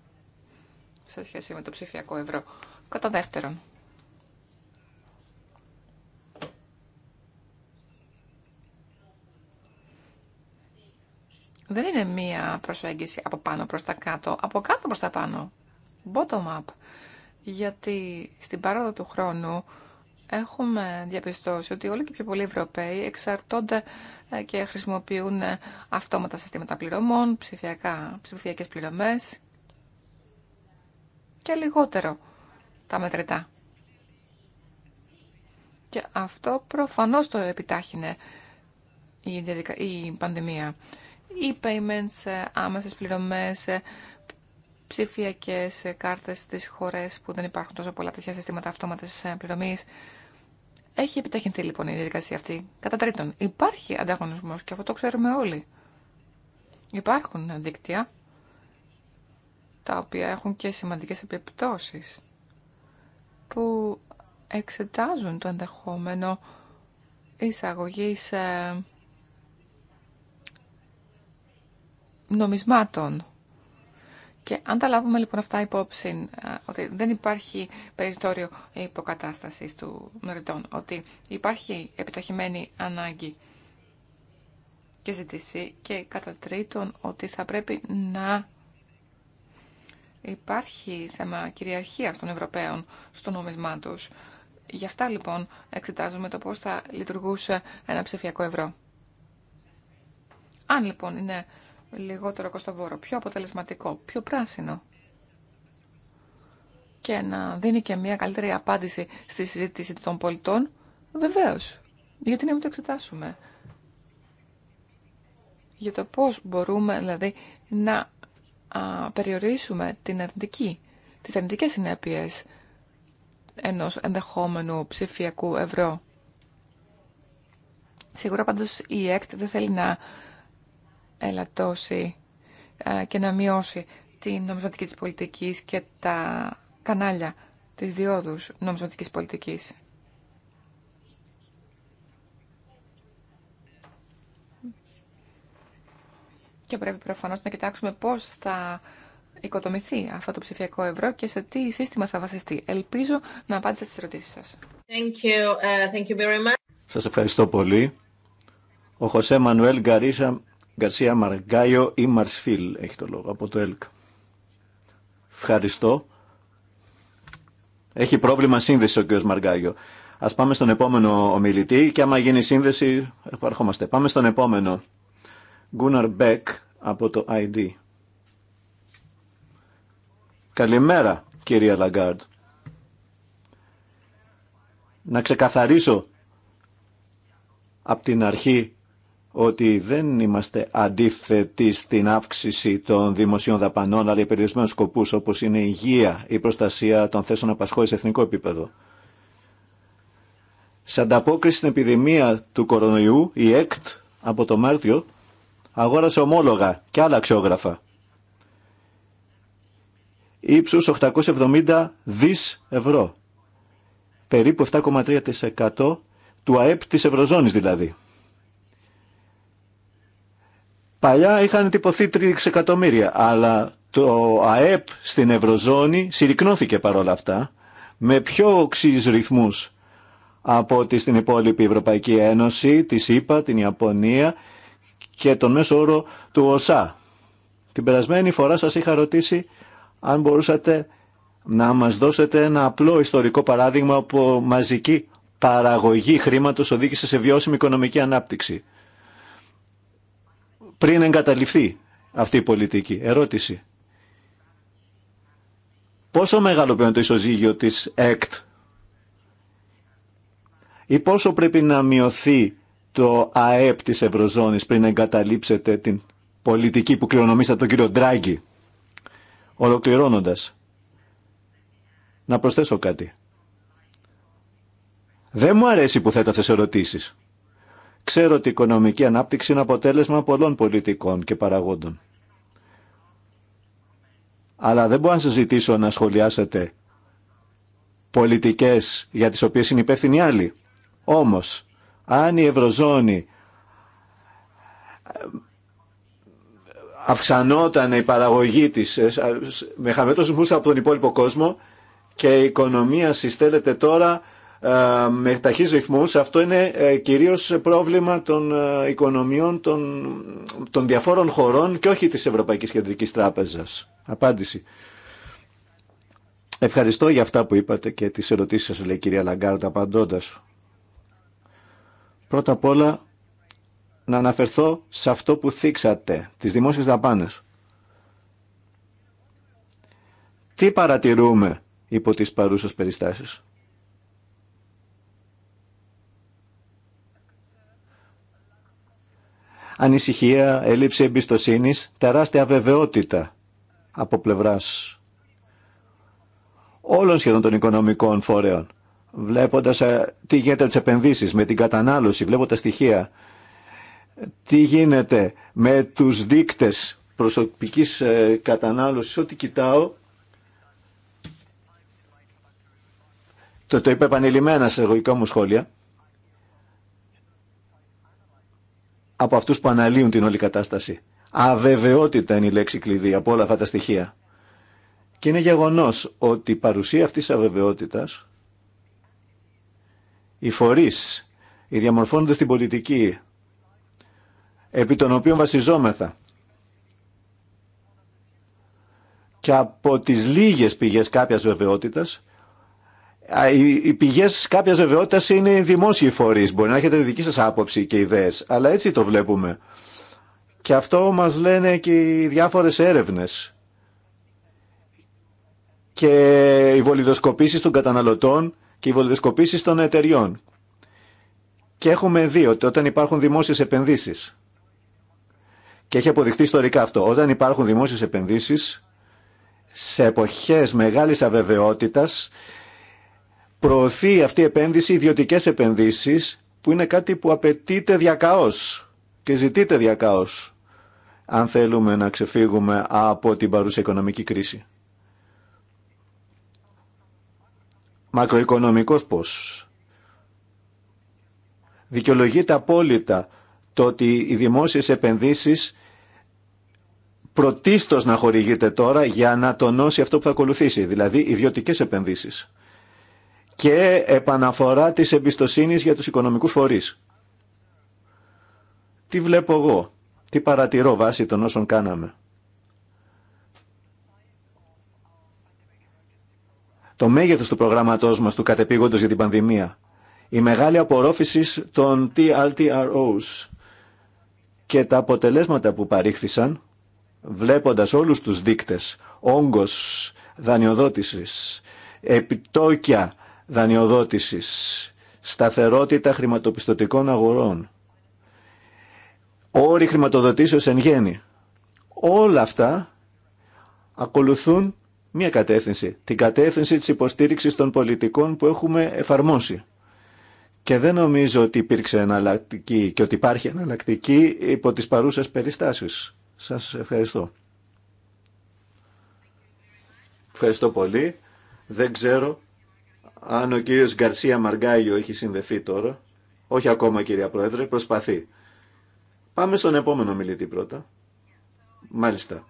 σε σχέση με το ψηφιακό ευρώ. Κατά δεύτερον, δεν είναι μία προσέγγιση από πάνω προς τα κάτω, από κάτω προς τα πάνω, bottom up. Γιατί στην παράδοση του χρόνου έχουμε διαπιστώσει ότι όλοι και πιο πολλοί Ευρωπαίοι εξαρτώνται ε, και χρησιμοποιούν ε, αυτόματα συστήματα πληρωμών, ψηφιακά, ψηφιακές πληρωμές και λιγότερο τα μετρητά. Και αυτό προφανώς το επιτάχυνε η, πανδημία e-payments, ε, άμεσες πληρωμές, ε, ψηφιακές ε, κάρτες στις χώρες που δεν υπάρχουν τόσο πολλά τέτοια συστήματα αυτόματες πληρωμής. Έχει επιταχυνθεί λοιπόν η διαδικασία αυτή. Κατά τρίτον, υπάρχει ανταγωνισμός και αυτό το ξέρουμε όλοι. Υπάρχουν δίκτυα τα οποία έχουν και σημαντικές επιπτώσεις που εξετάζουν το ενδεχόμενο εισαγωγής νομισμάτων. Και αν τα λάβουμε λοιπόν αυτά υπόψη, ε, ότι δεν υπάρχει περιθώριο υποκατάστασης του νοητών ότι υπάρχει επιταχυμένη ανάγκη και ζήτηση και κατά τρίτον ότι θα πρέπει να υπάρχει θέμα κυριαρχία των Ευρωπαίων στο νόμισμά του. Γι' αυτά λοιπόν εξετάζουμε το πώς θα λειτουργούσε ένα ψηφιακό ευρώ. Αν λοιπόν είναι λιγότερο κοστοβόρο, πιο αποτελεσματικό, πιο πράσινο και να δίνει και μια καλύτερη απάντηση στη συζήτηση των πολιτών, βεβαίως. Γιατί να μην το εξετάσουμε. Για το πώς μπορούμε δηλαδή να α, περιορίσουμε την αρνητική, τις αρνητικές συνέπειες ενός ενδεχόμενου ψηφιακού ευρώ. Σίγουρα πάντως η ΕΚΤ δεν θέλει να ελαττώσει ε, και να μειώσει την νομισματική της πολιτικής και τα κανάλια της διόδους νομισματικής πολιτικής. Και πρέπει προφανώς να κοιτάξουμε πώς θα οικοδομηθεί αυτό το ψηφιακό ευρώ και σε τι σύστημα θα βασιστεί. Ελπίζω να απάντησα στις ερωτήσεις σας. Thank you. Uh, thank you very much. Σας ευχαριστώ πολύ. Ο Χωσέ Μανουέλ Γκαρίσα Γκαρσία Μαργκάιο ή Μαρσφίλ έχει το λόγο από το ΕΛΚ. Ευχαριστώ. Έχει πρόβλημα σύνδεση ο κ. Μαργκάιο. Α πάμε στον επόμενο ομιλητή και άμα γίνει σύνδεση, επαρχόμαστε. Πάμε στον επόμενο. Γκούναρ Μπέκ από το ID. Καλημέρα, κυρία Λαγκάρντ. Να ξεκαθαρίσω από την αρχή ότι δεν είμαστε αντίθετοι στην αύξηση των δημοσίων δαπανών, αλλά οι περιορισμένου σκοπού όπω είναι η υγεία, η προστασία των θέσεων απασχόληση σε εθνικό επίπεδο. Σε ανταπόκριση στην επιδημία του κορονοϊού, η ΕΚΤ από το Μάρτιο αγόρασε ομόλογα και άλλα αξιόγραφα. Ήψους 870 δι ευρώ. Περίπου 7,3% του ΑΕΠ της Ευρωζώνης δηλαδή. Παλιά είχαν τυπωθεί 3 εκατομμύρια, αλλά το ΑΕΠ στην Ευρωζώνη συρρυκνώθηκε παρόλα αυτά με πιο οξύς ρυθμούς από ότι στην υπόλοιπη Ευρωπαϊκή Ένωση, τη ΣΥΠΑ, την Ιαπωνία και τον μέσο όρο του ΟΣΑ. Την περασμένη φορά σας είχα ρωτήσει αν μπορούσατε να μας δώσετε ένα απλό ιστορικό παράδειγμα που μαζική παραγωγή χρήματος οδήγησε σε βιώσιμη οικονομική ανάπτυξη πριν εγκαταληφθεί αυτή η πολιτική. Ερώτηση. Πόσο μεγάλο πρέπει να το ισοζύγιο της ΕΚΤ ή πόσο πρέπει να μειωθεί το ΑΕΠ της Ευρωζώνης πριν εγκαταλείψετε την πολιτική που κληρονομήσατε τον κύριο Ντράγκη. Ολοκληρώνοντας, να προσθέσω κάτι. Δεν μου αρέσει που θέτω αυτές ερωτήσεις. Ξέρω ότι η οικονομική ανάπτυξη είναι αποτέλεσμα πολλών πολιτικών και παραγόντων. Αλλά δεν μπορώ να σας ζητήσω να σχολιάσετε πολιτικές για τις οποίες είναι υπεύθυνοι άλλοι. Όμως, αν η Ευρωζώνη ε, αυξανόταν η παραγωγή της ε, ε, με χαμετός από τον υπόλοιπο κόσμο και η οικονομία συστέλλεται τώρα ε, με ταχύς ρυθμούς. Αυτό είναι ε, κυρίως πρόβλημα των ε, οικονομιών των, των διαφόρων χωρών και όχι της Ευρωπαϊκής Κεντρικής Τράπεζας. Απάντηση. Ευχαριστώ για αυτά που είπατε και τις ερωτήσεις σας, λέει η κυρία Λαγκάρτα, απαντώντας. Πρώτα απ' όλα, να αναφερθώ σε αυτό που θίξατε, τις δημόσιες δαπάνες. Τι παρατηρούμε υπό τις παρούσες περιστάσεις. ανησυχία, έλλειψη εμπιστοσύνης, τεράστια βεβαιότητα από πλευράς όλων σχεδόν των οικονομικών φορέων. Βλέποντας ε, τι γίνεται με τις επενδύσεις, με την κατανάλωση, βλέπω τα στοιχεία, τι γίνεται με τους δείκτες προσωπικής ε, κατανάλωσης, ό,τι κοιτάω, το, το είπα επανειλημμένα σε εγωικά μου σχόλια, από αυτούς που αναλύουν την όλη κατάσταση. Αβεβαιότητα είναι η λέξη κλειδί από όλα αυτά τα στοιχεία. Και είναι γεγονός ότι η παρουσία αυτής της αβεβαιότητας, οι φορείς, οι διαμορφώνονται στην πολιτική, επί των οποίων βασιζόμεθα, και από τις λίγες πηγές κάποιας βεβαιότητας οι πηγέ κάποια βεβαιότητα είναι οι δημόσιοι φορεί. Μπορεί να έχετε δική σα άποψη και ιδέε, αλλά έτσι το βλέπουμε. Και αυτό μας λένε και οι διάφορες έρευνες. Και οι βολιδοσκοπήσεις των καταναλωτών και οι βολιδοσκοπήσεις των εταιριών. Και έχουμε δει ότι όταν υπάρχουν δημόσιες επενδύσεις, και έχει αποδειχθεί ιστορικά αυτό, όταν υπάρχουν δημόσιε επενδύσει, σε εποχές μεγάλης αβεβαιότητας, προωθεί αυτή η επένδυση ιδιωτικέ επενδύσεις που είναι κάτι που απαιτείται διακαώ και ζητείται διακαώ αν θέλουμε να ξεφύγουμε από την παρούσα οικονομική κρίση. Μακροοικονομικός πώς. Δικαιολογείται απόλυτα το ότι οι δημόσιες επενδύσεις πρωτίστως να χορηγείται τώρα για να τονώσει αυτό που θα ακολουθήσει, δηλαδή ιδιωτικές επενδύσεις και επαναφορά της εμπιστοσύνης για τους οικονομικούς φορείς. Τι βλέπω εγώ, τι παρατηρώ βάσει των όσων κάναμε. Το μέγεθος του προγράμματός μας του κατεπήγοντος για την πανδημία. Η μεγάλη απορρόφηση των TLTROs και τα αποτελέσματα που παρήχθησαν βλέποντας όλους τους δείκτες, όγκος δανειοδότησης, επιτόκια δανειοδότησης, σταθερότητα χρηματοπιστωτικών αγορών, όροι χρηματοδοτήσεως εν γέννη. Όλα αυτά ακολουθούν μία κατεύθυνση, την κατεύθυνση της υποστήριξης των πολιτικών που έχουμε εφαρμόσει. Και δεν νομίζω ότι υπήρξε εναλλακτική και ότι υπάρχει εναλλακτική υπό τις παρούσες περιστάσεις. Σας ευχαριστώ. Ευχαριστώ πολύ. Δεν ξέρω αν ο κύριος Γκαρσία Μαργκάγιο έχει συνδεθεί τώρα. Όχι ακόμα κυρία Πρόεδρε, προσπαθεί. Πάμε στον επόμενο μιλητή πρώτα. Μάλιστα.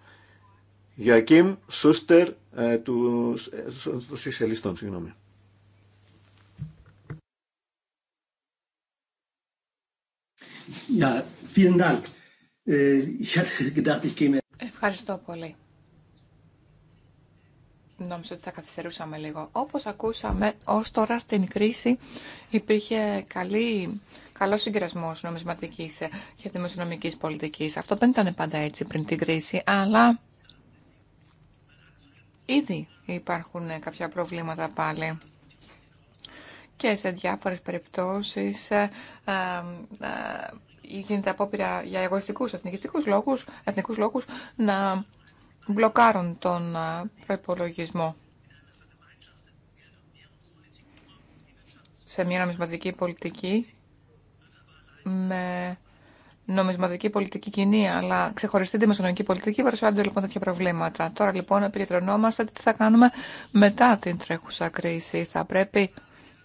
Γιακίμ Σούστερ ε, του, ε, των συγγνώμη. Ευχαριστώ πολύ. Νόμιζα ότι θα καθυστερούσαμε λίγο. Όπως ακούσαμε, ως τώρα στην κρίση υπήρχε καλή, καλός συγκερασμός νομισματικής ε, και δημοσιονομικής πολιτικής. Αυτό δεν ήταν πάντα έτσι πριν την κρίση, αλλά ήδη υπάρχουν ε, κάποια προβλήματα πάλι και σε διάφορες περιπτώσεις ε, γίνεται απόπειρα για εγωιστικούς, εθνικιστικούς λόγους, εθνικούς λόγους να μπλοκάρουν τον ε, προπολογισμό. σε μια νομισματική πολιτική με νομισματική πολιτική κοινή, αλλά ξεχωριστή τη μεσονομική πολιτική, παρουσιάζονται λοιπόν τέτοια προβλήματα. Τώρα λοιπόν επικεντρωνόμαστε τι θα κάνουμε μετά την τρέχουσα κρίση. Θα πρέπει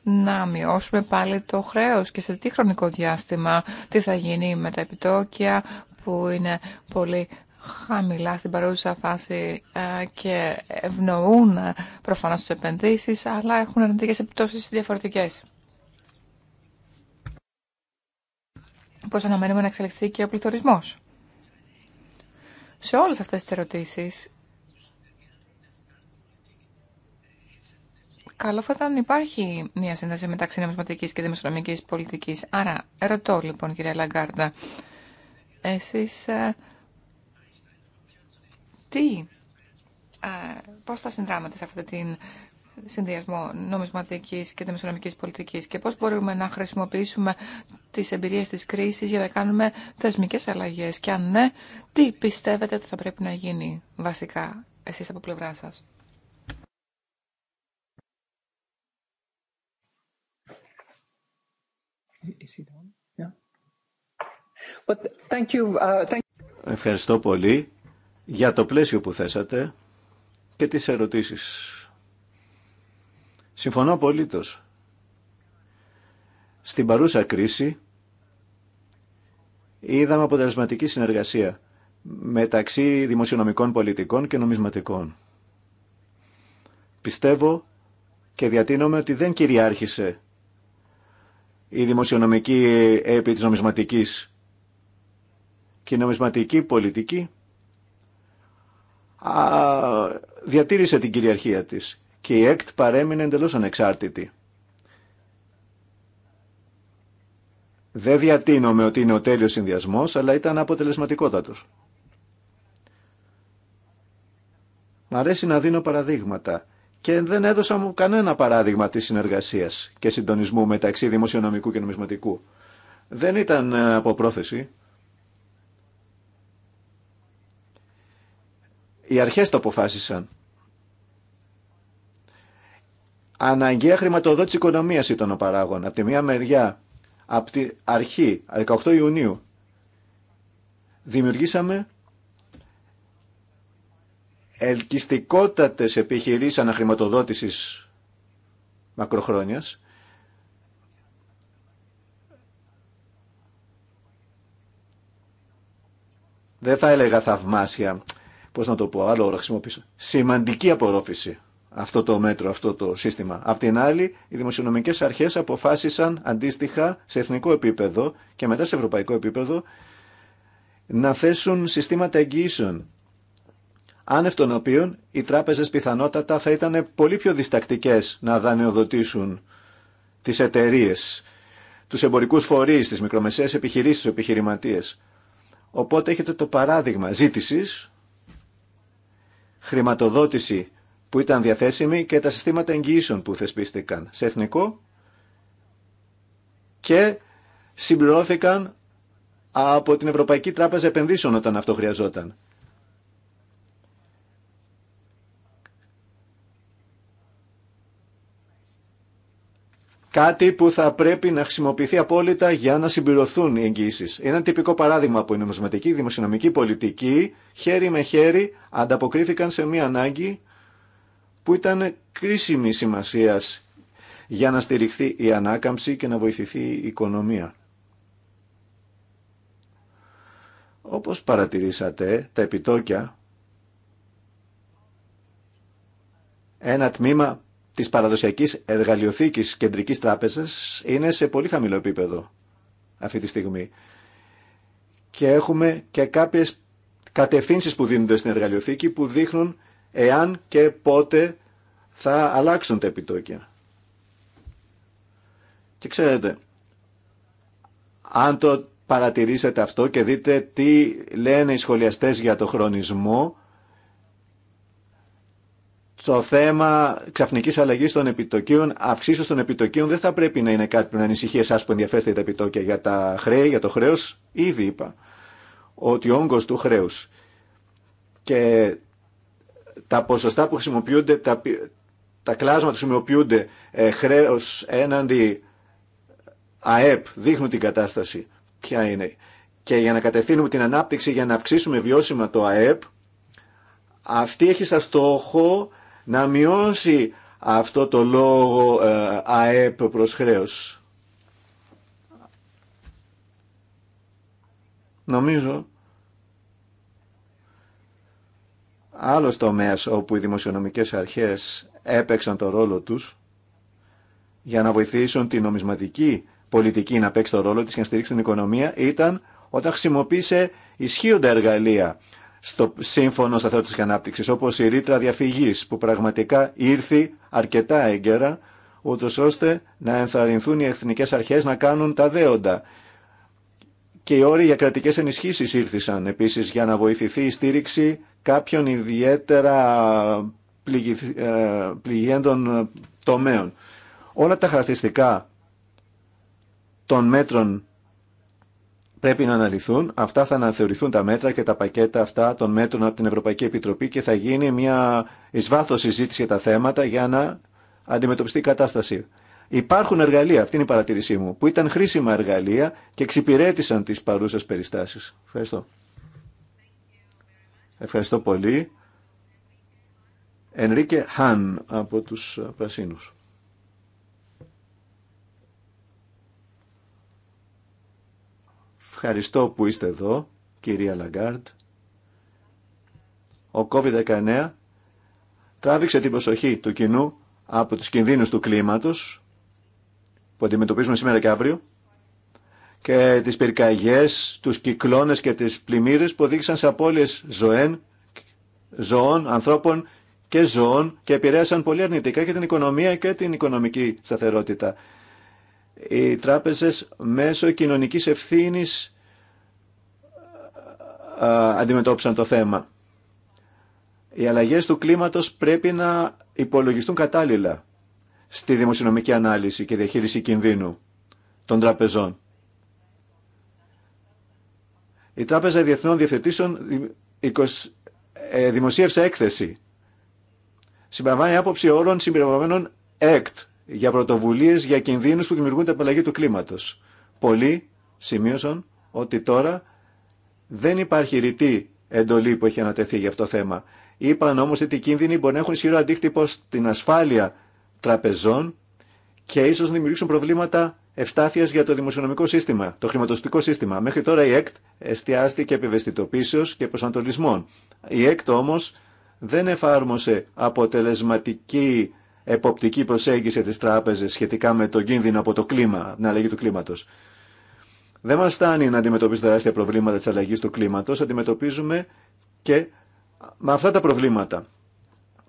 να μειώσουμε πάλι το χρέος και σε τι χρονικό διάστημα, τι θα γίνει με τα επιτόκια που είναι πολύ χαμηλά στην παρούσα φάση ε, και ευνοούν ε, προφανώς τις επενδύσεις, αλλά έχουν αρνητικές επιπτώσεις διαφορετικές. Πώς αναμένουμε να εξελιχθεί και ο πληθωρισμός. Σε όλες αυτές τις ερωτήσεις, καλό θα ήταν υπάρχει μια σύνδεση μεταξύ νομισματικής και δημοσιονομικής πολιτικής. Άρα, ρωτώ λοιπόν κυρία Λαγκάρντα, εσείς ε, τι, ε, πώς θα συνδράμετε σε αυτό την συνδυασμό νομισματικής και δημοσιονομικής πολιτικής και πώς μπορούμε να χρησιμοποιήσουμε τις εμπειρίες της κρίσης για να κάνουμε θεσμικές αλλαγές και αν ναι, τι πιστεύετε ότι θα πρέπει να γίνει βασικά εσείς από πλευρά σας. Uh, Ευχαριστώ πολύ για το πλαίσιο που θέσατε και τις ερωτήσεις. Συμφωνώ απολύτως. Στην παρούσα κρίση είδαμε αποτελεσματική συνεργασία μεταξύ δημοσιονομικών πολιτικών και νομισματικών. Πιστεύω και διατείνομαι ότι δεν κυριάρχησε η δημοσιονομική επί της νομισματικής και η νομισματική πολιτική διατήρησε την κυριαρχία της και η ΕΚΤ παρέμεινε εντελώς ανεξάρτητη. Δεν διατείνομαι ότι είναι ο τέλειος συνδυασμός, αλλά ήταν αποτελεσματικότατος. Μ' αρέσει να δίνω παραδείγματα και δεν έδωσα μου κανένα παράδειγμα της συνεργασίας και συντονισμού μεταξύ δημοσιονομικού και νομισματικού. Δεν ήταν ε, από πρόθεση. Οι αρχές το αποφάσισαν. Αναγκαία χρηματοδότηση οικονομίας ήταν ο παράγων. Από τη μία μεριά, από την αρχή, 18 Ιουνίου, δημιουργήσαμε ελκυστικότατες επιχειρήσεις αναχρηματοδότησης μακροχρόνιας, δεν θα έλεγα θαυμάσια, πώς να το πω, άλλο όρο χρησιμοποιήσω, σημαντική απορρόφηση αυτό το μέτρο, αυτό το σύστημα. Απ' την άλλη, οι δημοσιονομικές αρχές αποφάσισαν αντίστοιχα σε εθνικό επίπεδο και μετά σε ευρωπαϊκό επίπεδο να θέσουν συστήματα εγγυήσεων άνευ των οποίων οι τράπεζες πιθανότατα θα ήταν πολύ πιο διστακτικές να δανειοδοτήσουν τις εταιρείε, τους εμπορικούς φορείς, τις μικρομεσαίες επιχειρήσεις, του επιχειρηματίες. Οπότε έχετε το παράδειγμα ζήτησης χρηματοδότηση που ήταν διαθέσιμη και τα συστήματα εγγυήσεων που θεσπίστηκαν σε εθνικό και συμπληρώθηκαν από την Ευρωπαϊκή Τράπεζα Επενδύσεων όταν αυτό χρειαζόταν. κάτι που θα πρέπει να χρησιμοποιηθεί απόλυτα για να συμπληρωθούν οι εγγύησει. Ένα τυπικό παράδειγμα που η νομισματική, η δημοσιονομική πολιτική χέρι με χέρι ανταποκρίθηκαν σε μια ανάγκη που ήταν κρίσιμη σημασία για να στηριχθεί η ανάκαμψη και να βοηθηθεί η οικονομία. Όπως παρατηρήσατε, τα επιτόκια, ένα τμήμα Τη παραδοσιακή εργαλειοθήκης κεντρικής τράπεζα είναι σε πολύ χαμηλό επίπεδο αυτή τη στιγμή. Και έχουμε και κάποιες κατευθύνσει που δίνονται στην εργαλειοθήκη που δείχνουν εάν και πότε θα αλλάξουν τα επιτόκια. Και ξέρετε, αν το παρατηρήσετε αυτό και δείτε τι λένε οι σχολιαστές για το χρονισμό, το θέμα ξαφνική αλλαγή των επιτοκίων, αυξήσεω των επιτοκίων δεν θα πρέπει να είναι κάτι που να ανησυχεί εσά που ενδιαφέρεστε τα επιτόκια για τα χρέη, για το χρέος. Ήδη είπα ότι ο όγκο του χρέους και τα ποσοστά που χρησιμοποιούνται, τα, τα κλάσματα που χρησιμοποιούνται ε, χρέος έναντι ΑΕΠ δείχνουν την κατάσταση ποια είναι. Και για να κατευθύνουμε την ανάπτυξη, για να αυξήσουμε βιώσιμα το ΑΕΠ, αυτή έχει σαν στόχο να μειώσει αυτό το λόγο ε, ΑΕΠ προς χρέος. Νομίζω άλλος τομέας όπου οι δημοσιονομικές αρχές έπαιξαν το ρόλο τους για να βοηθήσουν την νομισματική πολιτική να παίξει το ρόλο της και να στηρίξει την οικονομία ήταν όταν χρησιμοποίησε ισχύοντα εργαλεία στο Σύμφωνο Σταθερότητας και ανάπτυξη, όπως η ρήτρα διαφυγή που πραγματικά ήρθε αρκετά έγκαιρα, ούτω ώστε να ενθαρρυνθούν οι εθνικές αρχές να κάνουν τα δέοντα. Και οι όροι για κρατικές ενισχύσεις ήρθαν επίσης για να βοηθηθεί η στήριξη κάποιων ιδιαίτερα ε, πληγέντων τομέων. Όλα τα χαρακτηριστικά των μέτρων πρέπει να αναλυθούν. Αυτά θα αναθεωρηθούν τα μέτρα και τα πακέτα αυτά των μέτρων από την Ευρωπαϊκή Επιτροπή και θα γίνει μια ισβάθωση συζήτηση για τα θέματα για να αντιμετωπιστεί η κατάσταση. Υπάρχουν εργαλεία, αυτή είναι η παρατήρησή μου, που ήταν χρήσιμα εργαλεία και εξυπηρέτησαν τις παρούσες περιστάσεις. Ευχαριστώ. Ευχαριστώ πολύ. Ενρίκε Χαν από τους Πρασίνους. Ευχαριστώ που είστε εδώ, κυρία Λαγκάρντ. Ο COVID-19 τράβηξε την προσοχή του κοινού από τους κινδύνους του κλίματος που αντιμετωπίζουμε σήμερα και αύριο και τις πυρκαγιές, τους κυκλώνες και τις πλημμύρες που οδήγησαν σε απώλειες ζωών, ανθρώπων και ζωών και επηρέασαν πολύ αρνητικά και την οικονομία και την οικονομική σταθερότητα οι τράπεζες μέσω κοινωνικής ευθύνης ε, ε, αντιμετώπισαν το θέμα. Οι αλλαγές του κλίματος πρέπει να υπολογιστούν κατάλληλα στη δημοσιονομική ανάλυση και διαχείριση κινδύνου των τραπεζών. Η Τράπεζα Διεθνών Διευθετήσεων ε, δημοσίευσε έκθεση. Συμπεριλαμβάνει άποψη όρων συμπεριλαμβανομένων ΕΚΤ για πρωτοβουλίε για κινδύνου που δημιουργούνται από αλλαγή του κλίματο. Πολλοί σημείωσαν ότι τώρα δεν υπάρχει ρητή εντολή που έχει ανατεθεί για αυτό το θέμα. Είπαν όμω ότι οι κίνδυνοι μπορεί να έχουν ισχυρό αντίκτυπο στην ασφάλεια τραπεζών και ίσως δημιουργήσουν προβλήματα ευστάθεια για το δημοσιονομικό σύστημα, το χρηματοστικό σύστημα. Μέχρι τώρα η ΕΚΤ εστιάστηκε επιβεστητοποίησεω και προσανατολισμών. Η ΕΚΤ όμω δεν εφάρμοσε αποτελεσματική εποπτική προσέγγιση της τράπεζας σχετικά με τον κίνδυνο από το κλίμα, την αλλαγή του κλίματος. Δεν μας στάνει να αντιμετωπίζουμε τεράστια προβλήματα της αλλαγής του κλίματος, αντιμετωπίζουμε και με αυτά τα προβλήματα.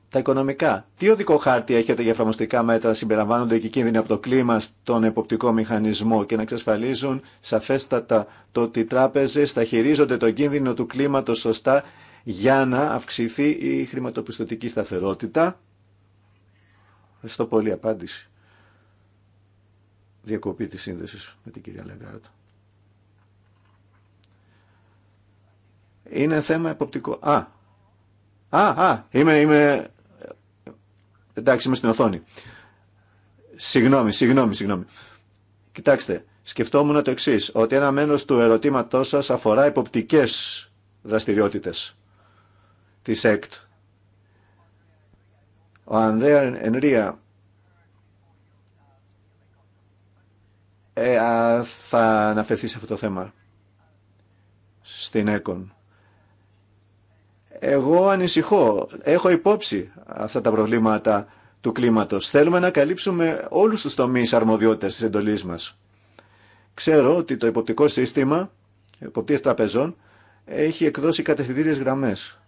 Τα οικονομικά. Τι οδικό χάρτη έχετε για εφαρμοστικά μέτρα συμπεριλαμβάνονται και κίνδυνοι από το κλίμα στον εποπτικό μηχανισμό και να εξασφαλίζουν σαφέστατα το ότι οι τράπεζε θα χειρίζονται τον κίνδυνο του κλίματο σωστά για να αυξηθεί η χρηματοπιστωτική σταθερότητα Ευχαριστώ πολύ. Απάντηση. Διακοπή της σύνδεσης με την κυρία Λεγκάρτ. Είναι θέμα εποπτικό. Α, α, α, είμαι, είμαι, εντάξει, είμαι στην οθόνη. Συγγνώμη, συγγνώμη, συγγνώμη. Κοιτάξτε, σκεφτόμουν το εξή, ότι ένα μέλο του ερωτήματό σα αφορά υποπτικέ δραστηριότητε της ΕΚΤ. Ο Ανδρέα Ενρία ε, θα αναφερθεί σε αυτό το θέμα στην ΕΚΟΝ. Εγώ ανησυχώ. Έχω υπόψη αυτά τα προβλήματα του κλίματος. Θέλουμε να καλύψουμε όλους τους τομείς αρμοδιότητας της εντολής μας. Ξέρω ότι το υποπτικό σύστημα υποπτήρες τραπεζών έχει εκδώσει κατευθυντήριες γραμμές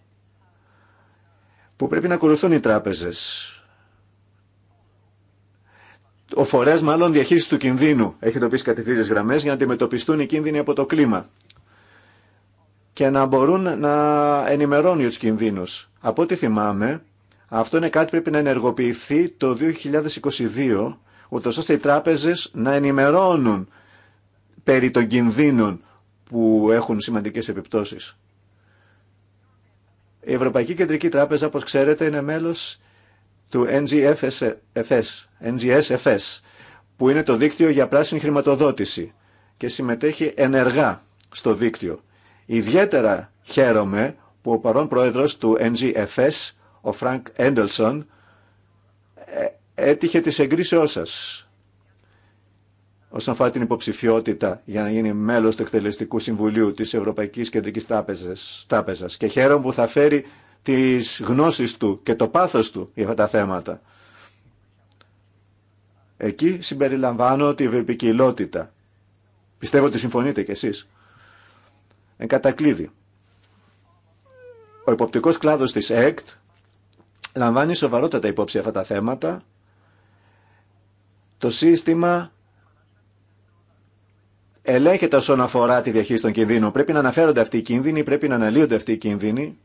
που πρέπει να ακολουθούν οι τράπεζες. Ο φορέας μάλλον διαχείριση του κινδύνου έχει εντοπίσει κατευθύνσεις γραμμές για να αντιμετωπιστούν οι κίνδυνοι από το κλίμα και να μπορούν να ενημερώνουν τους κινδύνους. Από ό,τι θυμάμαι, αυτό είναι κάτι που πρέπει να ενεργοποιηθεί το 2022, ούτως ώστε οι τράπεζες να ενημερώνουν περί των κινδύνων που έχουν σημαντικές επιπτώσεις. Η Ευρωπαϊκή Κεντρική Τράπεζα, όπως ξέρετε, είναι μέλος του NGFS, NGSFS, που είναι το δίκτυο για πράσινη χρηματοδότηση και συμμετέχει ενεργά στο δίκτυο. Ιδιαίτερα χαίρομαι που ο παρόν πρόεδρος του NGFS, ο Φρανκ Έντελσον, έτυχε τις εγκρίσεώς σας όσον αφορά την υποψηφιότητα για να γίνει μέλος του Εκτελεστικού Συμβουλίου της Ευρωπαϊκής Κεντρικής Τράπεζα και χαίρομαι που θα φέρει τις γνώσεις του και το πάθος του για αυτά τα θέματα. Εκεί συμπεριλαμβάνω τη βεπικιλότητα. Πιστεύω ότι συμφωνείτε κι εσείς. Εν κατακλείδη. Ο υποπτικός κλάδος της ΕΚΤ λαμβάνει σοβαρότατα υπόψη αυτά τα θέματα. Το σύστημα ελέγχεται όσον αφορά τη διαχείριση των κινδύνων. Πρέπει να αναφέρονται αυτοί οι κίνδυνοι, πρέπει να αναλύονται αυτοί οι κίνδυνοι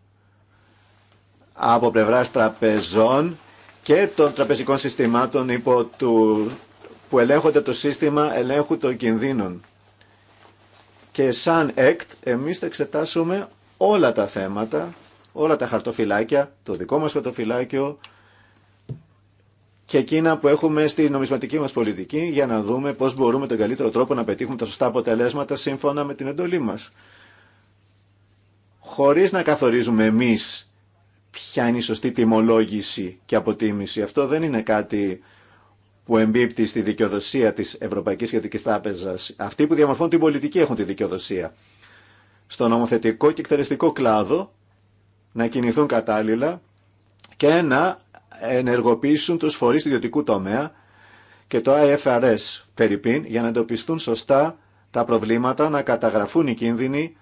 από πλευρά τραπεζών και των τραπεζικών συστημάτων υπό του, που ελέγχονται το σύστημα ελέγχου των κινδύνων. Και σαν ΕΚΤ εμείς θα εξετάσουμε όλα τα θέματα, όλα τα χαρτοφυλάκια, το δικό μας χαρτοφυλάκιο, και εκείνα που έχουμε στη νομισματική μας πολιτική για να δούμε πώς μπορούμε τον καλύτερο τρόπο να πετύχουμε τα σωστά αποτελέσματα σύμφωνα με την εντολή μας. Χωρίς να καθορίζουμε εμείς ποια είναι η σωστή τιμολόγηση και αποτίμηση. Αυτό δεν είναι κάτι που εμπίπτει στη δικαιοδοσία της Ευρωπαϊκής Σχετικής Τράπεζας. Αυτοί που διαμορφώνουν την πολιτική έχουν τη δικαιοδοσία. Στο νομοθετικό και εκτελεστικό κλάδο να κινηθούν κατάλληλα και να ενεργοποιήσουν τους φορείς του ιδιωτικού τομέα και το IFRS Φερρυπίν για να εντοπιστούν σωστά τα προβλήματα, να καταγραφούν οι κίνδυνοι,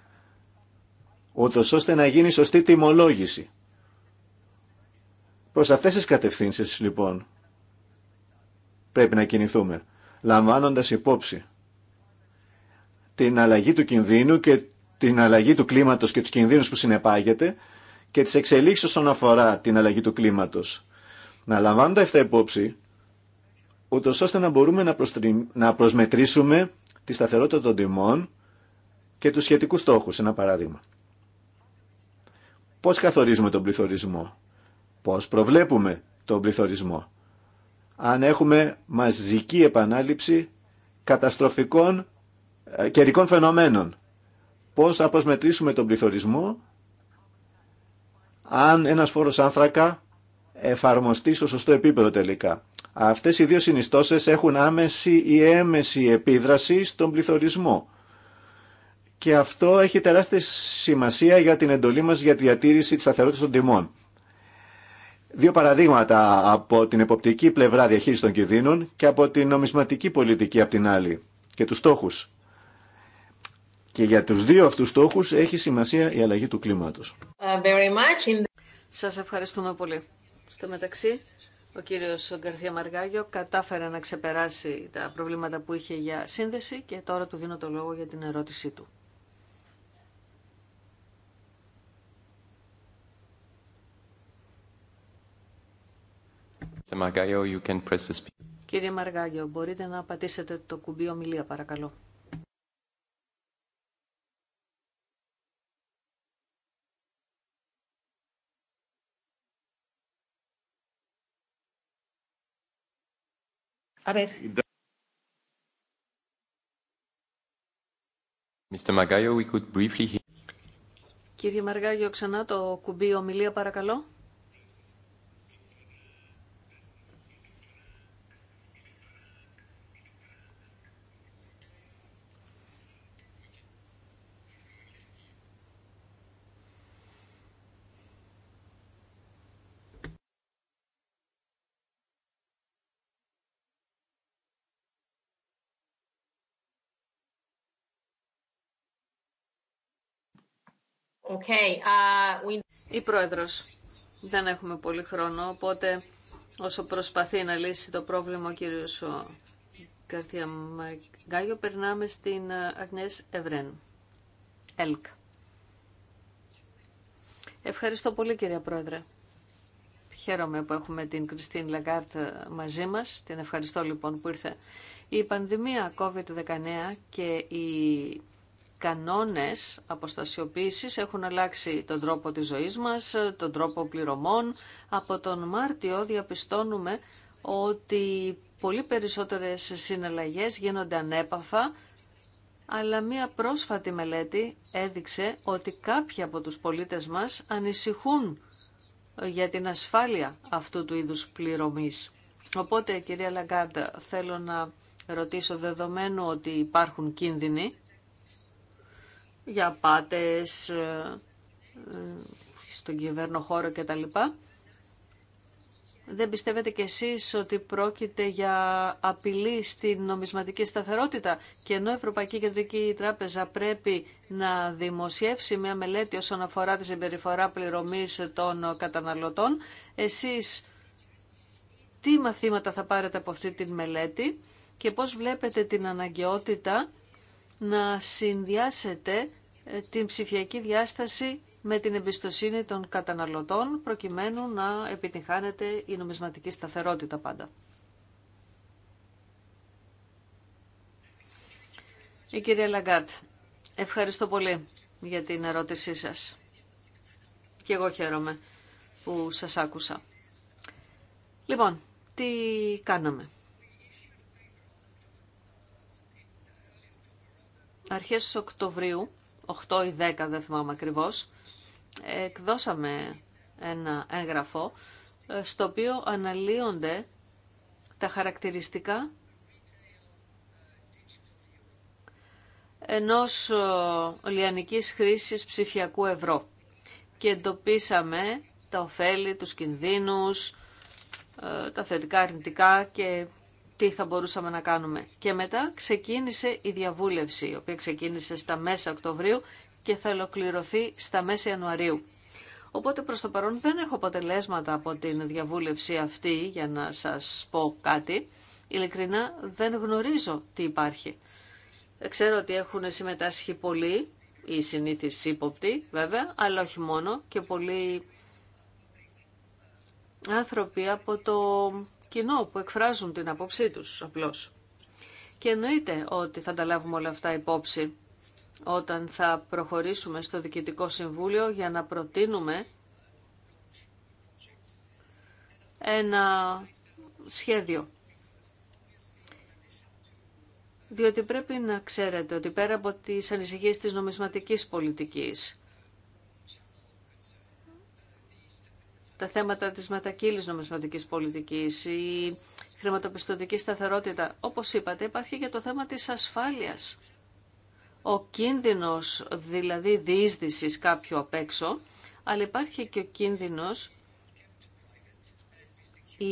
ούτως ώστε να γίνει σωστή τιμολόγηση. Προς αυτές τις κατευθύνσεις λοιπόν πρέπει να κινηθούμε, λαμβάνοντας υπόψη την αλλαγή του κινδύνου και την αλλαγή του κλίματος και τους κινδύνους που συνεπάγεται και τις εξελίξεις όσον αφορά την αλλαγή του κλίματος να λαμβάνονται αυτά υπόψη, ούτω ώστε να μπορούμε να, να προσμετρήσουμε τη σταθερότητα των τιμών και του σχετικούς στόχους, ένα παράδειγμα. Πώς καθορίζουμε τον πληθωρισμό, πώς προβλέπουμε τον πληθωρισμό, αν έχουμε μαζική επανάληψη καταστροφικών ε, καιρικών φαινομένων, πώς θα προσμετρήσουμε τον πληθωρισμό, αν ένας φόρος άνθρακα εφαρμοστεί στο σωστό επίπεδο τελικά. Αυτές οι δύο συνιστώσεις έχουν άμεση ή έμεση επίδραση στον πληθωρισμό. Και αυτό έχει τεράστια σημασία για την εντολή μας για τη διατήρηση της σταθερότητας των τιμών. Δύο παραδείγματα από την εποπτική πλευρά διαχείριση των κινδύνων και από την νομισματική πολιτική από την άλλη και τους στόχους. Και για τους δύο αυτούς στόχους έχει σημασία η αλλαγή του κλίματος. Uh, very Σας ευχαριστούμε πολύ. Στο μεταξύ, ο κύριος Γκαρθία Μαργάγιο κατάφερε να ξεπεράσει τα προβλήματα που είχε για σύνδεση και τώρα του δίνω το λόγο για την ερώτησή του. Κύριε Μαργάγιο, μπορείτε να πατήσετε το κουμπί ομιλία, παρακαλώ. A ver. Mr. Magallo, we could briefly... hear... Κύριε Μαργάγιο, ξανά το κουμπί ομιλία παρακαλώ. Okay, uh, Η Πρόεδρος. Δεν έχουμε πολύ χρόνο, οπότε όσο προσπαθεί να λύσει το πρόβλημα ο κύριος Καρθία Μαγκάγιο, περνάμε στην ε, Αγνές Ευρέν. ΕΛΚ. Ευχαριστώ πολύ κύριε Πρόεδρε. Χαίρομαι που έχουμε την Κριστίν Λαγκάρτ ε, μαζί μας. Την ευχαριστώ λοιπόν που ήρθε. Η πανδημία COVID-19 και η κανόνες αποστασιοποίησης έχουν αλλάξει τον τρόπο της ζωής μας, τον τρόπο πληρωμών. Από τον Μάρτιο διαπιστώνουμε ότι πολύ περισσότερες συναλλαγές γίνονται ανέπαφα, αλλά μία πρόσφατη μελέτη έδειξε ότι κάποιοι από τους πολίτες μας ανησυχούν για την ασφάλεια αυτού του είδους πληρωμής. Οπότε, κυρία Λαγκάρντα, θέλω να ρωτήσω δεδομένου ότι υπάρχουν κίνδυνοι για πάτες ε, ε, στον κυβέρνο χώρο κτλ. Δεν πιστεύετε κι εσείς ότι πρόκειται για απειλή στην νομισματική σταθερότητα και ενώ η Ευρωπαϊκή Κεντρική Τράπεζα πρέπει να δημοσιεύσει μια μελέτη όσον αφορά τη συμπεριφορά πληρωμής των καταναλωτών, εσείς τι μαθήματα θα πάρετε από αυτή τη μελέτη και πώς βλέπετε την αναγκαιότητα να συνδυάσετε ε, την ψηφιακή διάσταση με την εμπιστοσύνη των καταναλωτών προκειμένου να επιτυγχάνεται η νομισματική σταθερότητα πάντα. Η κυρία Λαγκάρτ, ευχαριστώ πολύ για την ερώτησή σας. Και εγώ χαίρομαι που σας άκουσα. Λοιπόν, τι κάναμε. αρχές Οκτωβρίου, 8 ή 10 δεν θυμάμαι ακριβώς, εκδώσαμε ένα έγγραφο ε, στο οποίο αναλύονται τα χαρακτηριστικά ενός ε, λιανικής χρήσης ψηφιακού ευρώ και εντοπίσαμε τα ωφέλη, τους κινδύνους, ε, τα θετικά αρνητικά και τι θα μπορούσαμε να κάνουμε. Και μετά ξεκίνησε η διαβούλευση, η οποία ξεκίνησε στα μέσα Οκτωβρίου και θα ολοκληρωθεί στα μέσα Ιανουαρίου. Οπότε προς το παρόν δεν έχω αποτελέσματα από την διαβούλευση αυτή για να σας πω κάτι. Ειλικρινά δεν γνωρίζω τι υπάρχει. Ξέρω ότι έχουν συμμετάσχει πολλοί, οι συνήθεις ύποπτοι βέβαια, αλλά όχι μόνο και πολλοί άνθρωποι από το κοινό που εκφράζουν την απόψή τους απλώς. Και εννοείται ότι θα τα λάβουμε όλα αυτά υπόψη όταν θα προχωρήσουμε στο Διοικητικό Συμβούλιο για να προτείνουμε ένα σχέδιο. Διότι πρέπει να ξέρετε ότι πέρα από τις ανησυχίες της νομισματικής πολιτικής, τα θέματα της μετακύλης νομισματικής πολιτικής, η χρηματοπιστωτική σταθερότητα. Όπως είπατε, υπάρχει και το θέμα της ασφάλειας. Ο κίνδυνος δηλαδή διείσδυσης κάποιου απ' έξω, αλλά υπάρχει και ο κίνδυνος οι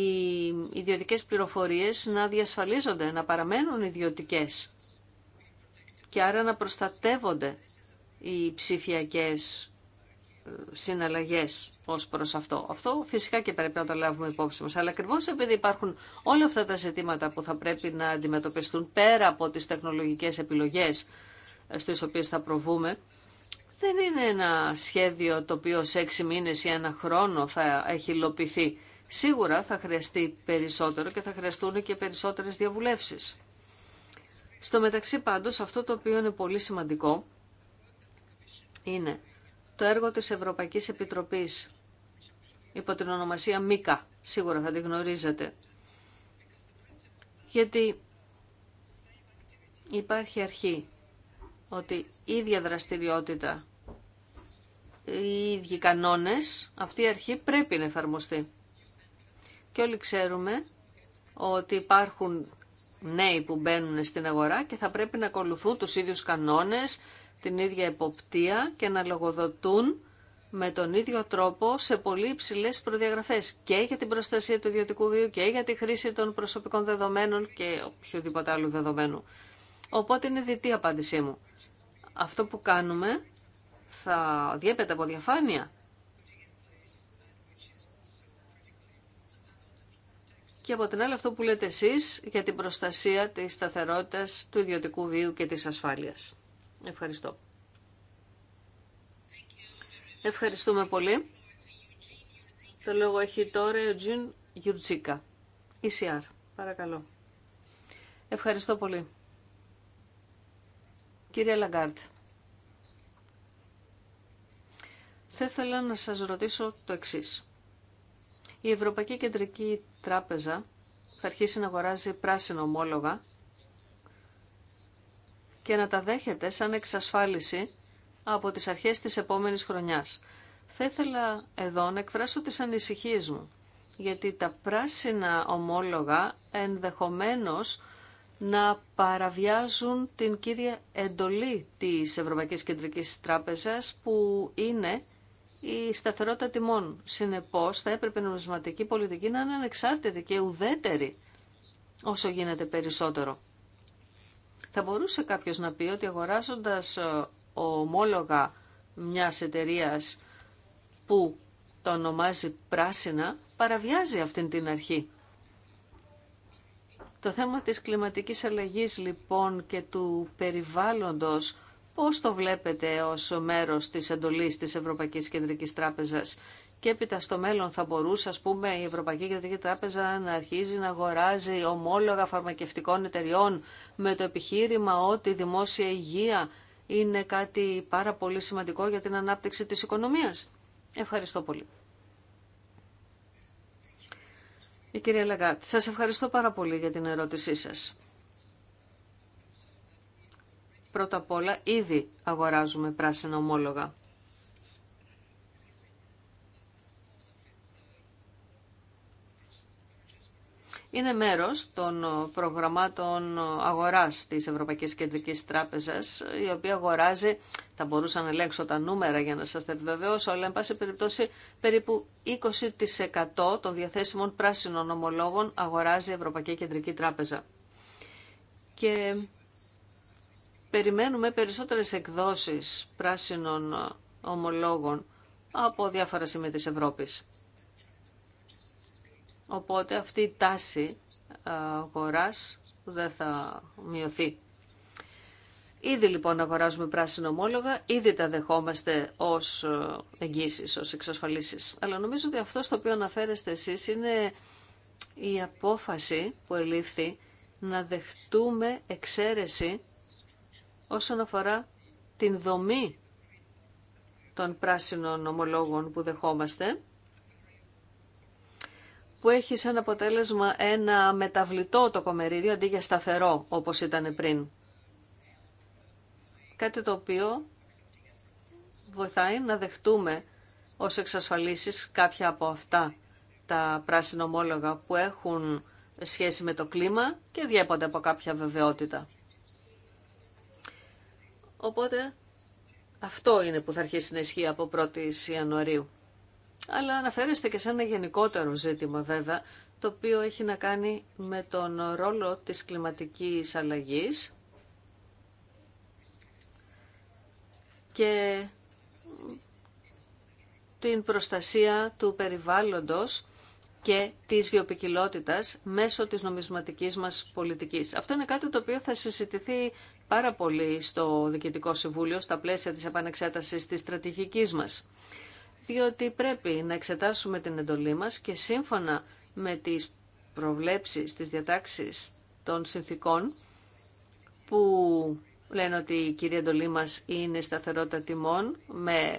ιδιωτικές πληροφορίες να διασφαλίζονται, να παραμένουν ιδιωτικές και άρα να προστατεύονται οι ψηφιακές συναλλαγές ως προς αυτό. Αυτό φυσικά και πρέπει να το λάβουμε υπόψη μας. Αλλά ακριβώ επειδή υπάρχουν όλα αυτά τα ζητήματα που θα πρέπει να αντιμετωπιστούν πέρα από τις τεχνολογικές επιλογές στις οποίες θα προβούμε, δεν είναι ένα σχέδιο το οποίο σε έξι μήνες ή ένα χρόνο θα έχει υλοποιηθεί. Σίγουρα θα χρειαστεί περισσότερο και θα χρειαστούν και περισσότερες διαβουλεύσεις. Στο μεταξύ πάντως αυτό το οποίο είναι πολύ σημαντικό είναι το έργο της Ευρωπαϊκής Επιτροπής υπό την ονομασία ΜΙΚΑ. Σίγουρα θα τη γνωρίζετε. Γιατί υπάρχει αρχή ότι η ίδια δραστηριότητα, οι ίδιοι κανόνες, αυτή η αρχή πρέπει να εφαρμοστεί. Και όλοι ξέρουμε ότι υπάρχουν νέοι που μπαίνουν στην αγορά και θα πρέπει να ακολουθούν τους ίδιους κανόνες, την ίδια εποπτεία και να λογοδοτούν με τον ίδιο τρόπο σε πολύ υψηλέ προδιαγραφέ και για την προστασία του ιδιωτικού βίου και για τη χρήση των προσωπικών δεδομένων και οποιοδήποτε άλλου δεδομένου. Οπότε είναι διτή απάντησή μου. Αυτό που κάνουμε θα διέπεται από διαφάνεια. Και από την άλλη αυτό που λέτε εσείς για την προστασία της σταθερότητας του ιδιωτικού βίου και της ασφάλειας. Ευχαριστώ. Ευχαριστούμε πολύ. Το λόγο έχει τώρα ο Τζιν Γιουρτζίκα. ECR. Παρακαλώ. Ευχαριστώ πολύ. Κύριε Λαγκάρτ, θα ήθελα να σας ρωτήσω το εξής. Η Ευρωπαϊκή Κεντρική Τράπεζα θα αρχίσει να αγοράζει πράσινο ομόλογα και να τα δέχεται σαν εξασφάλιση από τις αρχές της επόμενης χρονιάς. Θα ήθελα εδώ να εκφράσω τις ανησυχίες μου, γιατί τα πράσινα ομόλογα ενδεχομένως να παραβιάζουν την κύρια εντολή της Ευρωπαϊκής Κεντρικής Τράπεζας που είναι η σταθερότητα τιμών. Συνεπώς θα έπρεπε η νομισματική πολιτική να είναι ανεξάρτητη και ουδέτερη όσο γίνεται περισσότερο. Θα μπορούσε κάποιος να πει ότι αγοράζοντας ε, ομόλογα μιας εταιρεία που το ονομάζει πράσινα, παραβιάζει αυτήν την αρχή. Το θέμα της κλιματικής αλλαγής λοιπόν και του περιβάλλοντος, πώς το βλέπετε ως μέρος της εντολής της Ευρωπαϊκής Κεντρικής Τράπεζας και έπειτα στο μέλλον θα μπορούσε, ας πούμε, η Ευρωπαϊκή Κεντρική Τράπεζα να αρχίζει να αγοράζει ομόλογα φαρμακευτικών εταιριών με το επιχείρημα ότι η δημόσια υγεία είναι κάτι πάρα πολύ σημαντικό για την ανάπτυξη της οικονομίας. Ευχαριστώ πολύ. Η κυρία Λαγκάρτ, σας ευχαριστώ πάρα πολύ για την ερώτησή σας. Πρώτα απ' όλα, ήδη αγοράζουμε πράσινα ομόλογα. είναι μέρος των προγραμμάτων αγοράς της Ευρωπαϊκής Κεντρικής Τράπεζας, η οποία αγοράζει, θα μπορούσα να ελέγξω τα νούμερα για να σας τα επιβεβαιώσω, αλλά εν πάση περιπτώσει περίπου 20% των διαθέσιμων πράσινων ομολόγων αγοράζει η Ευρωπαϊκή Κεντρική Τράπεζα. Και περιμένουμε περισσότερες εκδόσεις πράσινων ομολόγων από διάφορα σημεία της Ευρώπης. Οπότε αυτή η τάση ε, αγοράς δεν θα μειωθεί. Ήδη λοιπόν αγοράζουμε πράσινα ομόλογα, ήδη τα δεχόμαστε ως ε, εγγύσεις, ως εξασφαλίσεις. Αλλά νομίζω ότι αυτό στο οποίο αναφέρεστε εσείς είναι η απόφαση που ελήφθη να δεχτούμε εξαίρεση όσον αφορά την δομή των πράσινων ομολόγων που δεχόμαστε που έχει σαν αποτέλεσμα ένα μεταβλητό το κομερίδιο αντί για σταθερό όπως ήταν πριν. Κάτι το οποίο βοηθάει να δεχτούμε ως εξασφαλίσεις κάποια από αυτά τα πράσινα ομόλογα που έχουν σχέση με το κλίμα και διέπονται από κάποια βεβαιότητα. Οπότε αυτό είναι που θα αρχίσει να ισχύει από 1η Ιανουαρίου αλλά αναφέρεστε και σε ένα γενικότερο ζήτημα βέβαια, το οποίο έχει να κάνει με τον ρόλο της κλιματικής αλλαγής και την προστασία του περιβάλλοντος και της βιοπικιλότητας μέσω της νομισματικής μας πολιτικής. Αυτό είναι κάτι το οποίο θα συζητηθεί πάρα πολύ στο Διοικητικό Συμβούλιο στα πλαίσια της επανεξέτασης της στρατηγικής μας διότι πρέπει να εξετάσουμε την εντολή μας και σύμφωνα με τις προβλέψεις, τις διατάξεις των συνθήκων που λένε ότι η κυρία εντολή μας είναι σταθερότητα τιμών με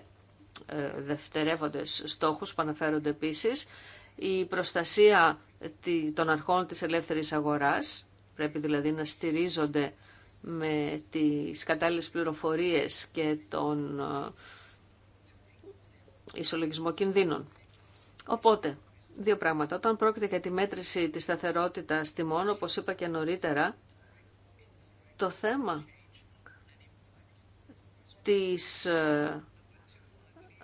ε, δευτερεύοντες στόχους που αναφέρονται επίσης, η προστασία των αρχών της ελεύθερης αγοράς, πρέπει δηλαδή να στηρίζονται με τις κατάλληλες πληροφορίες και τον ε, ισολογισμό κινδύνων. Οπότε, δύο πράγματα. Όταν πρόκειται για τη μέτρηση της σταθερότητας τιμών, όπως είπα και νωρίτερα, το θέμα της ε,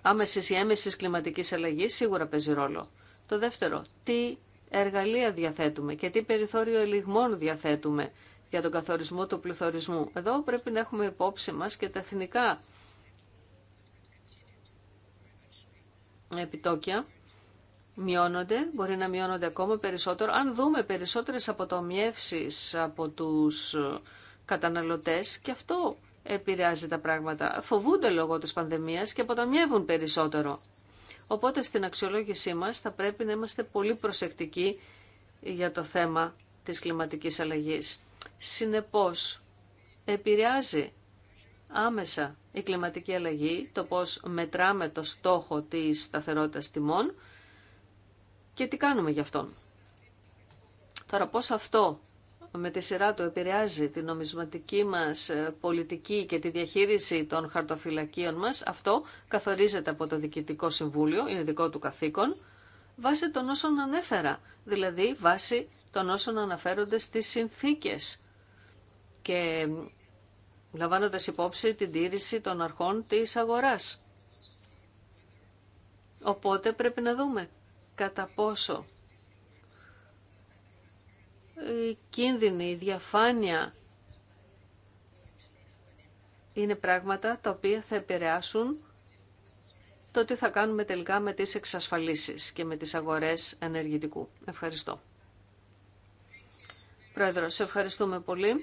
άμεσης ή έμεσης κλιματικής αλλαγής σίγουρα παίζει ρόλο. Το δεύτερο, τι εργαλεία διαθέτουμε και τι περιθώριο ελιγμών διαθέτουμε για τον καθορισμό του πληθωρισμού. Εδώ πρέπει να έχουμε υπόψη μας και τα εθνικά επιτόκια μειώνονται, μπορεί να μειώνονται ακόμα περισσότερο. Αν δούμε περισσότερες αποτομιεύσεις από τους καταναλωτές και αυτό επηρεάζει τα πράγματα. Φοβούνται λόγω της πανδημίας και αποτομιεύουν περισσότερο. Οπότε στην αξιολόγησή μας θα πρέπει να είμαστε πολύ προσεκτικοί για το θέμα της κλιματικής αλλαγής. Συνεπώς, επηρεάζει άμεσα η κλιματική αλλαγή, το πώς μετράμε το στόχο της σταθερότητας τιμών και τι κάνουμε γι' αυτόν. Τώρα πώς αυτό με τη σειρά του επηρεάζει την νομισματική μας ε, πολιτική και τη διαχείριση των χαρτοφυλακίων μας, αυτό καθορίζεται από το Διοικητικό Συμβούλιο, είναι δικό του καθήκον, βάσει των όσων ανέφερα, δηλαδή βάσει των όσων αναφέρονται στις συνθήκες. Και λαμβάνοντας υπόψη την τήρηση των αρχών της αγοράς. Οπότε πρέπει να δούμε κατά πόσο η κίνδυνη, η διαφάνεια είναι πράγματα τα οποία θα επηρεάσουν το τι θα κάνουμε τελικά με τις εξασφαλίσεις και με τις αγορές ενεργητικού. Ευχαριστώ. Πρόεδρο, σε ευχαριστούμε πολύ.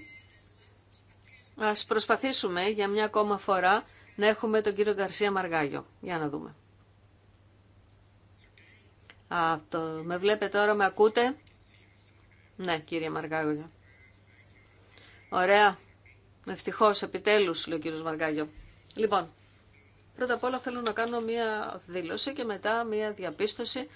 Ας προσπαθήσουμε για μια ακόμα φορά να έχουμε τον κύριο Γκαρσία Μαργάγιο. Για να δούμε. Α, με βλέπετε τώρα, με ακούτε. Ναι, κύριε Μαργάγιο. Ωραία. Ευτυχώ επιτέλους, λέει ο κύριος Μαργάγιο. Λοιπόν, πρώτα απ' όλα θέλω να κάνω μία δήλωση και μετά μία διαπίστωση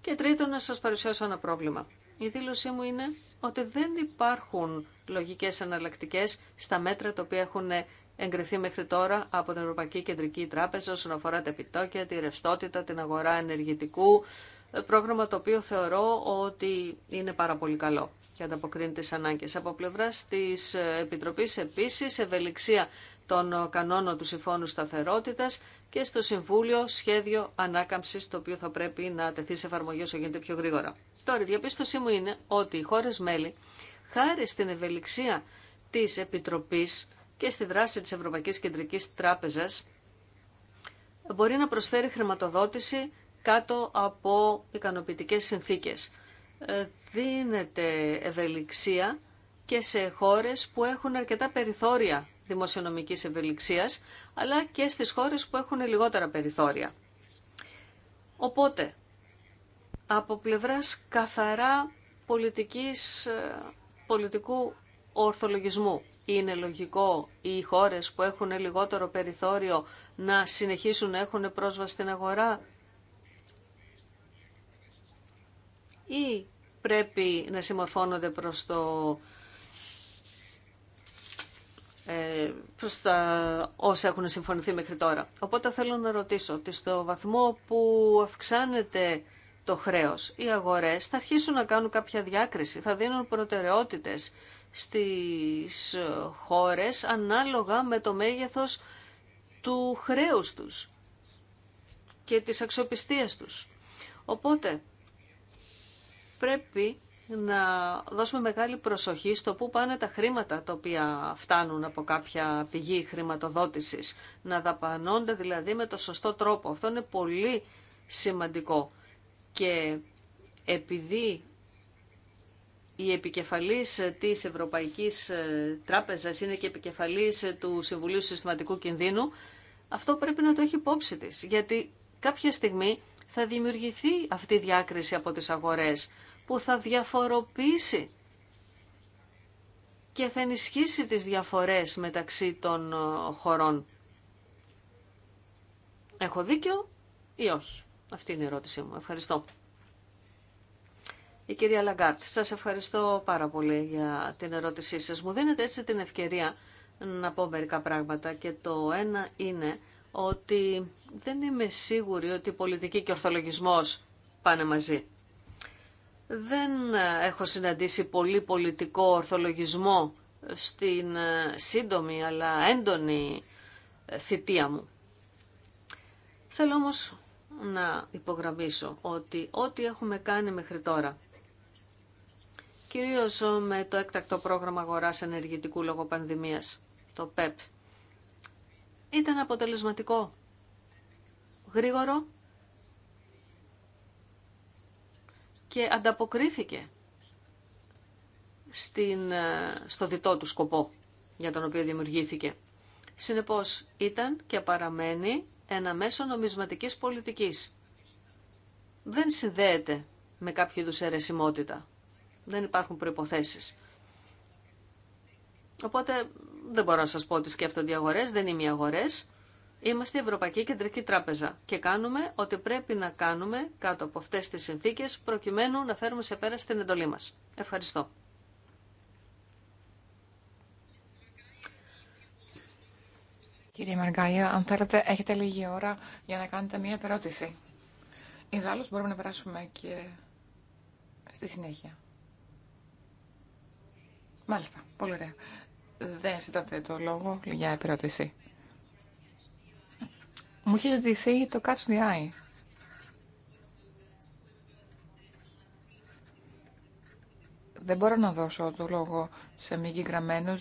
και τρίτον να σας παρουσιάσω ένα πρόβλημα. Η δήλωσή μου είναι ότι δεν υπάρχουν λογικές αναλλακτικές στα μέτρα τα οποία έχουν εγκριθεί μέχρι τώρα από την Ευρωπαϊκή Κεντρική Τράπεζα όσον αφορά τα επιτόκια, τη ρευστότητα, την αγορά ενεργητικού, ε, πρόγραμμα το οποίο θεωρώ ότι είναι πάρα πολύ καλό και ανταποκρίνει τις ανάγκες. Από πλευρά της ε, Επιτροπής επίσης ευελιξία των κανόνων του Συμφώνου σταθερότητα και στο Συμβούλιο σχέδιο ανάκαμψη, το οποίο θα πρέπει να τεθεί σε εφαρμογή όσο γίνεται πιο γρήγορα. Τώρα, η διαπίστωσή μου είναι ότι οι χώρες μέλη, χάρη στην ευελιξία της Επιτροπής και στη δράση της Ευρωπαϊκής Κεντρικής Τράπεζας, μπορεί να προσφέρει χρηματοδότηση κάτω από ικανοποιητικές συνθήκες. Ε, δίνεται ευελιξία και σε χώρες που έχουν αρκετά περιθώρια δημοσιονομικής ευελιξίας, αλλά και στις χώρες που έχουν λιγότερα περιθώρια. Οπότε, από πλευράς καθαρά πολιτικής, ε, πολιτικού ορθολογισμού. Είναι λογικό οι χώρες που έχουν λιγότερο περιθώριο να συνεχίσουν να έχουν πρόσβαση στην αγορά ή πρέπει να συμμορφώνονται προς το ε, προς τα όσα έχουν συμφωνηθεί μέχρι τώρα. Οπότε θέλω να ρωτήσω ότι στο βαθμό που αυξάνεται το χρέος. Οι αγορές θα αρχίσουν να κάνουν κάποια διάκριση, θα δίνουν προτεραιότητες στις χώρες ανάλογα με το μέγεθος του χρέους τους και της αξιοπιστίας τους. Οπότε πρέπει να δώσουμε μεγάλη προσοχή στο πού πάνε τα χρήματα τα οποία φτάνουν από κάποια πηγή χρηματοδότησης. Να δαπανώνται δηλαδή με το σωστό τρόπο. Αυτό είναι πολύ σημαντικό. Και επειδή η επικεφαλής της Ευρωπαϊκής Τράπεζας είναι και επικεφαλής του Συμβουλίου Συστηματικού Κινδύνου, αυτό πρέπει να το έχει υπόψη της, γιατί κάποια στιγμή θα δημιουργηθεί αυτή η διάκριση από τις αγορές που θα διαφοροποιήσει και θα ενισχύσει τις διαφορές μεταξύ των χωρών. Έχω δίκιο ή όχι. Αυτή είναι η ερώτησή μου. Ευχαριστώ. Η κυρία Λαγκάρτ, σας ευχαριστώ πάρα πολύ για την ερώτησή σας. Μου δίνετε έτσι την ευκαιρία να πω μερικά πράγματα και το ένα είναι ότι δεν είμαι σίγουρη ότι πολιτική και ορθολογισμός πάνε μαζί. Δεν έχω συναντήσει πολύ πολιτικό ορθολογισμό στην ε, σύντομη αλλά έντονη ε, θητεία μου. Θέλω όμως να υπογραμμίσω ότι ό,τι έχουμε κάνει μέχρι τώρα, κυρίως με το έκτακτο πρόγραμμα αγοράς ενεργητικού λόγω πανδημίας, το ΠΕΠ, ήταν αποτελεσματικό, γρήγορο και ανταποκρίθηκε στην, στο διτό του σκοπό για τον οποίο δημιουργήθηκε. Συνεπώς ήταν και παραμένει ένα μέσο νομισματικής πολιτικής. Δεν συνδέεται με κάποιο είδους αιρεσιμότητα. Δεν υπάρχουν προϋποθέσεις. Οπότε δεν μπορώ να σας πω ότι σκέφτονται οι αγορές, δεν είμαι οι αγορές. Είμαστε η Ευρωπαϊκή Κεντρική Τράπεζα και κάνουμε ό,τι πρέπει να κάνουμε κάτω από αυτές τις συνθήκες προκειμένου να φέρουμε σε πέρα στην εντολή μας. Ευχαριστώ. Κύριε Μαργκάια, αν θέλετε, έχετε λίγη ώρα για να κάνετε μία ερώτηση. Ιδάλλως μπορούμε να περάσουμε και στη συνέχεια. Μάλιστα, πολύ ωραία. Δεν ζητάτε το λόγο για επερώτηση. Μου είχε ζητηθεί το Catch the Eye. Δεν μπορώ να δώσω το λόγο σε μη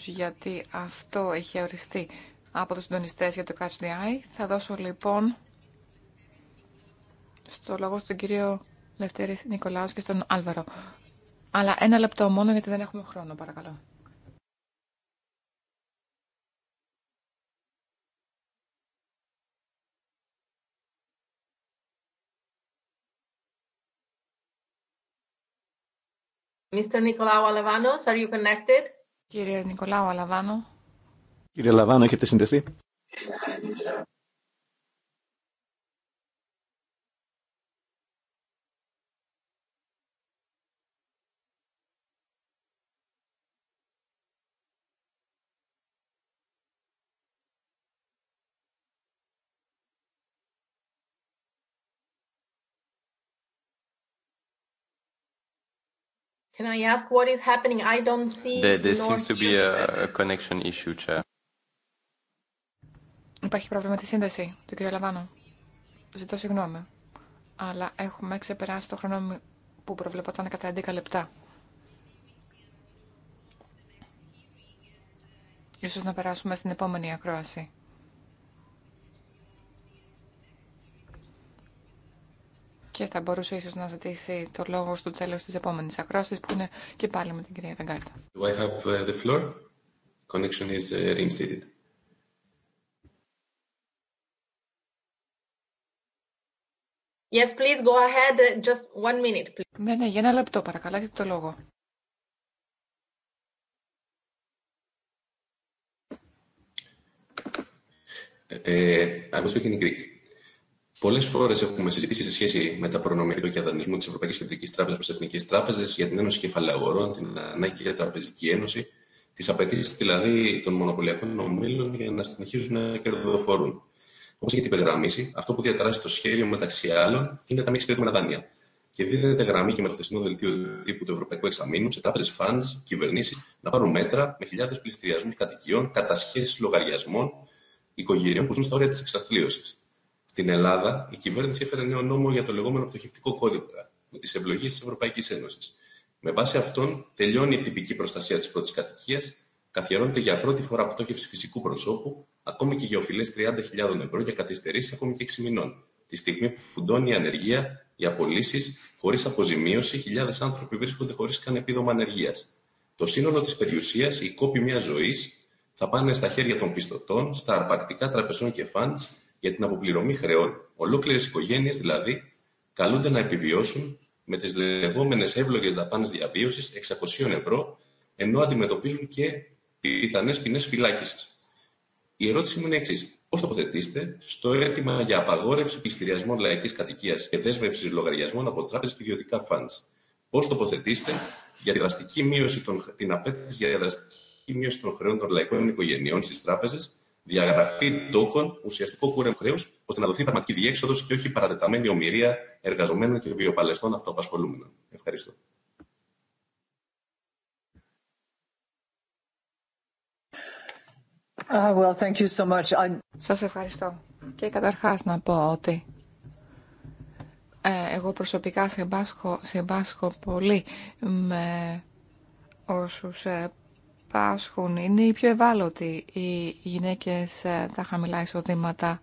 γιατί αυτό έχει οριστεί από τους συντονιστές για το Catch the Eye. Θα δώσω λοιπόν στο λόγο στον κύριο Λευτέρη Νικολάου και στον Άλβαρο. Αλλά ένα λεπτό μόνο γιατί δεν έχουμε χρόνο, παρακαλώ. Mr. Alavanos, are you connected? Κύριε Νικολάου Αλαβάνο, Κύριε Λαβάνο, έχετε συνδεθεί. Can I ask what is happening? I don't see. There, there seems to be a, a connection issue, Chair. Υπάρχει πρόβλημα τη σύνδεση το κ. Ζητώ συγγνώμη. Αλλά έχουμε ξεπεράσει το χρόνο που προβλεπόταν κατά 11 λεπτά. Ίσως να περάσουμε στην επόμενη ακρόαση. Και θα μπορούσε ίσως να ζητήσει το λόγο στο τέλος της επόμενης ακρόασης που είναι και πάλι με την κυρία Δαγκάρτα. I have uh, the Connection is uh, reinstated. Yes, please go ahead. Just one minute, please. Ναι, ναι, για ένα λεπτό παρακαλώ, έχετε το λόγο. Ε, I ε, Greek. Πολλέ φορέ έχουμε συζητήσει σε σχέση με τα προνομιακά και δανεισμού τη Ευρωπαϊκή Κεντρική Τράπεζα προ Εθνικέ Τράπεζε για την Ένωση Κεφαλαίου Αγορών, την ανάγκη για Τραπεζική Ένωση, τι απαιτήσει δηλαδή των μονοπωλιακών ομίλων για να συνεχίζουν να κερδοφορούν όπω έχετε υπεγραμμίσει, αυτό που διατράσσει το σχέδιο, μεταξύ άλλων, είναι τα μη εξυπηρετούμενα δάνεια. Και δίδεται γραμμή και με το χθεσινό δελτίο τύπου του Ευρωπαϊκού Εξαμήνου σε τράπεζε, funds, κυβερνήσει να πάρουν μέτρα με χιλιάδε πληστηριασμού κατοικιών, κατασχέσει λογαριασμών οικογενειών που ζουν στα όρια τη εξαθλίωση. Στην Ελλάδα, η κυβέρνηση έφερε νέο νόμο για το λεγόμενο πτωχευτικό κώδικα, με τι ευλογίε τη Ευρωπαϊκή Ένωση. Με βάση αυτόν, τελειώνει η τυπική προστασία τη πρώτη κατοικία, καθιερώνεται για πρώτη φορά πτώχευση φυσικού προσώπου ακόμη και για 30.000 ευρώ για καθυστερήσει ακόμη και 6 μηνών. Τη στιγμή που φουντώνει η ανεργία, οι απολύσει, χωρί αποζημίωση, χιλιάδε άνθρωποι βρίσκονται χωρί καν επίδομα ανεργία. Το σύνολο τη περιουσία, η κόπη μια ζωή, θα πάνε στα χέρια των πιστωτών, στα αρπακτικά τραπεζών και φαντ, για την αποπληρωμή χρεών. Ολόκληρε οικογένειε δηλαδή καλούνται να επιβιώσουν με τι λεγόμενε εύλογε δαπάνε διαβίωση 600 ευρώ, ενώ αντιμετωπίζουν και πιθανέ ποινέ φυλάκιση. Η ερώτησή μου είναι εξή. Πώ τοποθετήσετε στο αίτημα για απαγόρευση πληστηριασμών λαϊκή κατοικία και δέσμευση λογαριασμών από τράπεζε και ιδιωτικά funds. Πώ τοποθετήσετε για τη δραστική μείωση των, την απέτηση για δραστική μείωση των χρεών των λαϊκών οικογενειών στι τράπεζε, διαγραφή τόκων, ουσιαστικό κούρεμ χρέου, ώστε να δοθεί πραγματική διέξοδο και όχι παρατεταμένη ομοιρία εργαζομένων και βιοπαλαιστών αυτοαπασχολούμενων. Ευχαριστώ. Uh, Σας ευχαριστώ. Και καταρχάς να πω ότι ε, εγώ προσωπικά συμπάσχω, συμπάσχω πολύ με όσους ε, πάσχουν. Είναι οι πιο ευάλωτοι οι γυναίκες, ε, τα χαμηλά εισοδήματα,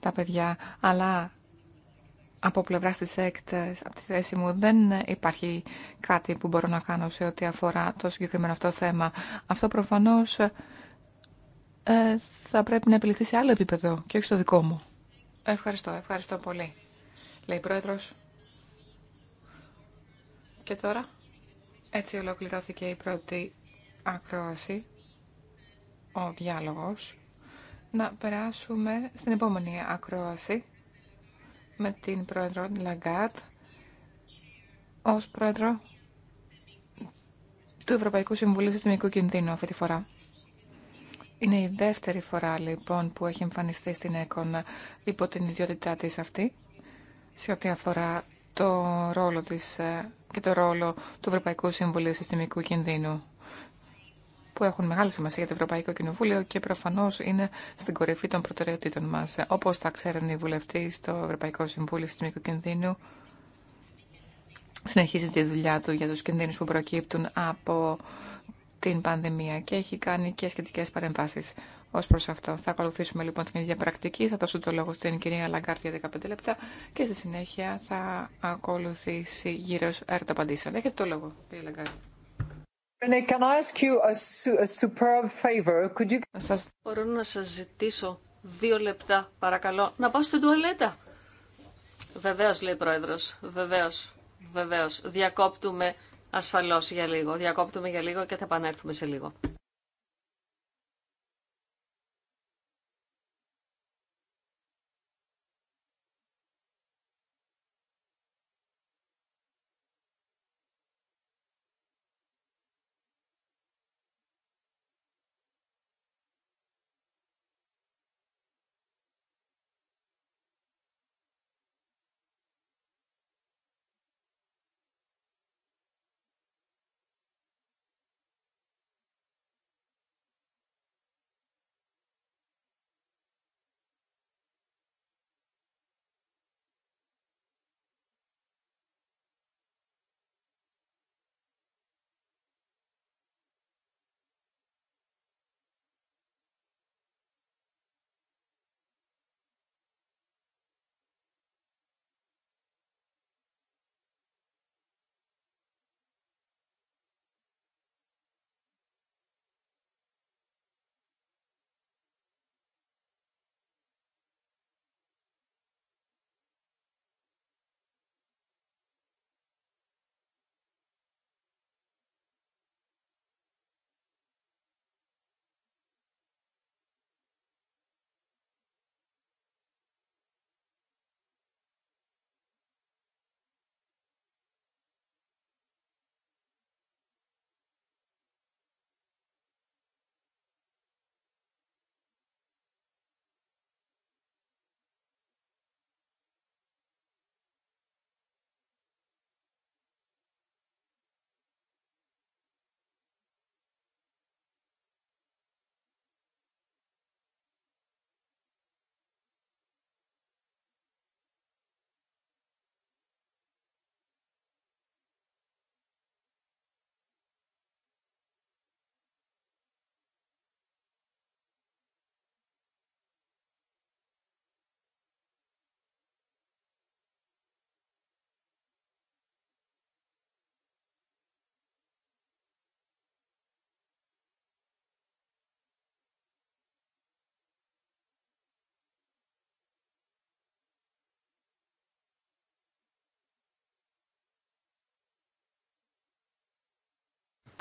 τα παιδιά. Αλλά από πλευρά της ΕΚΤ, από τη θέση μου, δεν υπάρχει κάτι που μπορώ να κάνω σε ό,τι αφορά το συγκεκριμένο αυτό θέμα. Αυτό προφανώς ε, θα πρέπει να επιληθεί σε άλλο επίπεδο και όχι στο δικό μου. Ευχαριστώ, ευχαριστώ πολύ. Λέει πρόεδρος. Και τώρα, έτσι ολοκληρώθηκε η πρώτη ακρόαση, ο διάλογος. Να περάσουμε στην επόμενη ακρόαση με την πρόεδρο Λαγκάτ ως πρόεδρο του Ευρωπαϊκού Συμβουλίου Συστημικού Κινδύνου αυτή τη φορά. Είναι η δεύτερη φορά λοιπόν που έχει εμφανιστεί στην ΕΚΟΝ υπό την ιδιότητά της αυτή σε ό,τι αφορά το ρόλο της ε, και το ρόλο του Ευρωπαϊκού Συμβουλίου Συστημικού Κινδύνου που έχουν μεγάλη σημασία για το Ευρωπαϊκό Κοινοβούλιο και προφανώ είναι στην κορυφή των προτεραιοτήτων μα. Όπω τα ξέρουν οι βουλευτέ στο Ευρωπαϊκό Συμβούλιο Συστημικού Κινδύνου, συνεχίζει τη δουλειά του για του κινδύνου που προκύπτουν από την πανδημία και έχει κάνει και σχετικέ παρεμβάσει ω προ αυτό. Θα ακολουθήσουμε λοιπόν την ίδια πρακτική. Θα δώσω το λόγο στην κυρία Λαγκάρτ για 15 λεπτά και στη συνέχεια θα ακολουθήσει γύρω έρτα απαντήσεων. Έχετε το λόγο, κυρία Λαγκάρτ. Μπορώ να σας ζητήσω δύο λεπτά, παρακαλώ, να πάω στην τουαλέτα. Βεβαίως, λέει ο Πρόεδρος. Βεβαίως, βεβαίως. Διακόπτουμε ασφαλώς για λίγο. Διακόπτουμε για λίγο και θα επανέλθουμε σε λίγο.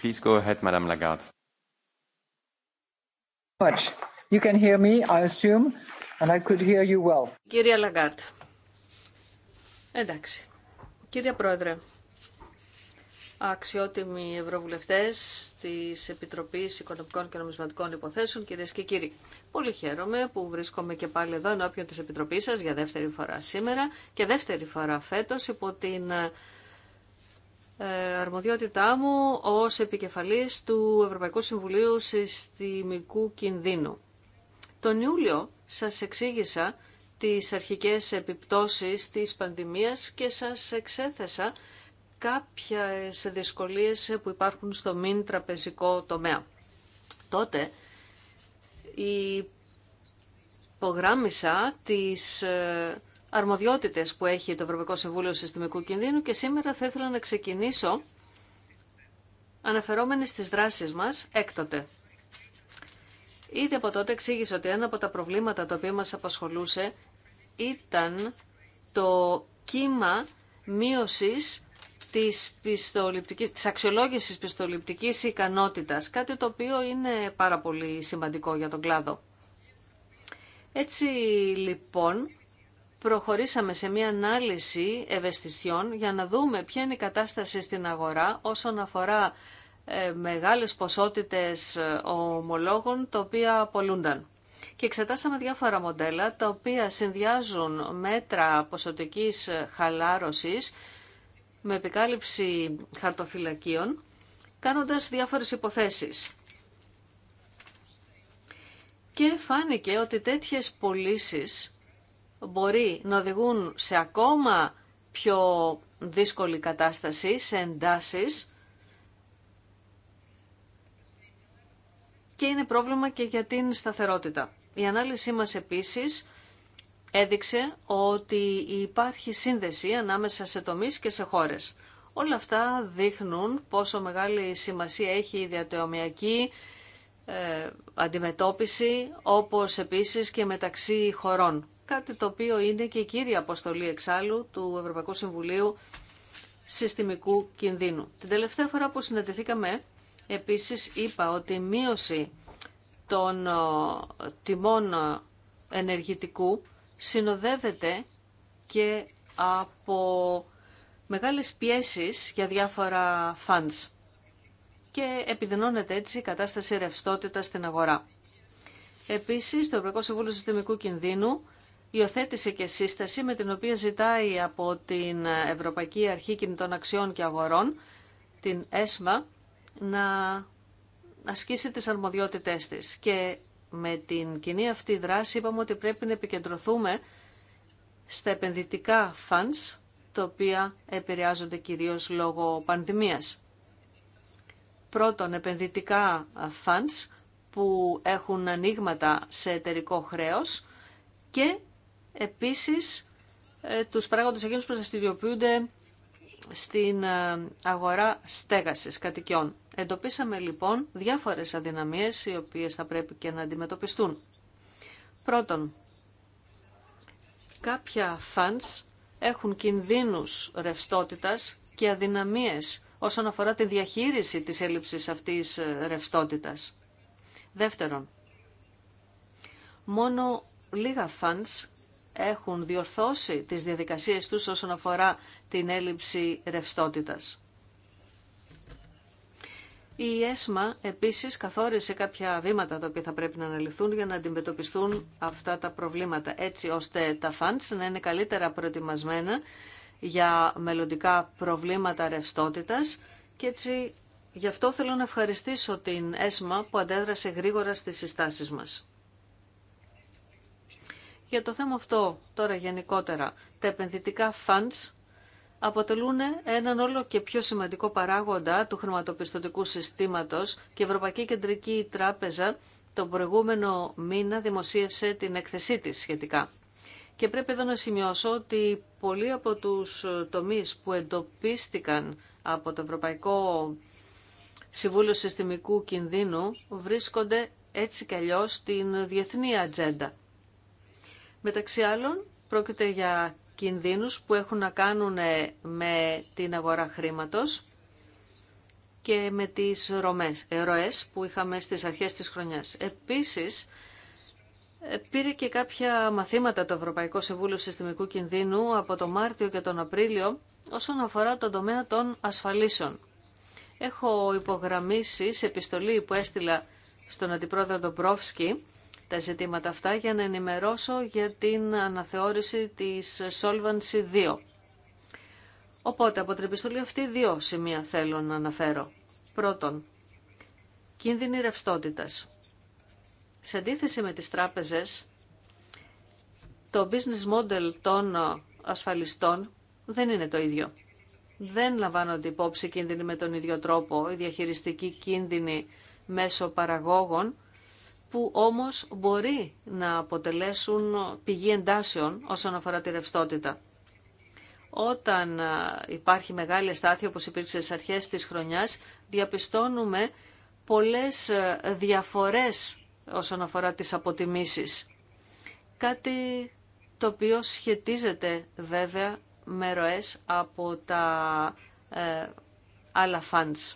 Please go ahead, You can hear me, I assume, and I could hear you well. Λαγκάρτ. Εντάξει. Κύριε Πρόεδρε, αξιότιμοι ευρωβουλευτές της Επιτροπής Οικονομικών και Νομισματικών Υποθέσεων, κυρίες και κύριοι. Πολύ χαίρομαι που βρίσκομαι και πάλι εδώ ενώπιον της Επιτροπής σας για δεύτερη φορά σήμερα και δεύτερη φορά φέτος υπό την ε, αρμοδιότητά μου ως επικεφαλής του Ευρωπαϊκού Συμβουλίου Συστημικού Κινδύνου. Τον Ιούλιο σας εξήγησα τις αρχικές επιπτώσεις της πανδημίας και σας εξέθεσα κάποιες δυσκολίες που υπάρχουν στο μην τραπεζικό τομέα. Τότε υπογράμμισα τις ε, αρμοδιότητε που έχει το Ευρωπαϊκό Συμβούλιο Συστημικού Κινδύνου και σήμερα θα ήθελα να ξεκινήσω αναφερόμενοι στις δράσεις μας έκτοτε. Ήδη από τότε εξήγησε ότι ένα από τα προβλήματα τα οποία μας απασχολούσε ήταν το κύμα μείωσης της, πιστοληπτικής, της αξιολόγησης πιστοληπτικής ικανότητας, κάτι το οποίο είναι πάρα πολύ σημαντικό για τον κλάδο. Έτσι λοιπόν, προχωρήσαμε σε μια ανάλυση ευαισθησιών για να δούμε ποια είναι η κατάσταση στην αγορά όσον αφορά ε, μεγάλες ποσότητες ε, ομολόγων τα οποία απολούνταν. Και εξετάσαμε διάφορα μοντέλα τα οποία συνδυάζουν μέτρα ποσοτικής ε, χαλάρωσης με επικάλυψη χαρτοφυλακίων, κάνοντας διάφορες υποθέσεις. Και φάνηκε ότι τέτοιες πωλήσει μπορεί να οδηγούν σε ακόμα πιο δύσκολη κατάσταση, σε εντάσεις και είναι πρόβλημα και για την σταθερότητα. Η ανάλυση μας επίσης έδειξε ότι υπάρχει σύνδεση ανάμεσα σε τομείς και σε χώρες. Όλα αυτά δείχνουν πόσο μεγάλη σημασία έχει η διατεωμιακή ε, αντιμετώπιση, όπως επίσης και μεταξύ χωρών κάτι το οποίο είναι και η κύρια αποστολή εξάλλου του Ευρωπαϊκού Συμβουλίου Συστημικού Κινδύνου. Την τελευταία φορά που συναντηθήκαμε, επίσης είπα ότι η μείωση των ε, τιμών ε, ενεργητικού συνοδεύεται και από μεγάλες πιέσεις για διάφορα funds και επιδεινώνεται έτσι η κατάσταση ρευστότητα στην αγορά. Επίσης, το Ευρωπαϊκό Συμβούλιο Συστημικού Κινδύνου υιοθέτησε και σύσταση με την οποία ζητάει από την Ευρωπαϊκή Αρχή Κινητών Αξιών και Αγορών, την ΕΣΜΑ, να ασκήσει τις αρμοδιότητές της. Και με την κοινή αυτή δράση είπαμε ότι πρέπει να επικεντρωθούμε στα επενδυτικά funds, τα οποία επηρεάζονται κυρίως λόγω πανδημίας. Πρώτον, επενδυτικά funds που έχουν ανοίγματα σε εταιρικό χρέος και επίσης ε, τους παράγοντες εκείνους που δραστηριοποιούνται στην ε, αγορά στέγασης κατοικιών. Εντοπίσαμε λοιπόν διάφορες αδυναμίες οι οποίες θα πρέπει και να αντιμετωπιστούν. Πρώτον, κάποια funds έχουν κινδύνους ρευστότητας και αδυναμίες όσον αφορά τη διαχείριση της έλλειψης αυτής ε, ρευστότητας. Δεύτερον, μόνο λίγα funds έχουν διορθώσει τις διαδικασίες τους όσον αφορά την έλλειψη ρευστότητας. Η ΕΣΜΑ επίσης καθόρισε κάποια βήματα τα οποία θα πρέπει να αναλυθούν για να αντιμετωπιστούν αυτά τα προβλήματα έτσι ώστε τα funds να είναι καλύτερα προετοιμασμένα για μελλοντικά προβλήματα ρευστότητας και έτσι γι' αυτό θέλω να ευχαριστήσω την ΕΣΜΑ που αντέδρασε γρήγορα στις συστάσεις μας. Για το θέμα αυτό τώρα γενικότερα, τα επενδυτικά funds αποτελούν έναν όλο και πιο σημαντικό παράγοντα του χρηματοπιστωτικού συστήματος και η Ευρωπαϊκή Κεντρική Τράπεζα τον προηγούμενο μήνα δημοσίευσε την έκθεσή της σχετικά. Και πρέπει εδώ να σημειώσω ότι πολλοί από τους τομείς που εντοπίστηκαν από το Ευρωπαϊκό Συμβούλιο Συστημικού Κινδύνου βρίσκονται έτσι κι αλλιώς στην διεθνή ατζέντα. Μεταξύ άλλων, πρόκειται για κινδύνους που έχουν να κάνουν ε, με την αγορά χρήματος και με τις ρομές ε, ροές που είχαμε στις αρχές της χρονιάς. Επίσης, ε, πήρε και κάποια μαθήματα το Ευρωπαϊκό Συμβούλιο Συστημικού Κινδύνου από το Μάρτιο και τον Απρίλιο όσον αφορά τον τομέα των ασφαλίσεων. Έχω υπογραμμίσει σε επιστολή που έστειλα στον Αντιπρόεδρο Ντομπρόφσκι τα ζητήματα αυτά για να ενημερώσω για την αναθεώρηση της Solvency 2. Οπότε από την επιστολή αυτή δύο σημεία θέλω να αναφέρω. Πρώτον, κίνδυνη ρευστότητας. Σε αντίθεση με τις τράπεζες, το business model των ασφαλιστών δεν είναι το ίδιο. Δεν λαμβάνονται υπόψη κίνδυνοι με τον ίδιο τρόπο, η διαχειριστική κίνδυνοι μέσω παραγόγων που όμως μπορεί να αποτελέσουν πηγή εντάσεων όσον αφορά τη ρευστότητα. Όταν υπάρχει μεγάλη αστάθεια, όπως υπήρξε στις αρχές της χρονιάς, διαπιστώνουμε πολλές διαφορές όσον αφορά τις αποτιμήσεις. Κάτι το οποίο σχετίζεται βέβαια με ροές από τα ε, άλλα funds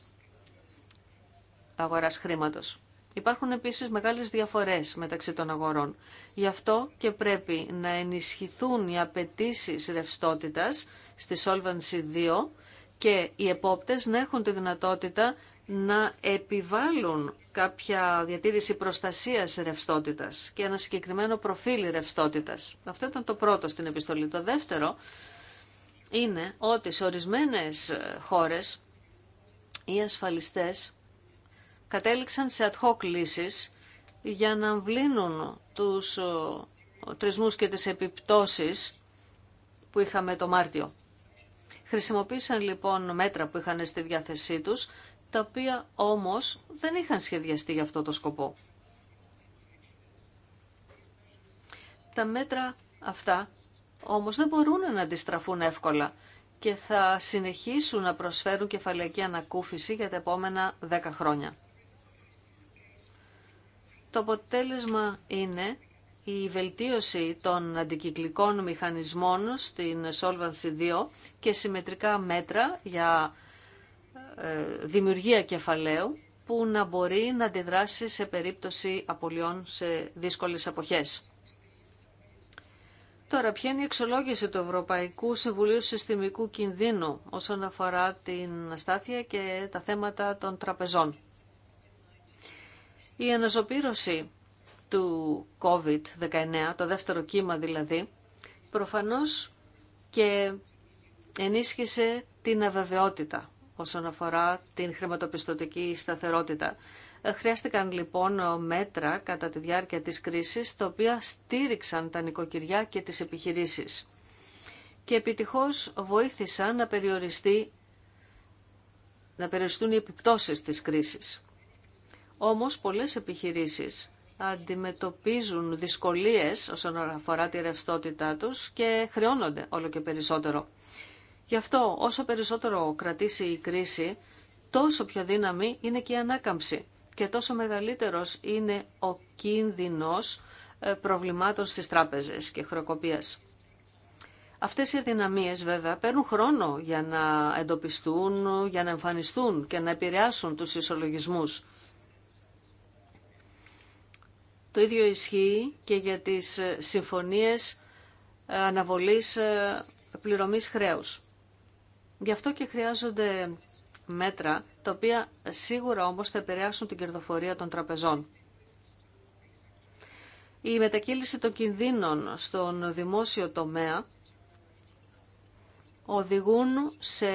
αγοράς χρήματος. Υπάρχουν επίσης μεγάλες διαφορές μεταξύ των αγορών. Γι' αυτό και πρέπει να ενισχυθούν οι απαιτήσει ρευστότητα στη Solvency 2 και οι επόπτες να έχουν τη δυνατότητα να επιβάλλουν κάποια διατήρηση προστασίας ρευστότητας και ένα συγκεκριμένο προφίλ ρευστότητας. Αυτό ήταν το πρώτο στην επιστολή. Το δεύτερο είναι ότι σε ορισμένες χώρες οι ασφαλιστές κατέληξαν σε ad hoc λύσεις για να βλύνουν τους τρισμούς και τις επιπτώσεις που είχαμε το Μάρτιο. Χρησιμοποίησαν λοιπόν μέτρα που είχαν στη διάθεσή τους, τα οποία όμως δεν είχαν σχεδιαστεί για αυτό το σκοπό. Τα μέτρα αυτά όμως δεν μπορούν να αντιστραφούν εύκολα και θα συνεχίσουν να προσφέρουν κεφαλαϊκή ανακούφιση για τα επόμενα δέκα χρόνια. Το αποτέλεσμα είναι η βελτίωση των αντικυκλικών μηχανισμών στην Solvency 2 και συμμετρικά μέτρα για ε, δημιουργία κεφαλαίου που να μπορεί να αντιδράσει σε περίπτωση απολειών σε δύσκολες αποχές. Τώρα, ποια είναι η εξολόγηση του Ευρωπαϊκού Συμβουλίου Συστημικού Κινδύνου όσον αφορά την αστάθεια και τα θέματα των τραπεζών. Η αναζωπήρωση του COVID-19, το δεύτερο κύμα δηλαδή, προφανώς και ενίσχυσε την αβεβαιότητα όσον αφορά την χρηματοπιστωτική σταθερότητα. Ε, χρειάστηκαν λοιπόν μέτρα κατά τη διάρκεια της κρίσης, τα οποία στήριξαν τα νοικοκυριά και τις επιχειρήσεις και επιτυχώς βοήθησαν να περιοριστεί να περιοριστούν οι επιπτώσεις της κρίσης. Όμως πολλές επιχειρήσεις αντιμετωπίζουν δυσκολίες όσον αφορά τη ρευστότητά τους και χρεώνονται όλο και περισσότερο. Γι' αυτό όσο περισσότερο κρατήσει η κρίση, τόσο πιο δύναμη είναι και η ανάκαμψη και τόσο μεγαλύτερος είναι ο κίνδυνος ε, προβλημάτων στις τράπεζες και χροκοπίας. Αυτές οι αδυναμίες βέβαια παίρνουν χρόνο για να εντοπιστούν, για να εμφανιστούν και να επηρεάσουν τους ισολογισμούς. Το ίδιο ισχύει και για τις ε, συμφωνίες ε, αναβολής ε, πληρωμής χρέους. Γι' αυτό και χρειάζονται μέτρα, τα οποία σίγουρα όμως θα επηρεάσουν την κερδοφορία των τραπεζών. Η μετακύληση των κινδύνων στον δημόσιο τομέα οδηγούν σε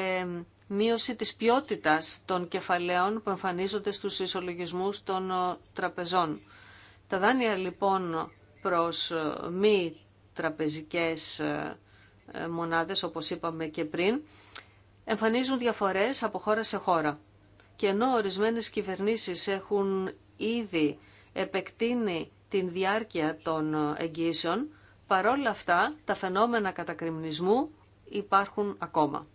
μείωση της ποιότητας των κεφαλαίων που εμφανίζονται στους ισολογισμούς των τραπεζών. Τα δάνεια λοιπόν προς μη τραπεζικές ε, ε, μονάδες, όπως είπαμε και πριν, εμφανίζουν διαφορές από χώρα σε χώρα. Και ενώ ορισμένες κυβερνήσεις έχουν ήδη επεκτείνει την διάρκεια των εγγύσεων, παρόλα αυτά τα φαινόμενα κατακριμνισμού υπάρχουν ακόμα.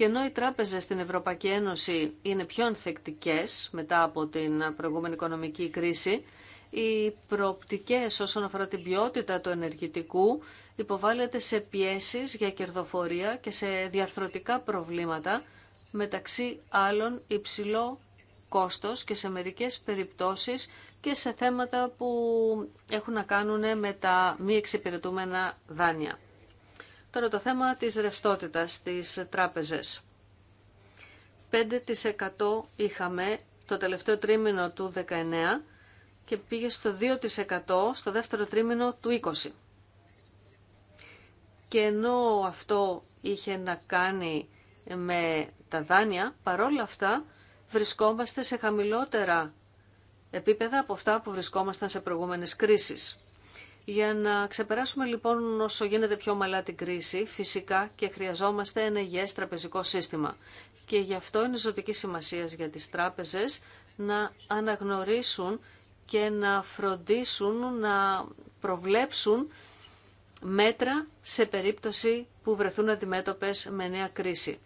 Και ενώ οι τράπεζες στην Ευρωπαϊκή Ένωση είναι πιο ανθεκτικέ μετά από την προηγούμενη οικονομική κρίση, οι προοπτικές όσον αφορά την ποιότητα του ενεργητικού υποβάλλεται σε πιέσεις για κερδοφορία και σε διαρθρωτικά προβλήματα, μεταξύ άλλων υψηλό κόστος και σε μερικές περιπτώσεις και σε θέματα που έχουν να κάνουν με τα μη εξυπηρετούμενα δάνεια. Τώρα το θέμα της ρευστότητας στις τράπεζες. 5% είχαμε το τελευταίο τρίμηνο του 19 και πήγε στο 2% στο δεύτερο τρίμηνο του 20. Και ενώ αυτό είχε να κάνει με τα δάνεια, παρόλα αυτά βρισκόμαστε σε χαμηλότερα επίπεδα από αυτά που βρισκόμασταν σε προηγούμενες κρίσεις. Για να ξεπεράσουμε λοιπόν όσο γίνεται πιο ομαλά την κρίση, φυσικά και χρειαζόμαστε ένα υγιές τραπεζικό σύστημα. Και γι' αυτό είναι ζωτική σημασία για τις τράπεζες να αναγνωρίσουν και να φροντίσουν να προβλέψουν μέτρα σε περίπτωση που βρεθούν αντιμέτωπες με νέα κρίση.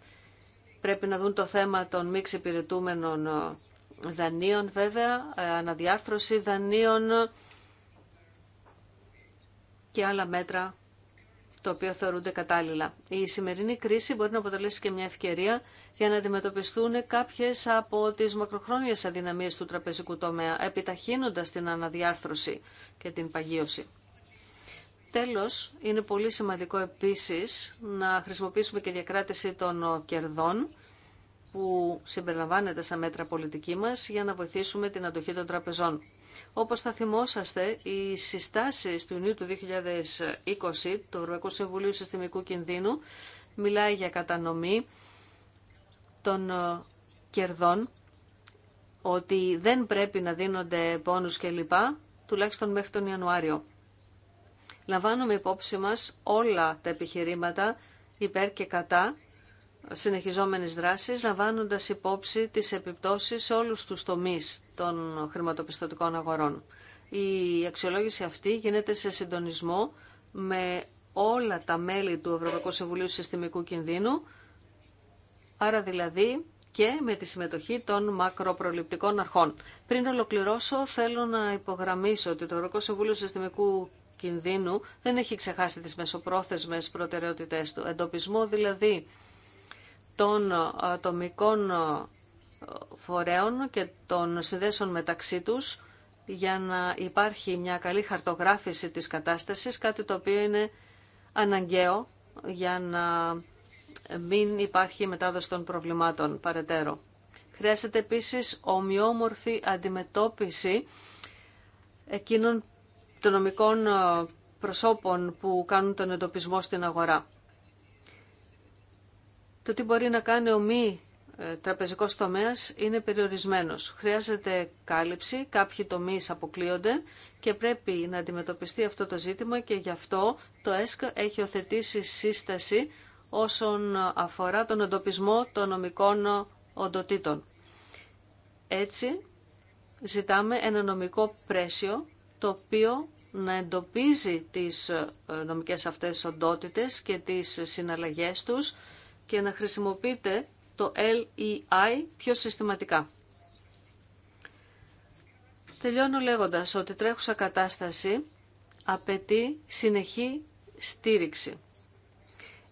Πρέπει να δουν το θέμα των μη ξεπηρετούμενων ε, δανείων βέβαια, ε, αναδιάρθρωση δανείων, και άλλα μέτρα τα οποία θεωρούνται κατάλληλα. Η σημερινή κρίση μπορεί να αποτελέσει και μια ευκαιρία για να αντιμετωπιστούν κάποιε από τις μακροχρόνιες αδυναμίες του τραπεζικού τομέα, επιταχύνοντας την αναδιάρθρωση και την παγίωση. Τέλος, είναι πολύ σημαντικό επίσης να χρησιμοποιήσουμε και διακράτηση των κερδών που συμπεριλαμβάνεται στα μέτρα πολιτική μα για να βοηθήσουμε την αντοχή των τραπεζών. Όπως θα θυμόσαστε, οι συστάσεις του Ιουνίου του 2020 του Ευρωπαϊκού Συμβουλίου Συστημικού Κινδύνου μιλάει για κατανομή των ε, κερδών, ότι δεν πρέπει να δίνονται πόνους κλπ, τουλάχιστον μέχρι τον Ιανουάριο. Λαμβάνουμε υπόψη μας όλα τα επιχειρήματα υπέρ και κατά συνεχιζόμενης δράσης, λαμβάνοντας υπόψη τις επιπτώσεις σε όλους τους τομείς των χρηματοπιστωτικών αγορών. Η αξιολόγηση αυτή γίνεται σε συντονισμό με όλα τα μέλη του Ευρωπαϊκού Συμβουλίου Συστημικού Κινδύνου, άρα δηλαδή και με τη συμμετοχή των μακροπροληπτικών αρχών. Πριν ολοκληρώσω, θέλω να υπογραμμίσω ότι το Ευρωπαϊκό Συμβούλιο Συστημικού Κινδύνου δεν έχει ξεχάσει τις μεσοπρόθεσμες προτεραιότητές του. Εντοπισμό δηλαδή των ατομικών φορέων και των συνδέσεων μεταξύ τους για να υπάρχει μια καλή χαρτογράφηση της κατάστασης, κάτι το οποίο είναι αναγκαίο για να μην υπάρχει μετάδοση των προβλημάτων παρετέρω. Χρειάζεται επίσης ομοιόμορφη αντιμετώπιση εκείνων των νομικών προσώπων που κάνουν τον εντοπισμό στην αγορά. Το τι μπορεί να κάνει ο μη ε, τραπεζικός τομέας είναι περιορισμένος. Χρειάζεται κάλυψη, κάποιοι τομείς αποκλείονται και πρέπει να αντιμετωπιστεί αυτό το ζήτημα και γι' αυτό το ΕΣΚ έχει οθετήσει σύσταση όσον αφορά τον εντοπισμό των νομικών οντοτήτων. Έτσι, ζητάμε ένα νομικό πρέσιο το οποίο να εντοπίζει τις ε, νομικές αυτές οντότητες και τις συναλλαγές τους και να χρησιμοποιείτε το LEI πιο συστηματικά. Τελειώνω λέγοντας ότι τρέχουσα κατάσταση απαιτεί συνεχή στήριξη.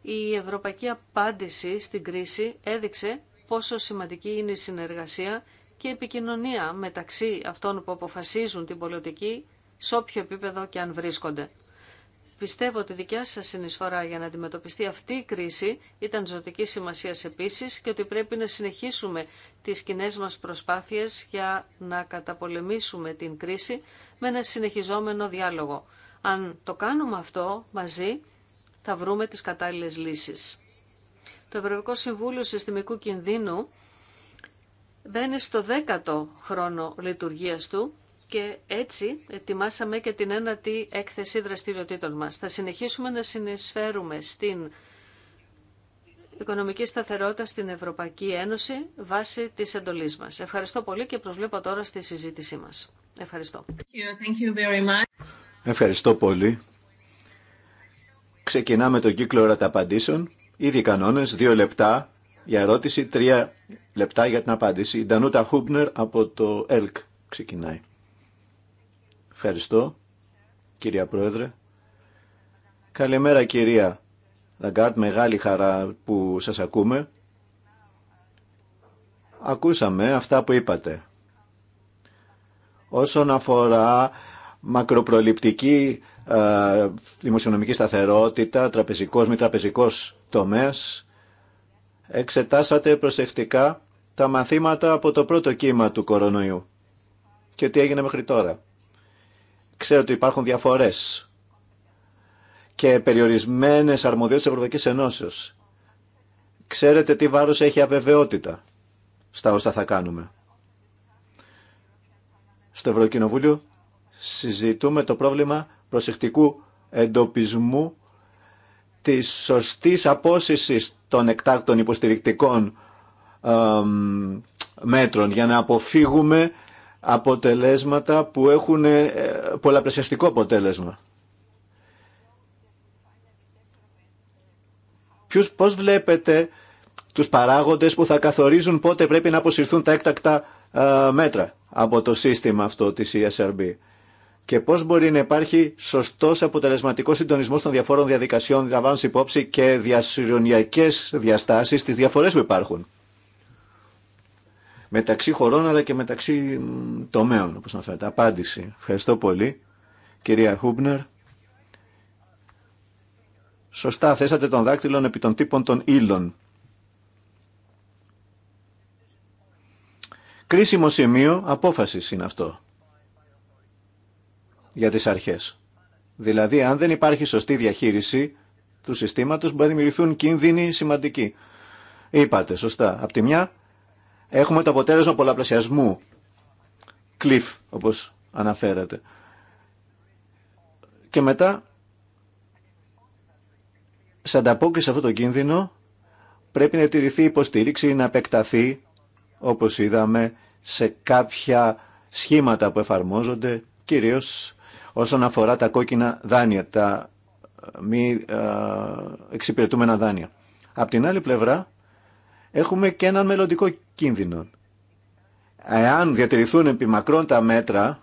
Η ευρωπαϊκή απάντηση στην κρίση έδειξε πόσο σημαντική είναι η συνεργασία και η επικοινωνία μεταξύ αυτών που αποφασίζουν την πολιτική σε όποιο επίπεδο και αν βρίσκονται. Πιστεύω ότι η δικιά σας συνεισφορά για να αντιμετωπιστεί αυτή η κρίση ήταν ζωτική σημασία επίσης και ότι πρέπει να συνεχίσουμε τις κοινέ μας προσπάθειε για να καταπολεμήσουμε την κρίση με ένα συνεχιζόμενο διάλογο. Αν το κάνουμε αυτό μαζί θα βρούμε τις κατάλληλες λύσεις. Το Ευρωπαϊκό Συμβούλιο Συστημικού Κινδύνου μπαίνει στο δέκατο χρόνο λειτουργίας του και έτσι ετοιμάσαμε και την ένατη έκθεση δραστηριοτήτων μας. Θα συνεχίσουμε να συνεισφέρουμε στην οικονομική σταθερότητα στην Ευρωπαϊκή Ένωση βάσει της εντολής μας. Ευχαριστώ πολύ και προσβλέπω τώρα στη συζήτησή μας. Ευχαριστώ. Thank you very much. Ευχαριστώ πολύ. Ξεκινάμε τον κύκλο απαντήσεων. Ήδη κανόνες, δύο λεπτά για ερώτηση, τρία λεπτά για την απάντηση. Η Ντανούτα Χούμπνερ από το ΕΛΚ ξεκινάει. Ευχαριστώ, κυρία Πρόεδρε. Καλημέρα, κυρία Λαγκάρτ. Μεγάλη χαρά που σας ακούμε. Ακούσαμε αυτά που είπατε. Όσον αφορά μακροπροληπτική δημοσιονομική σταθερότητα, τραπεζικός μη τραπεζικός τομέας, εξετάσατε προσεκτικά τα μαθήματα από το πρώτο κύμα του κορονοϊού και τι έγινε μέχρι τώρα. Ξέρω ότι υπάρχουν διαφορές και περιορισμένες αρμοδιότητες Ευρωπαϊκής Ενώσεως. Ξέρετε τι βάρος έχει αβεβαιότητα στα όσα θα κάνουμε. Στο Ευρωκοινοβούλιο συζητούμε το πρόβλημα προσεκτικού εντοπισμού της σωστής απόσυσης των εκτάκτων υποστηρικτικών μέτρων για να αποφύγουμε αποτελέσματα που έχουν ε, πολλαπλασιαστικό αποτέλεσμα. Ποιους, πώς βλέπετε τους παράγοντες που θα καθορίζουν πότε πρέπει να αποσυρθούν τα έκτακτα ε, μέτρα από το σύστημα αυτό της ESRB και πώς μπορεί να υπάρχει σωστός αποτελεσματικός συντονισμός των διαφόρων διαδικασιών λαμβάνοντας υπόψη και διασυρωνιακές διαστάσεις στις διαφορές που υπάρχουν μεταξύ χωρών αλλά και μεταξύ τομέων, όπως αναφέρατε. Απάντηση. Ευχαριστώ πολύ, κυρία Χούμπνερ. Σωστά θέσατε τον δάκτυλο επί των τύπων των ύλων. Κρίσιμο σημείο απόφασης είναι αυτό για τις αρχές. Δηλαδή, αν δεν υπάρχει σωστή διαχείριση του συστήματος, μπορεί να δημιουργηθούν κίνδυνοι σημαντικοί. Είπατε, σωστά. Απ' τη μια, έχουμε το αποτέλεσμα πολλαπλασιασμού. Cliff, όπως αναφέρατε. Και μετά, σε ανταπόκριση σε αυτό το κίνδυνο, πρέπει να τηρηθεί υποστήριξη ή να επεκταθεί, όπως είδαμε, σε κάποια σχήματα που εφαρμόζονται, κυρίως όσον αφορά τα κόκκινα δάνεια, τα μη ε, εξυπηρετούμενα δάνεια. Απ' την άλλη πλευρά, έχουμε και έναν μελλοντικό κίνδυνο. Εάν διατηρηθούν επιμακρών τα μέτρα,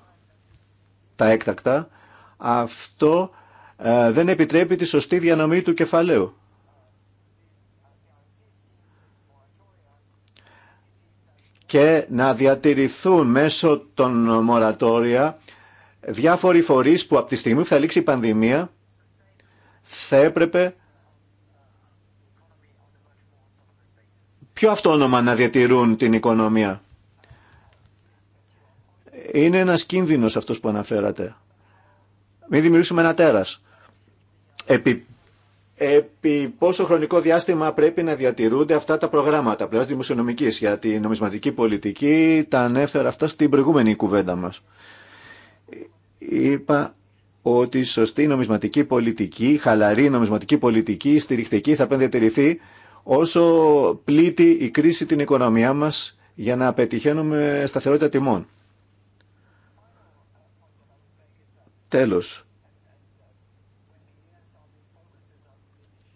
τα έκτακτα, αυτό ε, δεν επιτρέπει τη σωστή διανομή του κεφαλαίου. και να διατηρηθούν μέσω των μορατόρια διάφοροι φορείς που από τη στιγμή που θα λήξει η πανδημία θα έπρεπε πιο αυτόνομα να διατηρούν την οικονομία. Είναι ένας κίνδυνος αυτός που αναφέρατε. Μην δημιουργήσουμε ένα τέρας. Επί, επί πόσο χρονικό διάστημα πρέπει να διατηρούνται αυτά τα προγράμματα πλευράς δημοσιονομικής Γιατί η νομισματική πολιτική, τα ανέφερα αυτά στην προηγούμενη κουβέντα μας. Είπα ότι η σωστή νομισματική πολιτική, χαλαρή νομισματική πολιτική, στηριχτική θα πρέπει να διατηρηθεί όσο πλήττει η κρίση την οικονομία μας για να πετυχαίνουμε σταθερότητα τιμών. Τέλος.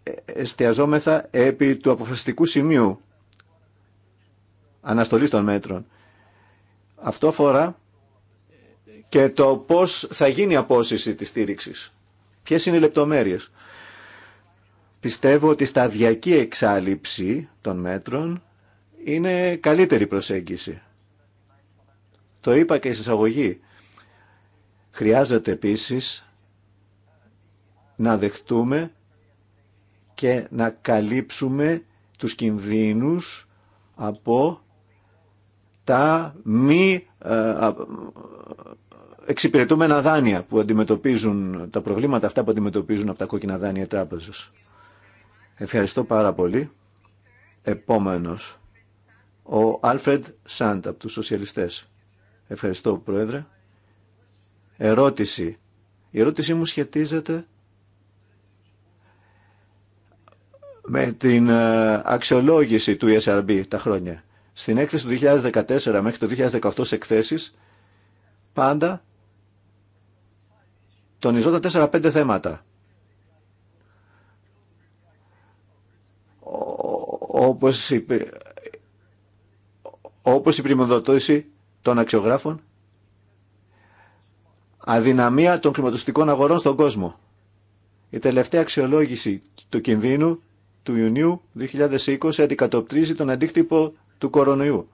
Ε, εστιαζόμεθα επί του αποφασιστικού σημείου αναστολής των μέτρων. Αυτό αφορά και το πώς θα γίνει η απόσυση της στήριξης. Ποιες είναι οι λεπτομέρειες. Πιστεύω ότι σταδιακή εξάλληψη των μέτρων είναι καλύτερη προσέγγιση. Το είπα και η εισαγωγή. Χρειάζεται επίσης να δεχτούμε και να καλύψουμε τους κινδύνους από τα μη ε, εξυπηρετούμενα δάνεια που αντιμετωπίζουν, τα προβλήματα αυτά που αντιμετωπίζουν από τα κόκκινα δάνεια τράπεζες. Ευχαριστώ πάρα πολύ. Επόμενος, ο Άλφρεντ Σάντ από τους Σοσιαλιστές. Ευχαριστώ, Πρόεδρε. Ερώτηση. Η ερώτησή μου σχετίζεται με την ε, αξιολόγηση του ESRB τα χρόνια. Στην έκθεση του 2014 μέχρι το 2018 σε εκθέσεις, πάντα τονιζόταν 4-5 θέματα. όπως η, όπως η των αξιογράφων, αδυναμία των κλιματοστικών αγορών στον κόσμο. Η τελευταία αξιολόγηση του κινδύνου του Ιουνίου 2020 αντικατοπτρίζει τον αντίκτυπο του κορονοϊού.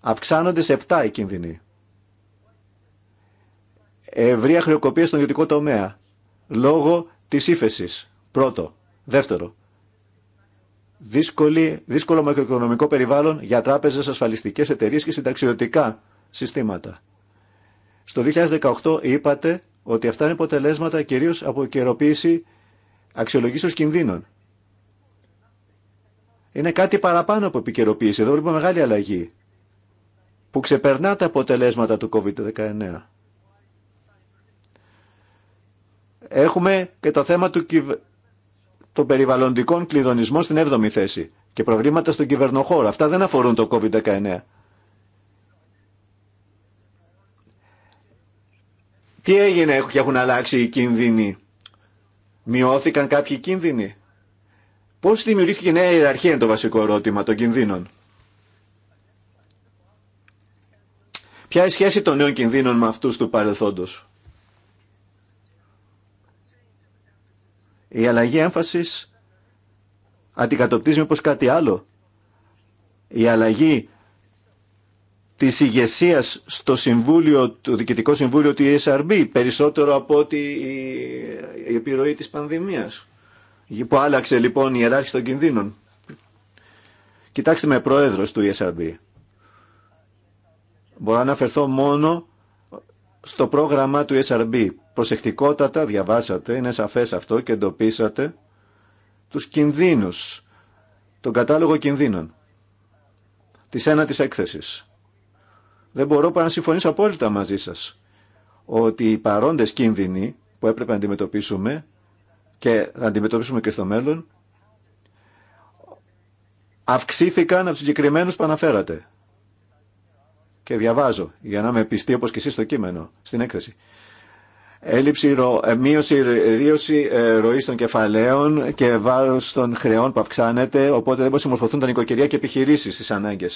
Αυξάνονται σε 7 οι κίνδυνοι. Ευρεία χρεοκοπία στον ιδιωτικό τομέα. Λόγω της ύφεσης, Πρώτο. Δεύτερο δύσκολη, δύσκολο μακροοικονομικό περιβάλλον για τράπεζες, ασφαλιστικές εταιρείε και συνταξιωτικά συστήματα. Στο 2018 είπατε ότι αυτά είναι αποτελέσματα κυρίω από καιροποίηση αξιολογήσεως κινδύνων. Είναι κάτι παραπάνω από επικαιροποίηση. Εδώ βλέπουμε μεγάλη αλλαγή που ξεπερνά τα αποτελέσματα του COVID-19. Έχουμε και το θέμα του, το περιβαλλοντικό κλειδονισμών στην 7η θέση και προβλήματα στον κυβερνοχώρο. Αυτά δεν αφορούν το COVID-19. Τι έγινε και έχουν αλλάξει οι κίνδυνοι. Μειώθηκαν κάποιοι κίνδυνοι. Πώς δημιουργήθηκε η νέα ιεραρχία είναι το βασικό ερώτημα των κινδύνων. Ποια είναι η σχέση των νέων κινδύνων με αυτούς του παρελθόντος. Η αλλαγή έμφασης αντικατοπτρίζει μήπως κάτι άλλο. Η αλλαγή της ηγεσία στο συμβούλιο, το Διοικητικό Συμβούλιο του ESRB περισσότερο από ότι η επιρροή της πανδημίας που άλλαξε λοιπόν η ιεράρχηση των κινδύνων. Κοιτάξτε με πρόεδρος του ESRB. Μπορώ να αναφερθώ μόνο στο πρόγραμμα του SRB. Προσεκτικότατα διαβάσατε, είναι σαφές αυτό και εντοπίσατε τους κινδύνους, τον κατάλογο κινδύνων της ένα της έκθεσης. Δεν μπορώ παρά να συμφωνήσω απόλυτα μαζί σας ότι οι παρόντες κίνδυνοι που έπρεπε να αντιμετωπίσουμε και θα αντιμετωπίσουμε και στο μέλλον αυξήθηκαν από τους συγκεκριμένου που αναφέρατε και διαβάζω για να είμαι πιστή όπως και εσείς στο κείμενο, στην έκθεση. Έλλειψη, ρο, ε, μείωση, ε, ρίωση ε, ροή των κεφαλαίων και βάρο των χρεών που αυξάνεται, οπότε δεν μπορεί να συμμορφωθούν τα νοικοκυριά και επιχειρήσει στι ανάγκε.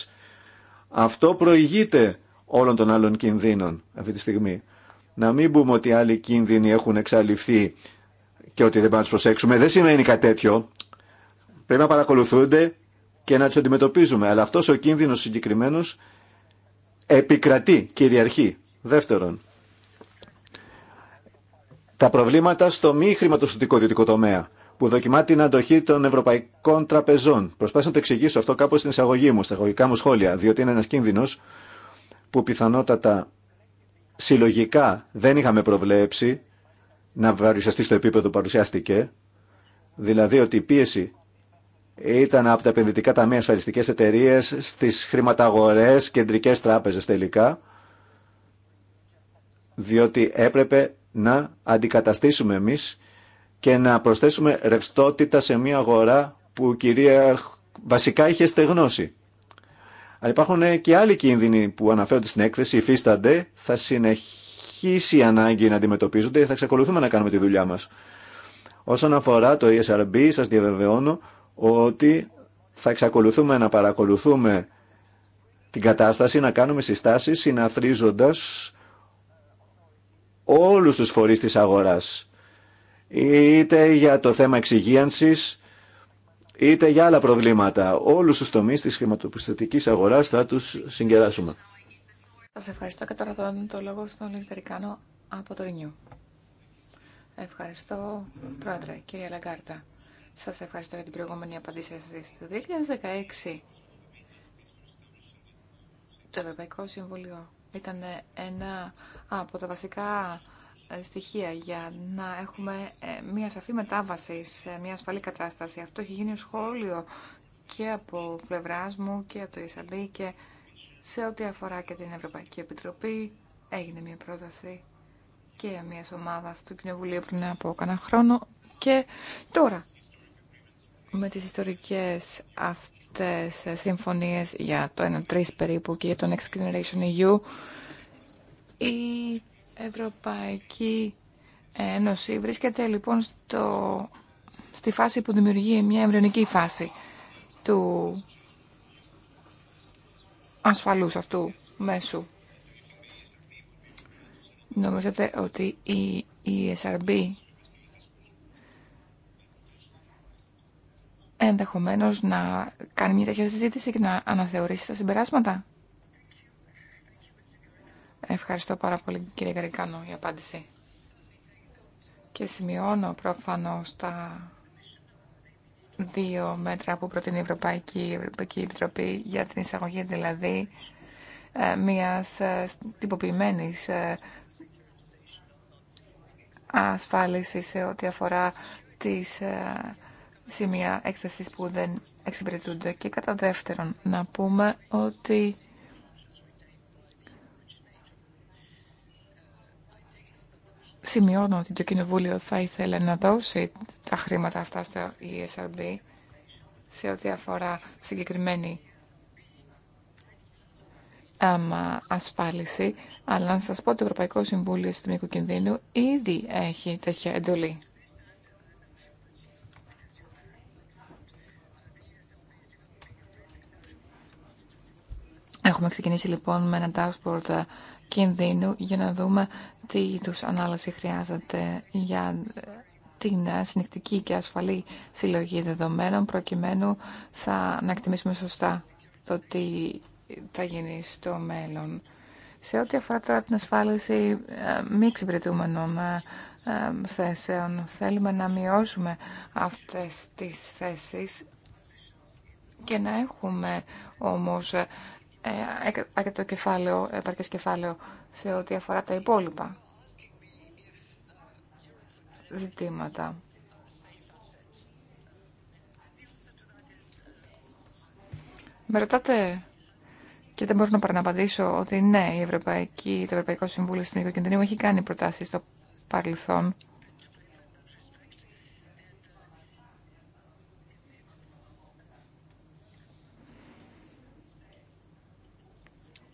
Αυτό προηγείται όλων των άλλων κινδύνων αυτή τη στιγμή. Να μην πούμε ότι άλλοι κίνδυνοι έχουν εξαλειφθεί και ότι δεν πρέπει να του προσέξουμε. Δεν σημαίνει κάτι τέτοιο. Πρέπει να παρακολουθούνται και να του αντιμετωπίζουμε. Αλλά αυτό ο κίνδυνο συγκεκριμένο επικρατεί, κυριαρχεί. Δεύτερον, τα προβλήματα στο μη χρηματοστοτικό ιδιωτικό τομέα που δοκιμά την αντοχή των ευρωπαϊκών τραπεζών. Προσπάθησα να το εξηγήσω αυτό κάπως στην εισαγωγή μου, στα εισαγωγικά μου σχόλια, διότι είναι ένας κίνδυνος που πιθανότατα συλλογικά δεν είχαμε προβλέψει να παρουσιαστεί στο επίπεδο που παρουσιάστηκε, δηλαδή ότι η πίεση ήταν από τα επενδυτικά ταμεία ασφαλιστικές εταιρείε στις χρηματαγορές, κεντρικές τράπεζες τελικά, διότι έπρεπε να αντικαταστήσουμε εμείς και να προσθέσουμε ρευστότητα σε μια αγορά που κυρία βασικά είχε στεγνώσει. Αλλά υπάρχουν και άλλοι κίνδυνοι που αναφέρονται στην έκθεση, υφίστανται, θα συνεχίσει η ανάγκη να αντιμετωπίζονται και θα εξακολουθούμε να κάνουμε τη δουλειά μας. Όσον αφορά το ESRB, σας διαβεβαιώνω ότι θα εξακολουθούμε να παρακολουθούμε την κατάσταση, να κάνουμε συστάσεις συναθρίζοντας όλους τους φορείς της αγοράς. Είτε για το θέμα εξυγίανσης, είτε για άλλα προβλήματα. Όλους τους τομείς της χρηματοπιστωτικής αγοράς θα τους συγκεράσουμε. Σας ευχαριστώ και τώρα το λόγο στον Λιγκαρικάνο από το Ρινιού. Ευχαριστώ, Πρόεδρε, κύριε Λαγκάρτα. Σας ευχαριστώ για την προηγούμενη απαντήση σας. Το 2016 το Ευρωπαϊκό Συμβούλιο ήταν ένα από τα βασικά ε, στοιχεία για να έχουμε ε, μια σαφή μετάβαση σε μια ασφαλή κατάσταση. Αυτό έχει γίνει σχόλιο και από πλευρά μου και από το ESB και σε ό,τι αφορά και την Ευρωπαϊκή Επιτροπή έγινε μια πρόταση και μια ομάδα του Κοινοβουλίου πριν από κανένα χρόνο και τώρα με τις ιστορικές αυτές συμφωνίες για το 1-3 περίπου και για το Next Generation EU, η Ευρωπαϊκή Ένωση βρίσκεται λοιπόν στο, στη φάση που δημιουργεί μια εμβριονική φάση του ασφαλούς αυτού μέσου. Νομίζετε ότι η ESRB Ενδεχομένω να κάνει μια τέτοια συζήτηση και να αναθεωρήσει τα συμπεράσματα. Ευχαριστώ πάρα πολύ κύριε Γαρικάνο για απάντηση. Και σημειώνω προφανώς τα δύο μέτρα που προτείνει η Ευρωπαϊκή, Ευρωπαϊκή Επιτροπή για την εισαγωγή δηλαδή ε, μιας ε, τυποποιημένης ε, ασφάλισης σε ό,τι αφορά τις σημεία έκθεσης που δεν εξυπηρετούνται και κατά δεύτερον να πούμε ότι σημειώνω ότι το Κοινοβούλιο θα ήθελε να δώσει τα χρήματα αυτά στο ESRB σε ό,τι αφορά συγκεκριμένη άμα ασφάλιση, αλλά να σας πω ότι το Ευρωπαϊκό Συμβούλιο Συστημικού Κινδύνου ήδη έχει τέτοια εντολή. Έχουμε ξεκινήσει λοιπόν με ένα dashboard κινδύνου για να δούμε τι είδου ανάλυση χρειάζεται για την συνεκτική και ασφαλή συλλογή δεδομένων προκειμένου θα να εκτιμήσουμε σωστά το τι θα γίνει στο μέλλον. Σε ό,τι αφορά τώρα την ασφάλιση ε, μη εξυπηρετούμενων ε, ε, θέσεων, θέλουμε να μειώσουμε αυτές τις θέσεις και να έχουμε όμως ε, αρκετό κεφάλαιο, επαρκές κεφάλαιο σε ό,τι αφορά τα υπόλοιπα ζητήματα. Με ρωτάτε και δεν μπορώ να παραναπαντήσω ότι ναι, η Ευρωπαϊκή, το Ευρωπαϊκό Συμβούλιο στην Κινδυνίου έχει κάνει προτάσεις στο παρελθόν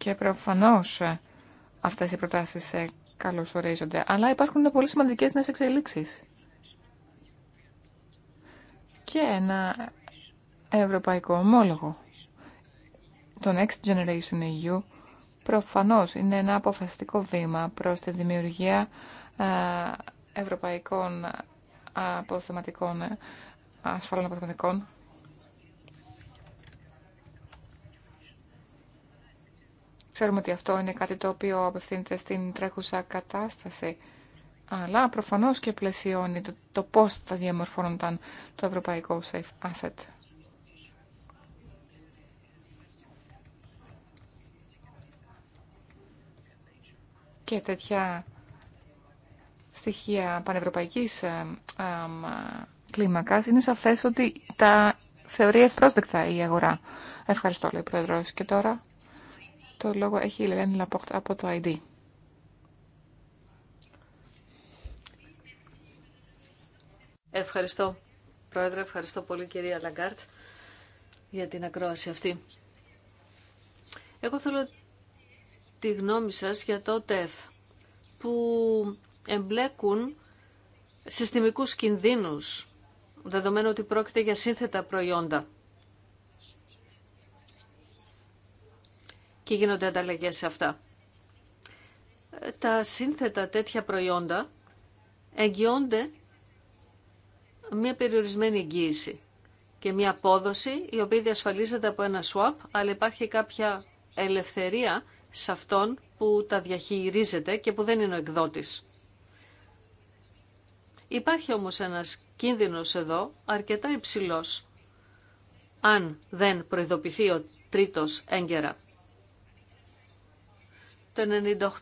και προφανώ ε, αυτέ οι προτάσει ε, καλωσορίζονται. Αλλά υπάρχουν πολύ σημαντικέ νέε εξελίξει. Και ένα ευρωπαϊκό ομόλογο. Το Next Generation EU ε προφανώς είναι ένα αποφασιστικό βήμα προς τη δημιουργία ευρωπαϊκών αποθεματικών, ασφαλών αποθεματικών Ξέρουμε ότι αυτό είναι κάτι το οποίο απευθύνεται στην τρέχουσα κατάσταση, αλλά προφανώς και πλαισιώνει το, το πώς θα διαμορφώνονταν το ευρωπαϊκό safe asset. Και τέτοια στοιχεία πανευρωπαϊκής ε, ε, ε, κλίμακας είναι σαφές ότι τα θεωρεί ευπρόσδεκτα η αγορά. Ευχαριστώ, λέει ο Πρόεδρος. Και τώρα το λόγο έχει η Λελένη Λαπόχτ από το ID. Ευχαριστώ, Πρόεδρε. Ευχαριστώ πολύ, κυρία Λαγκάρτ, για την ακρόαση αυτή. Εγώ θέλω τη γνώμη σας για το ΤΕΦ, που εμπλέκουν συστημικούς κινδύνους, δεδομένου ότι πρόκειται για σύνθετα προϊόντα. και γίνονται ανταλλαγές σε αυτά. Τα σύνθετα τέτοια προϊόντα εγγυώνται μια περιορισμένη εγγύηση και μια απόδοση η οποία διασφαλίζεται από ένα swap, αλλά υπάρχει κάποια ελευθερία σε αυτόν που τα διαχειρίζεται και που δεν είναι ο εκδότης. Υπάρχει όμως ένας κίνδυνος εδώ αρκετά υψηλός, αν δεν προειδοποιηθεί ο τρίτος έγκαιρα.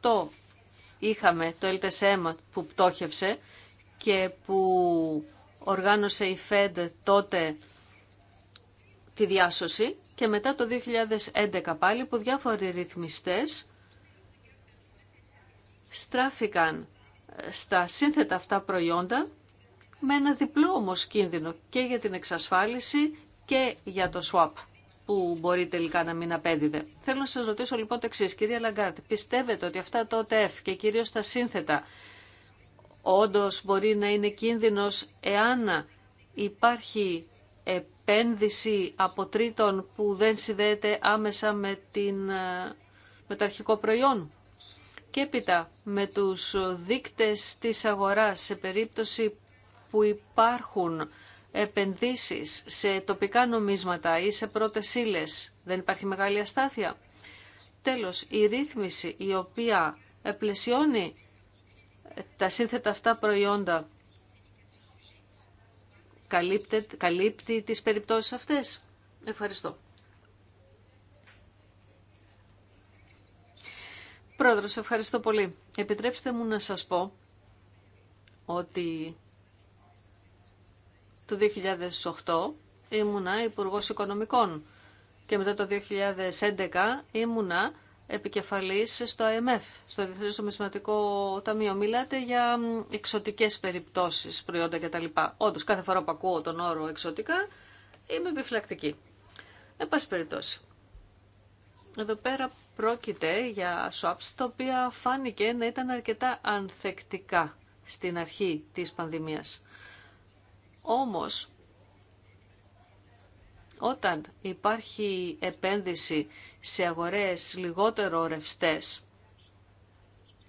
Το 98 είχαμε το LTSM που πτώχευσε και που οργάνωσε η Fed τότε τη διάσωση και μετά το 2011 πάλι που διάφοροι ρυθμιστές στράφηκαν ε, στα σύνθετα αυτά προϊόντα με ένα διπλό όμως κίνδυνο και για την εξασφάλιση και για το swap που μπορεί τελικά να μην απέδιδε. Θέλω να σας ρωτήσω λοιπόν το εξή, κυρία Λαγκάρτ, πιστεύετε ότι αυτά το ΟΤΕΦ και κυρίως τα σύνθετα όντω μπορεί να είναι κίνδυνος εάν υπάρχει επένδυση από τρίτων που δεν συνδέεται άμεσα με, την, με το αρχικό προϊόν. Και έπειτα με τους δείκτες της αγοράς σε περίπτωση που υπάρχουν επενδύσεις σε τοπικά νομίσματα ή σε πρώτες ύλες. Δεν υπάρχει μεγάλη αστάθεια. Τέλος, η ρύθμιση η οποία επλαισιώνει τα σύνθετα αυτά προϊόντα καλύπτε, καλύπτει τις περιπτώσεις αυτές. Ευχαριστώ. Πρόεδρος, ευχαριστώ πολύ. Επιτρέψτε μου να σας πω ότι το 2008 ήμουνα υπουργό Οικονομικών και μετά το 2011 ήμουνα επικεφαλής στο IMF, στο Διεθνές Νομισματικό Ταμείο. Μιλάτε για εξωτικές περιπτώσεις, προϊόντα κτλ. Όντως, κάθε φορά που ακούω τον όρο εξωτικά, είμαι επιφυλακτική. Εν πάση περιπτώσει. Εδώ πέρα πρόκειται για swaps, τα οποία φάνηκε να ήταν αρκετά ανθεκτικά στην αρχή της πανδημίας. Όμως, όταν υπάρχει επένδυση σε αγορές λιγότερο ρευστές,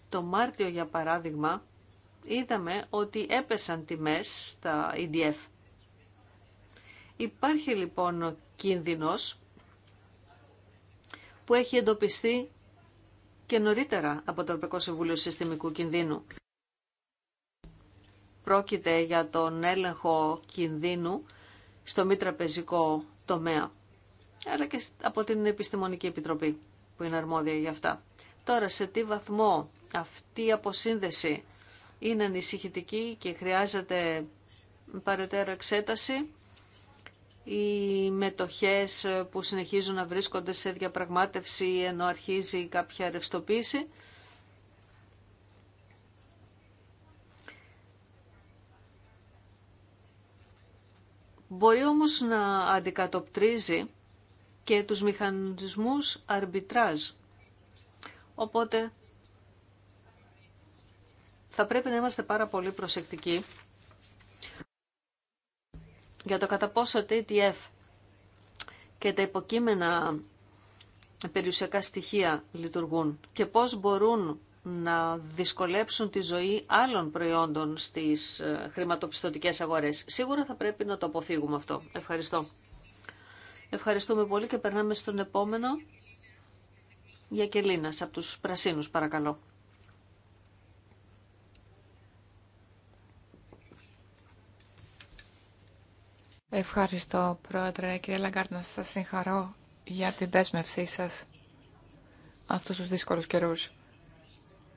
το Μάρτιο για παράδειγμα, είδαμε ότι έπεσαν τιμές στα EDF. Υπάρχει λοιπόν ο κίνδυνος που έχει εντοπιστεί και νωρίτερα από το Ευρωπαϊκό Συμβούλιο Συστημικού Κινδύνου. Πρόκειται για τον έλεγχο κινδύνου στο μη τραπεζικό τομέα, αλλά και από την Επιστημονική Επιτροπή που είναι αρμόδια για αυτά. Τώρα, σε τι βαθμό αυτή η αποσύνδεση είναι ανησυχητική και χρειάζεται παρετέρω εξέταση, οι μετοχές που συνεχίζουν να βρίσκονται σε διαπραγμάτευση ενώ αρχίζει κάποια ρευστοποίηση Μπορεί όμως να αντικατοπτρίζει και τους μηχανισμούς αρμπιτράζ. Οπότε θα πρέπει να είμαστε πάρα πολύ προσεκτικοί για το κατά πόσο TTF ε και τα υποκείμενα περιουσιακά στοιχεία λειτουργούν και πώς μπορούν να δυσκολέψουν τη ζωή άλλων προϊόντων στις ε, χρηματοπιστωτικές αγορές. Σίγουρα θα πρέπει να το αποφύγουμε αυτό. Ευχαριστώ. Ευχαριστούμε πολύ και περνάμε στον επόμενο. Για Κελίνας, από τους Πρασίνους, παρακαλώ. Ευχαριστώ, Πρόεδρε. Κύριε Λαγκάρτ, να σας συγχαρώ για την δέσμευσή σας αυτούς τους δύσκολους καιρούς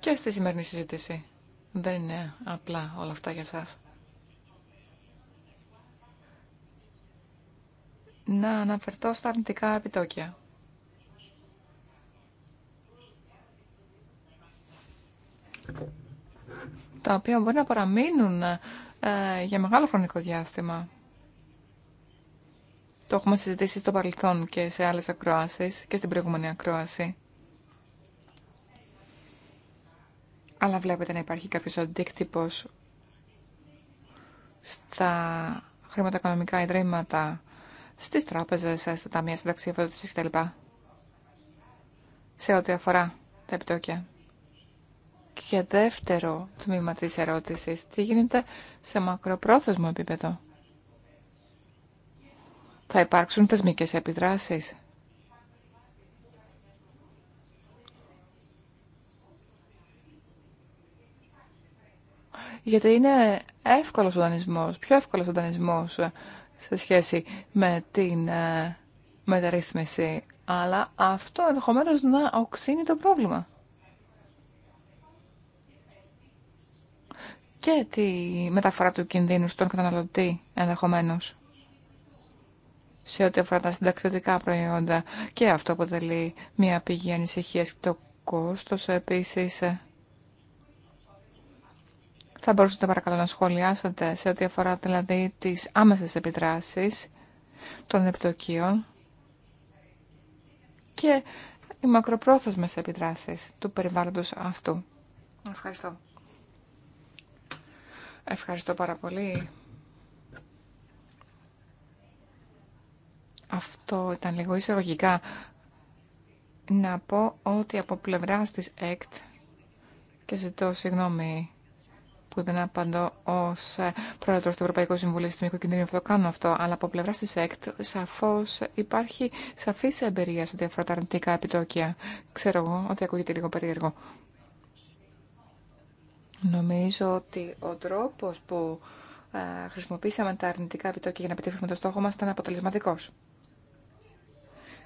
και στη σημερινή συζήτηση. Δεν είναι απλά όλα αυτά για σας. Να αναφερθώ στα αρνητικά επιτόκια. Τα οποία μπορεί να παραμείνουν ε, για μεγάλο χρονικό διάστημα. Το έχουμε συζητήσει στο παρελθόν και σε άλλες ακροάσεις και στην προηγούμενη ακροάση. αλλά βλέπετε να υπάρχει κάποιος αντίκτυπος στα χρηματοοικονομικά ιδρύματα, στις τράπεζες, στα ταμεία συνταξιευότητας κτλ. Σε ό,τι αφορά τα επιτόκια. Και δεύτερο τμήμα της ερώτησης, τι γίνεται σε μακροπρόθεσμο επίπεδο. Θα υπάρξουν θεσμικές επιδράσεις γιατί είναι εύκολος ο δανεισμός, πιο εύκολος ο δανεισμός ε, σε σχέση με την ε, μεταρρύθμιση. Αλλά αυτό ενδεχομένω να οξύνει το πρόβλημα. Και τη μεταφορά του κινδύνου στον καταναλωτή ενδεχομένω σε ό,τι αφορά τα συνταξιωτικά προϊόντα. Και αυτό αποτελεί μια πηγή ανησυχίας. Το κόστος επίσης ε, θα μπορούσατε παρακαλώ να σχολιάσετε σε ό,τι αφορά δηλαδή τις άμεσες επιδράσεις των επιτοκίων και οι μακροπρόθεσμες επιδράσεις του περιβάλλοντος αυτού. Ευχαριστώ. Ευχαριστώ πάρα πολύ. Αυτό ήταν λίγο εισαγωγικά. Να πω ότι από πλευράς της ΕΚΤ και ζητώ συγγνώμη που δεν απαντώ ω ε, πρόεδρο του Ευρωπαϊκού Συμβουλίου Συστημικού Κινδύνου το κάνω αυτό, αλλά από πλευρά τη ΕΚΤ σαφώ υπάρχει σαφή εμπειρία σε ό,τι αφορά τα αρνητικά επιτόκια. Ξέρω εγώ ότι ακούγεται λίγο περίεργο. Νομίζω ότι ο τρόπο που ε, χρησιμοποίησαμε τα αρνητικά επιτόκια για να πετύχουμε το στόχο μα ήταν αποτελεσματικό.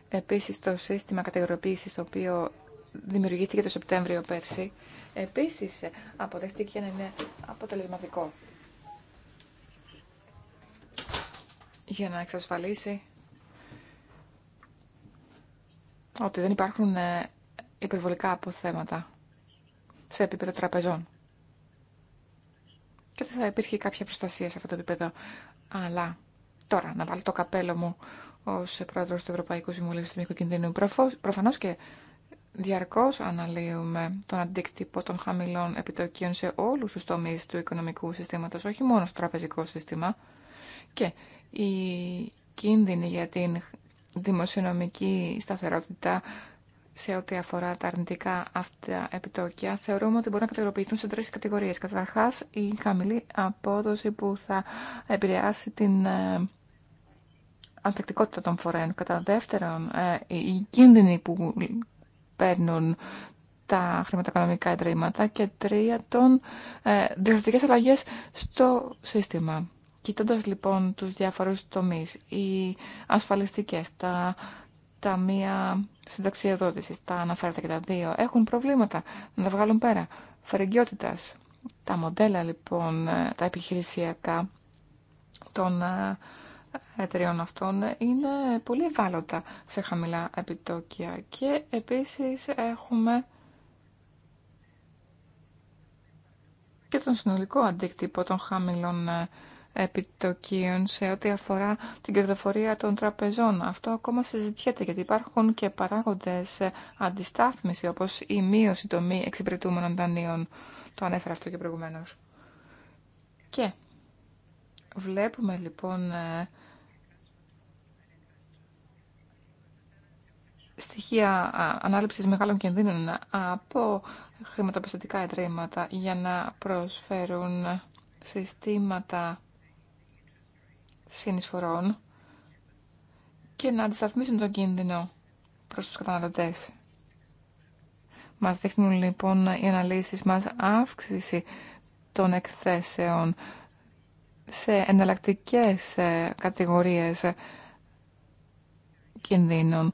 Επίση, το σύστημα κατηγοροποίησης το οποίο δημιουργήθηκε το Σεπτέμβριο πέρσι, επίσης ε, αποδέχτηκε να είναι αποτελεσματικό για να εξασφαλίσει ότι δεν υπάρχουν ε, υπερβολικά αποθέματα σε επίπεδο τραπεζών και ότι θα υπήρχε κάποια προστασία σε αυτό το επίπεδο. Αλλά τώρα να βάλω το καπέλο μου ως πρόεδρος του Ευρωπαϊκού Συμβουλίου Συστημικού Κινδύνου προφανώς και Διαρκώς αναλύουμε τον αντίκτυπο των χαμηλών επιτοκίων σε όλους τους τομείς του οικονομικού συστήματος, όχι μόνο στο τραπεζικό σύστημα. Και η κίνδυνη για την δημοσιονομική σταθερότητα σε ό,τι αφορά τα αρνητικά αυτά επιτόκια, θεωρούμε ότι μπορούν να κατηγοροποιηθούν σε τρεις κατηγορίες. Καταρχάς, η χαμηλή απόδοση που θα επηρεάσει την ε, ανθεκτικότητα των φορέων. Κατά δεύτερον, η ε, κίνδυνη που παίρνουν τα χρηματοοικονομικά ιδρύματα και τρία των ε, διευθυντικές αλλαγές στο σύστημα. Κοιτώντα λοιπόν τους διάφορους τομείς, οι ασφαλιστικές, τα μία συνταξιοδότηση, τα αναφέρατε και τα δύο, έχουν προβλήματα να τα βγάλουν πέρα. Φερεγγιότητας, τα μοντέλα λοιπόν, ε, τα επιχειρησιακά των ε, εταιρεών αυτών είναι πολύ ευάλωτα σε χαμηλά επιτόκια και επίσης έχουμε και τον συνολικό αντίκτυπο των χαμηλών ε, επιτοκίων σε ό,τι αφορά την κερδοφορία των τραπεζών. Αυτό ακόμα συζητιέται γιατί υπάρχουν και παράγοντες ε, αντιστάθμιση όπως η μείωση των μη εξυπηρετούμενων δανείων. Το ανέφερα αυτό και προηγουμένως. Και βλέπουμε λοιπόν ε, στοιχεία ανάληψης μεγάλων κινδύνων από χρηματοπιστωτικά εντρέματα για να προσφέρουν συστήματα συνεισφορών και να αντισταθμίσουν τον κίνδυνο προς τους καταναλωτές. Μας δείχνουν λοιπόν οι αναλύσεις μας αύξηση των εκθέσεων σε εναλλακτικές ε, κατηγορίες κινδύνων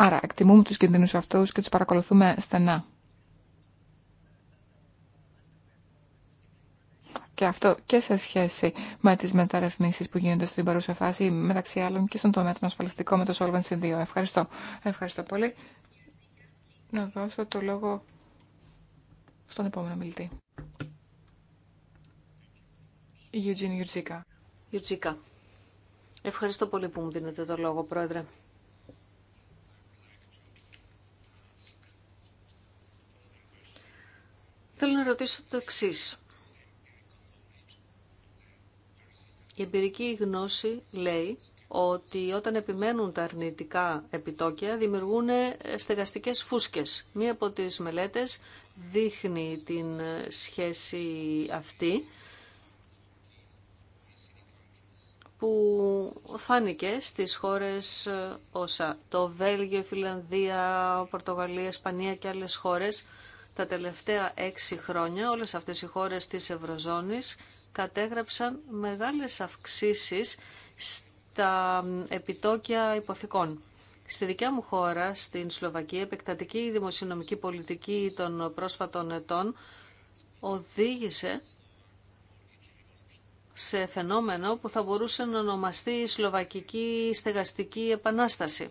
Άρα εκτιμούμε τους κινδύνους αυτούς και τους παρακολουθούμε στενά. Και αυτό και σε σχέση με τις μεταρρυθμίσεις που γίνονται στην παρούσα φάση, μεταξύ άλλων και στον τομέα των ασφαλιστικών με το Solvency 2. Ευχαριστώ. Ευχαριστώ πολύ. Να δώσω το λόγο στον επόμενο μιλητή. Eugene Ευχαριστώ πολύ που μου δίνετε το λόγο, Πρόεδρε. Θέλω να ρωτήσω το εξή. Η εμπειρική γνώση λέει ότι όταν επιμένουν τα αρνητικά επιτόκια δημιουργούν στεγαστικές φούσκες. Μία από τις μελέτες δείχνει την σχέση αυτή που φάνηκε στις χώρες όσα το Βέλγιο, Φιλανδία, Πορτογαλία, Ισπανία και άλλες χώρες τα τελευταία έξι χρόνια όλες αυτές οι χώρες της Ευρωζώνης κατέγραψαν μεγάλες αυξήσεις στα επιτόκια υποθηκών. Στη δικιά μου χώρα, στην Σλοβακία, η επεκτατική δημοσιονομική πολιτική των πρόσφατων ετών οδήγησε σε φαινόμενο που θα μπορούσε να ονομαστεί η Σλοβακική Στεγαστική Επανάσταση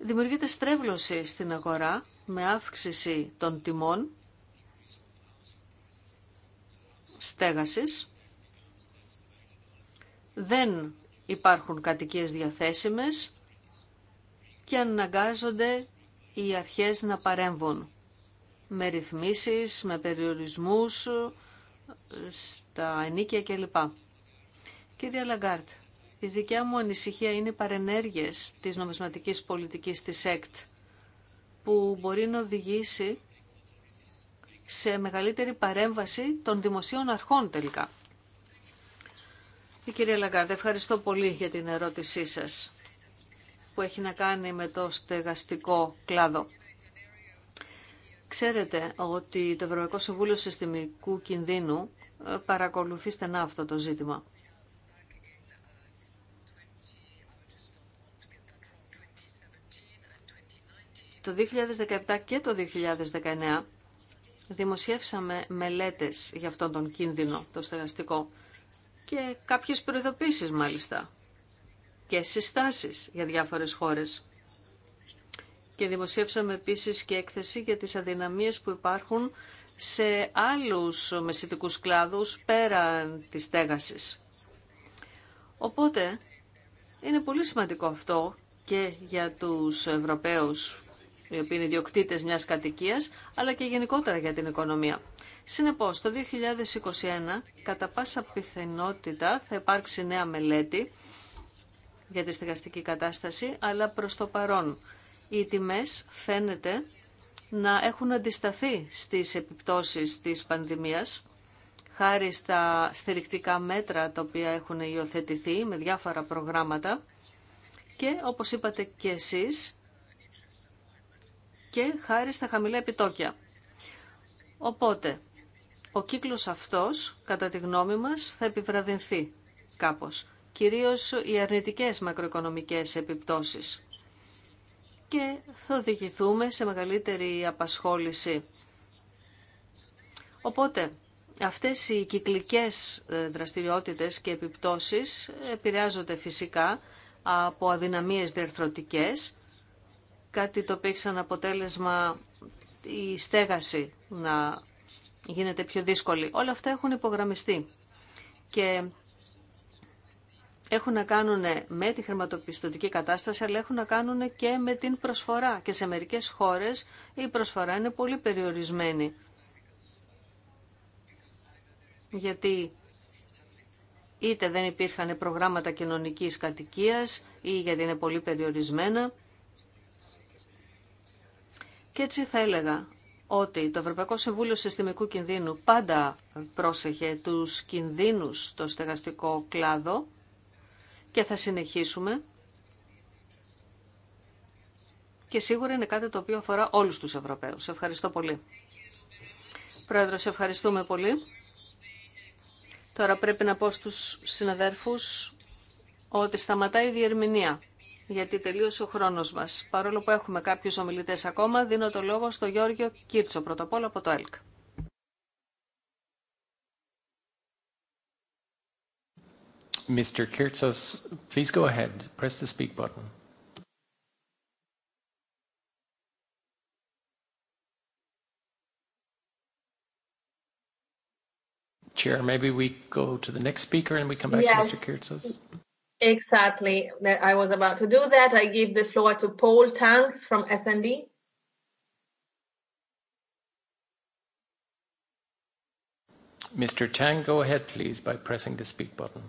δημιουργείται στρέβλωση στην αγορά με αύξηση των τιμών στέγασης. Δεν υπάρχουν κατοικίες διαθέσιμες και αναγκάζονται οι αρχές να παρέμβουν με ρυθμίσεις, με περιορισμούς ε, στα ενίκια κλπ. Κύριε Λαγκάρτ, η δικιά μου ανησυχία είναι οι παρενέργειες της νομισματικής πολιτικής της ΕΚΤ που μπορεί να οδηγήσει σε μεγαλύτερη παρέμβαση των δημοσίων αρχών τελικά. Η κυρία Λαγκάρντα, ευχαριστώ πολύ για την ερώτησή σας που έχει να κάνει με το στεγαστικό κλάδο. Ξέρετε ότι το Ευρωπαϊκό Συμβούλιο Συστημικού Κινδύνου ε, παρακολουθεί στενά αυτό το ζήτημα. Το 2017 και το 2019 δημοσιεύσαμε μελέτες για αυτόν τον κίνδυνο, το στεγαστικό, και κάποιες προειδοποίησεις μάλιστα και συστάσεις για διάφορες χώρες. Και δημοσιεύσαμε επίσης και έκθεση για τις αδυναμίες που υπάρχουν σε άλλους μεσητικούς κλάδους πέρα της στέγασης. Οπότε είναι πολύ σημαντικό αυτό και για τους Ευρωπαίους οι οποίοι είναι ιδιοκτήτε μια κατοικία, αλλά και γενικότερα για την οικονομία. Συνεπώ, το 2021, κατά πάσα πιθανότητα, θα υπάρξει νέα μελέτη για τη στεγαστική κατάσταση, αλλά προς το παρόν οι τιμές φαίνεται να έχουν αντισταθεί στις επιπτώσεις της πανδημίας χάρη στα στηρικτικά μέτρα τα οποία έχουν υιοθετηθεί με διάφορα προγράμματα και όπως είπατε και εσείς και χάρη στα χαμηλά επιτόκια. Οπότε, ο κύκλος αυτός, κατά τη γνώμη μας, θα επιβραδυνθεί κάπως. Κυρίως οι αρνητικές μακροοικονομικές επιπτώσεις. Και θα οδηγηθούμε σε μεγαλύτερη απασχόληση. Οπότε, αυτές οι κυκλικές ε, δραστηριότητες και επιπτώσεις επηρεάζονται φυσικά από αδυναμίες διερθρωτικές κάτι το οποίο έχει σαν αποτέλεσμα η στέγαση να γίνεται πιο δύσκολη. Όλα αυτά έχουν υπογραμμιστεί και έχουν να κάνουν με τη χρηματοπιστωτική κατάσταση, αλλά έχουν να κάνουν και με την προσφορά. Και σε μερικές χώρες η προσφορά είναι πολύ περιορισμένη. Γιατί είτε δεν υπήρχαν προγράμματα κοινωνικής κατοικίας ή γιατί είναι πολύ περιορισμένα και έτσι θα έλεγα ότι το Ευρωπαϊκό Συμβούλιο Συστημικού Κινδύνου πάντα πρόσεχε τους κινδύνους στο στεγαστικό κλάδο και θα συνεχίσουμε. Και σίγουρα είναι κάτι το οποίο αφορά όλους τους Ευρωπαίους. Ευχαριστώ πολύ. σε ευχαριστούμε πολύ. Τώρα πρέπει να πω στους συναδέρφους ότι σταματάει η διερμηνία γιατί τελείωσε ο χρόνος μας. Παρόλο που έχουμε κάποιους ομιλητές ακόμα, δίνω το λόγο στο Γιώργιο Κίρτσο, πρώτα απ' όλα από το ΕΛΚ. Mr. Kyrtsos, please go ahead. Press the speak button. Chair, maybe we go to the next speaker and we come back yes. to Mr. Kyrtsos. Exactly. I was about to do that. I give the floor to Paul Tang from SMB. Mr. Tang, go ahead, please, by pressing the speak button.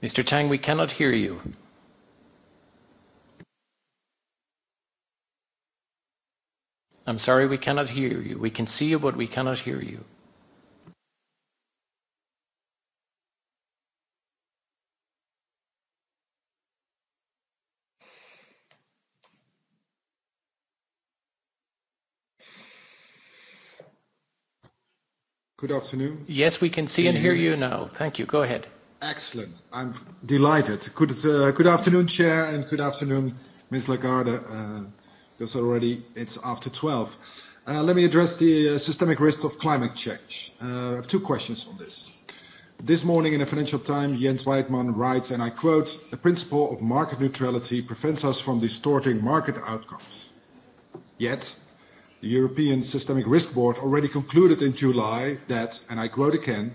Mr. Tang, we cannot hear you. I'm sorry we cannot hear you. We can see you, but we cannot hear you. Good afternoon. Yes, we can see and hear you now. Thank you. Go ahead. Excellent. I'm delighted. Good, afternoon, Chair, and good afternoon, Ms. Lagarde because already it's after 12. Let me address the systemic risk of climate change. I have two questions on this. This morning in the Financial Times, Jens Weidmann writes, and I quote, "The principle of market neutrality prevents us from distorting market outcomes." Yet, the European Systemic Risk Board already concluded in July that, and I quote again,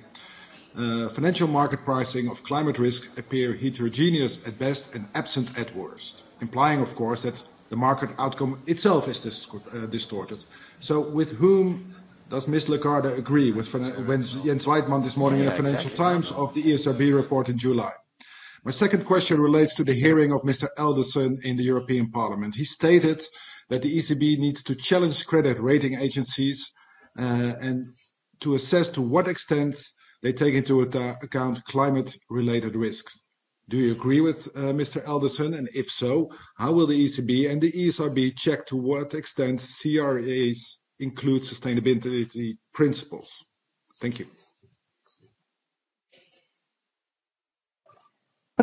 "Financial market pricing of climate risk appear heterogeneous at best and absent at worst," implying, of course, that the market outcome itself is distorted. So with whom does Ms. Lagarde agree with when Jens Weidmann this morning in the Financial Times of the ESRB report in July? My second question relates to the hearing of Mr. Elderson in the European Parliament. He stated that the ECB needs to challenge credit rating agencies and to assess to what extent they take into account climate-related risks. Do you agree with uh, Mr. Alderson? And if so, how will the ECB and the ESRB check to what extent CRAs include sustainability principles? Thank you.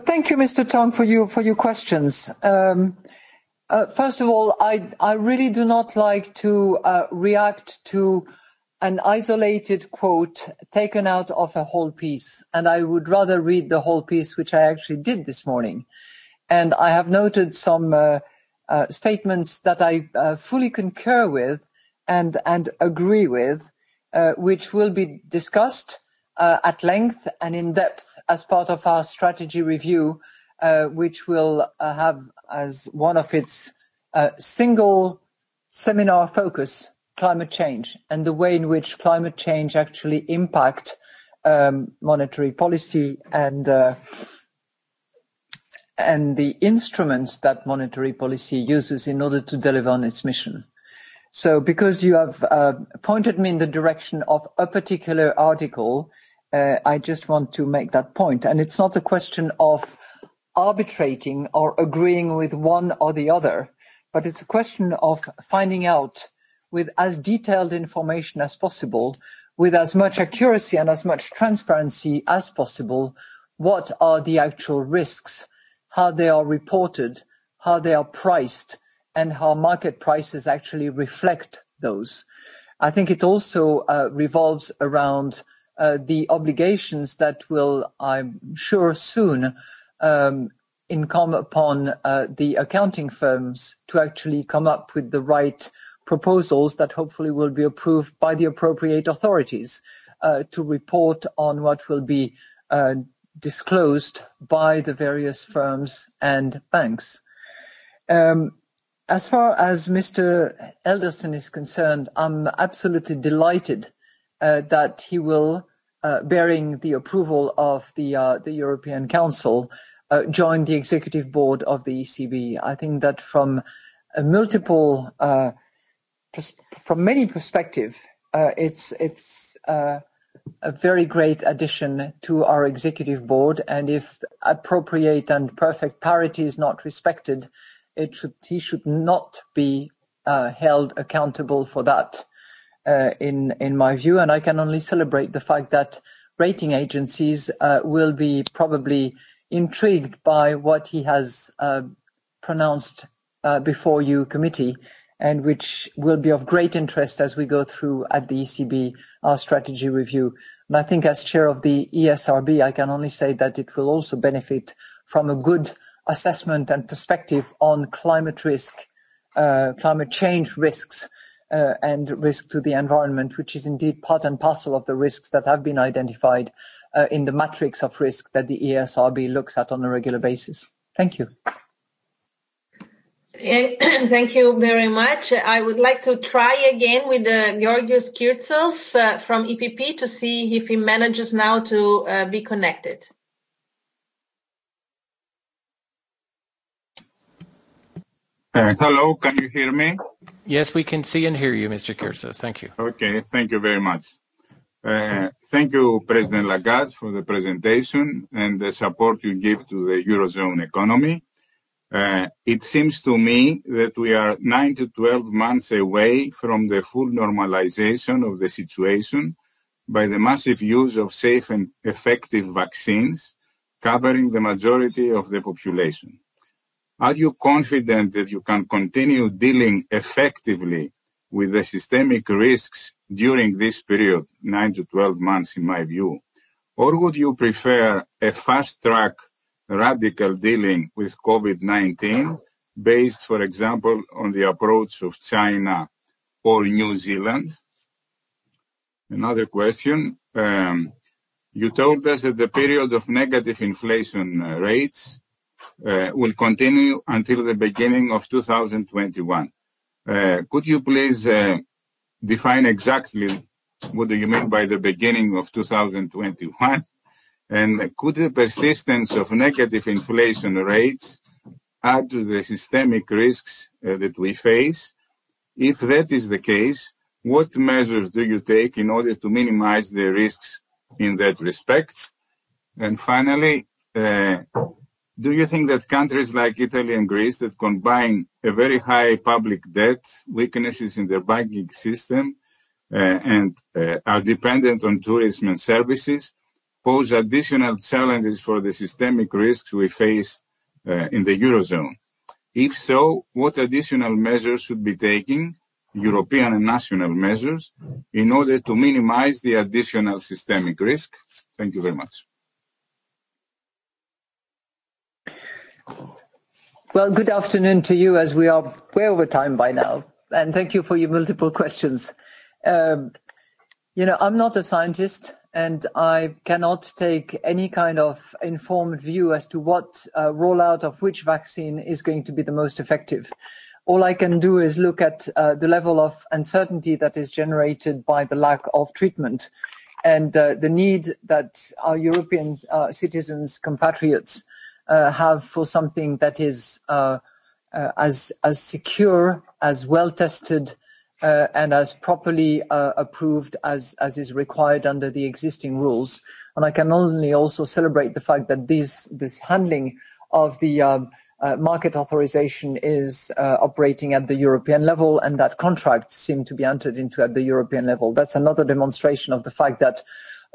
Thank you, Mr. Tong, for your for your questions. Um, first of all, I I really do not like to uh, react to an isolated quote taken out of a whole piece, and I would rather read the whole piece, which I actually did this morning. And I have noted some statements that I fully concur with and and agree with, which will be discussed at length and in depth as part of our strategy review, which will have as one of its single seminar focus climate change and the way in which climate change actually impact um, monetary policy and uh, and the instruments that monetary policy uses in order to deliver on its mission. So because you have uh, pointed me in the direction of a particular article, uh, I just want to make that point. And it's not a question of arbitrating or agreeing with one or the other, but it's a question of finding out with as detailed information as possible, with as much accuracy and as much transparency as possible, what are the actual risks, how they are reported, how they are priced, and how market prices actually reflect those. I think it also revolves around the obligations that will, I'm sure, soon income upon the accounting firms to actually come up with the right proposals that hopefully will be approved by the appropriate authorities to report on what will be disclosed by the various firms and banks. As far as Mr. Elderson is concerned, I'm absolutely delighted that he will, bearing the approval of the European Council, join the Executive Board of the ECB. I think that from multiple from many perspectives, it's it's a very great addition to our executive board. And if appropriate and perfect parity is not respected, it should he should not be held accountable for that, in in my view. And I can only celebrate the fact that rating agencies will be probably intrigued by what he has pronounced before you committee and which will be of great interest as we go through at the ECB our strategy review. And I think as chair of the ESRB, I can only say that it will also benefit from a good assessment and perspective on climate risk, climate change risks, and risk to the environment, which is indeed part and parcel of the risks that have been identified in the matrix of risk that the ESRB looks at on a regular basis. Thank you. Thank you very much. I would like to try again with uh, Georgios Kyrtsos uh, from EPP to see if he manages now to uh, be connected. Uh, hello, can you hear me? Yes, we can see and hear you, Mr. Kyrtsos. Thank you. Okay, thank you very much. Uh, thank you, President Lagarde, for the presentation and the support you give to the Eurozone economy. It seems to me that we are nine to 12 months away from the full normalization of the situation by the massive use of safe and effective vaccines covering the majority of the population. Are you confident that you can continue dealing effectively with the systemic risks during this period, nine to 12 months in my view, or would you prefer a fast track radical dealing with COVID-19 based, for example, on the approach of China or New Zealand? Another question. You told us that the period of negative inflation rates will continue until the beginning of 2021. Could you please define exactly what do you mean by the beginning of 2021 And Could the persistence of negative inflation rates add to the systemic risks that we face? If that is the case, what measures do you take in order to minimize the risks in that respect? And Finally, do you think that countries like Italy and Greece that combine a very high public debt, weaknesses in their banking system, and are dependent on tourism and services, pose additional challenges for the systemic risks we face in the Eurozone? If so, what additional measures should be taken, European and national measures, in order to minimize the additional systemic risk? Thank you very much. Well, good afternoon to you, as we are way over time by now, and thank you for your multiple questions. You know, I'm not a scientist and I cannot take any kind of informed view as to what uh, rollout of which vaccine is going to be the most effective. All I can do is look at the level of uncertainty that is generated by the lack of treatment and the need that our European citizens, compatriots, have for something that is as, as secure, as well tested, and as properly approved as as is required under the existing rules. And I can only also celebrate the fact that this this handling of the market authorization is operating at the European level and that contracts seem to be entered into at the European level. That's another demonstration of the fact that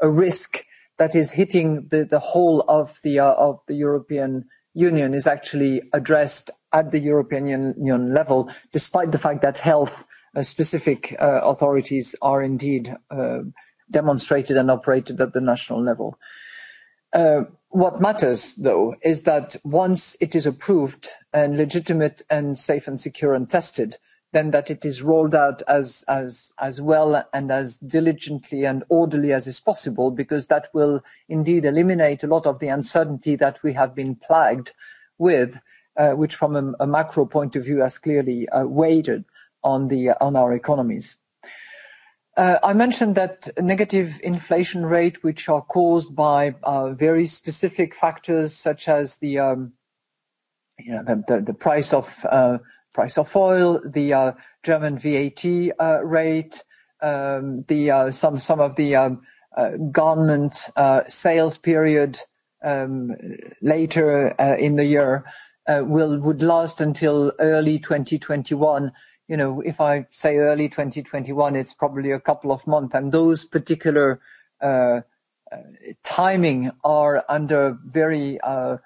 a risk that is hitting the the whole of the of the European Union is actually addressed at the European Union level, despite the fact that health specific authorities are indeed demonstrated and operated at the national level. What matters, though, is that once it is approved and legitimate and safe and secure and tested, then that it is rolled out as as as well and as diligently and orderly as is possible, because that will indeed eliminate a lot of the uncertainty that we have been plagued with, which from a macro point of view has clearly weighted on our economies. I mentioned that negative inflation rate, which are caused by very specific factors such as the you know the price of price of oil, the German VAT rate, the some some of the government sales period later in the year will would last until early 2021 you know, if I say early 2021, it's probably a couple of months. And those particular uh, timing are under very uh,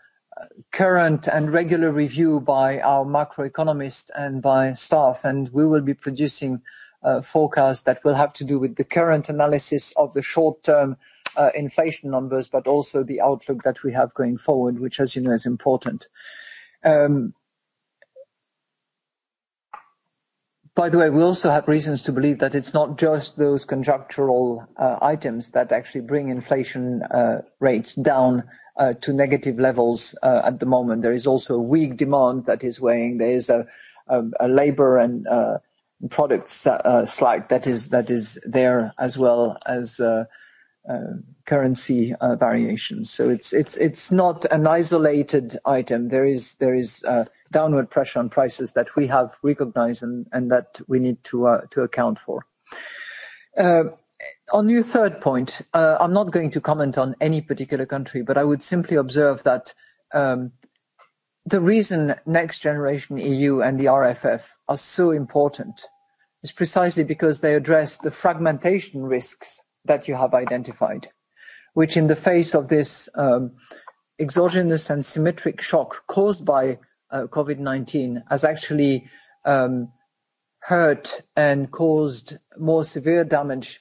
current and regular review by our macroeconomist and by staff. And we will be producing uh, forecasts that will have to do with the current analysis of the short-term uh, inflation numbers, but also the outlook that we have going forward, which, as you know, is important. Um, By the way, we also have reasons to believe that it's not just those conjunctural items that actually bring inflation rates down to negative levels at the moment. There is also a weak demand that is weighing. There is a labor and products slack that is that is there as well as currency variations. So it's it's it's not an isolated item. There is there is downward pressure on prices that we have recognized and that we need to account for. On your third point, I'm not going to comment on any particular country, but I would simply observe that the reason Next Generation EU and the RFF are so important is precisely because they address the fragmentation risks that you have identified, which in the face of this exogenous and symmetric shock caused by COVID-19 has actually hurt and caused more severe damage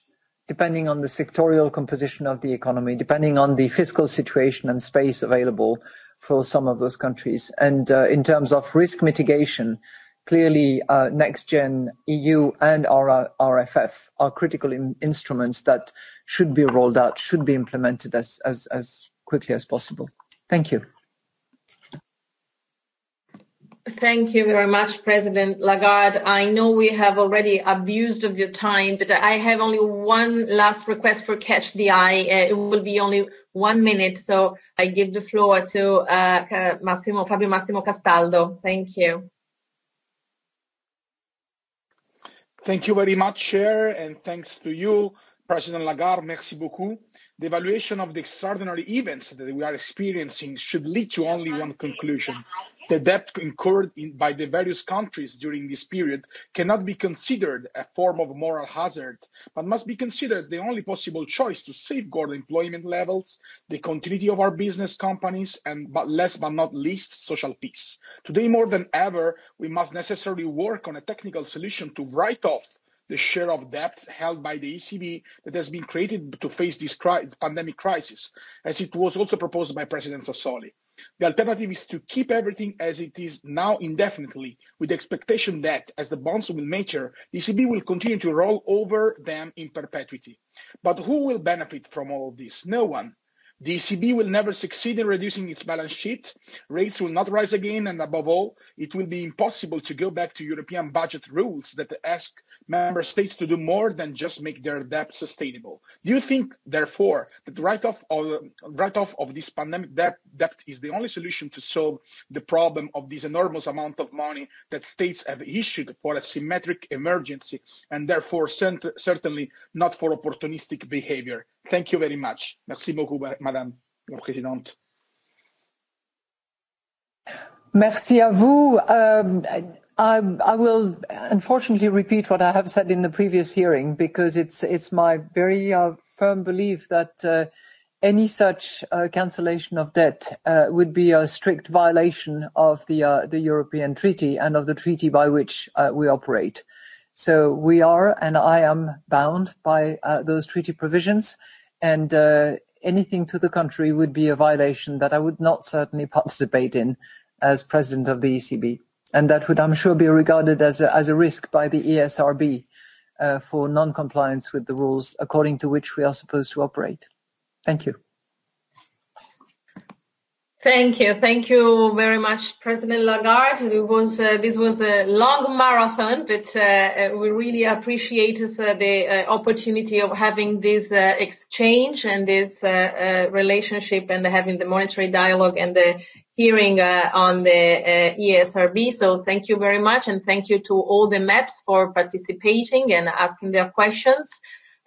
depending on the sectorial composition of the economy, depending on the fiscal situation and space available for some of those countries. And in terms of risk mitigation, clearly next-gen EU and RFF are critical instruments that should be rolled out, should be implemented as as quickly as possible. Thank you. Thank you very much, President Lagarde. I know we have already abused of your time, but I have only one last request for Catch the Eye. It will be only one minute, so I give the floor to uh, Massimo, Fabio Massimo Castaldo. Thank you. Thank you very much, Chair, and thanks to you, President Lagarde. Merci beaucoup the evaluation of the extraordinary events that we are experiencing should lead to only one conclusion. The debt incurred by the various countries during this period cannot be considered a form of moral hazard, but must be considered as the only possible choice to safeguard employment levels, the continuity of our business companies, and but last but not least, social peace. Today, more than ever, we must necessarily work on a technical solution to write off the share of debt held by the ECB that has been created to face this pandemic crisis, as it was also proposed by President Sassoli. The alternative is to keep everything as it is now indefinitely, with the expectation that, as the bonds will mature, the ECB will continue to roll over them in perpetuity. But who will benefit from all of this? No one. The ECB will never succeed in reducing its balance sheet. Rates will not rise again, and above all, it will be impossible to go back to European budget rules that ask member states to do more than just make their debt sustainable. Do you think, therefore, that write-off of, this pandemic debt, debt is the only solution to solve the problem of this enormous amount of money that states have issued for a symmetric emergency and therefore certainly not for opportunistic behavior? Thank you very much. Merci beaucoup, Madame la Présidente. Merci à vous. I, I will unfortunately repeat what I have said in the previous hearing because it's it's my very uh, firm belief that uh, any such uh, cancellation of debt uh, would be a strict violation of the uh, the European Treaty and of the treaty by which uh, we operate. So we are, and I am bound by uh, those treaty provisions, and uh, anything to the contrary would be a violation that I would not certainly participate in as president of the ECB. And that would, I'm sure, be regarded as a, as a risk by the ESRB uh, for non-compliance with the rules according to which we are supposed to operate. Thank you. Thank you. Thank you very much, President Lagarde. It was, uh, this was a long marathon, but uh, we really appreciate uh, the uh, opportunity of having this uh, exchange and this uh, uh, relationship and having the monetary dialogue and the hearing uh, on the uh, ESRB. So thank you very much. And thank you to all the MEPs for participating and asking their questions.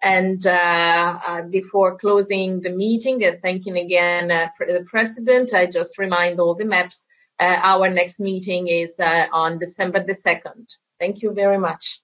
And uh, uh, before closing the meeting and thanking again uh, the president, I just remind all the maps. uh, our next meeting is uh, on December the 2nd. Thank you very much.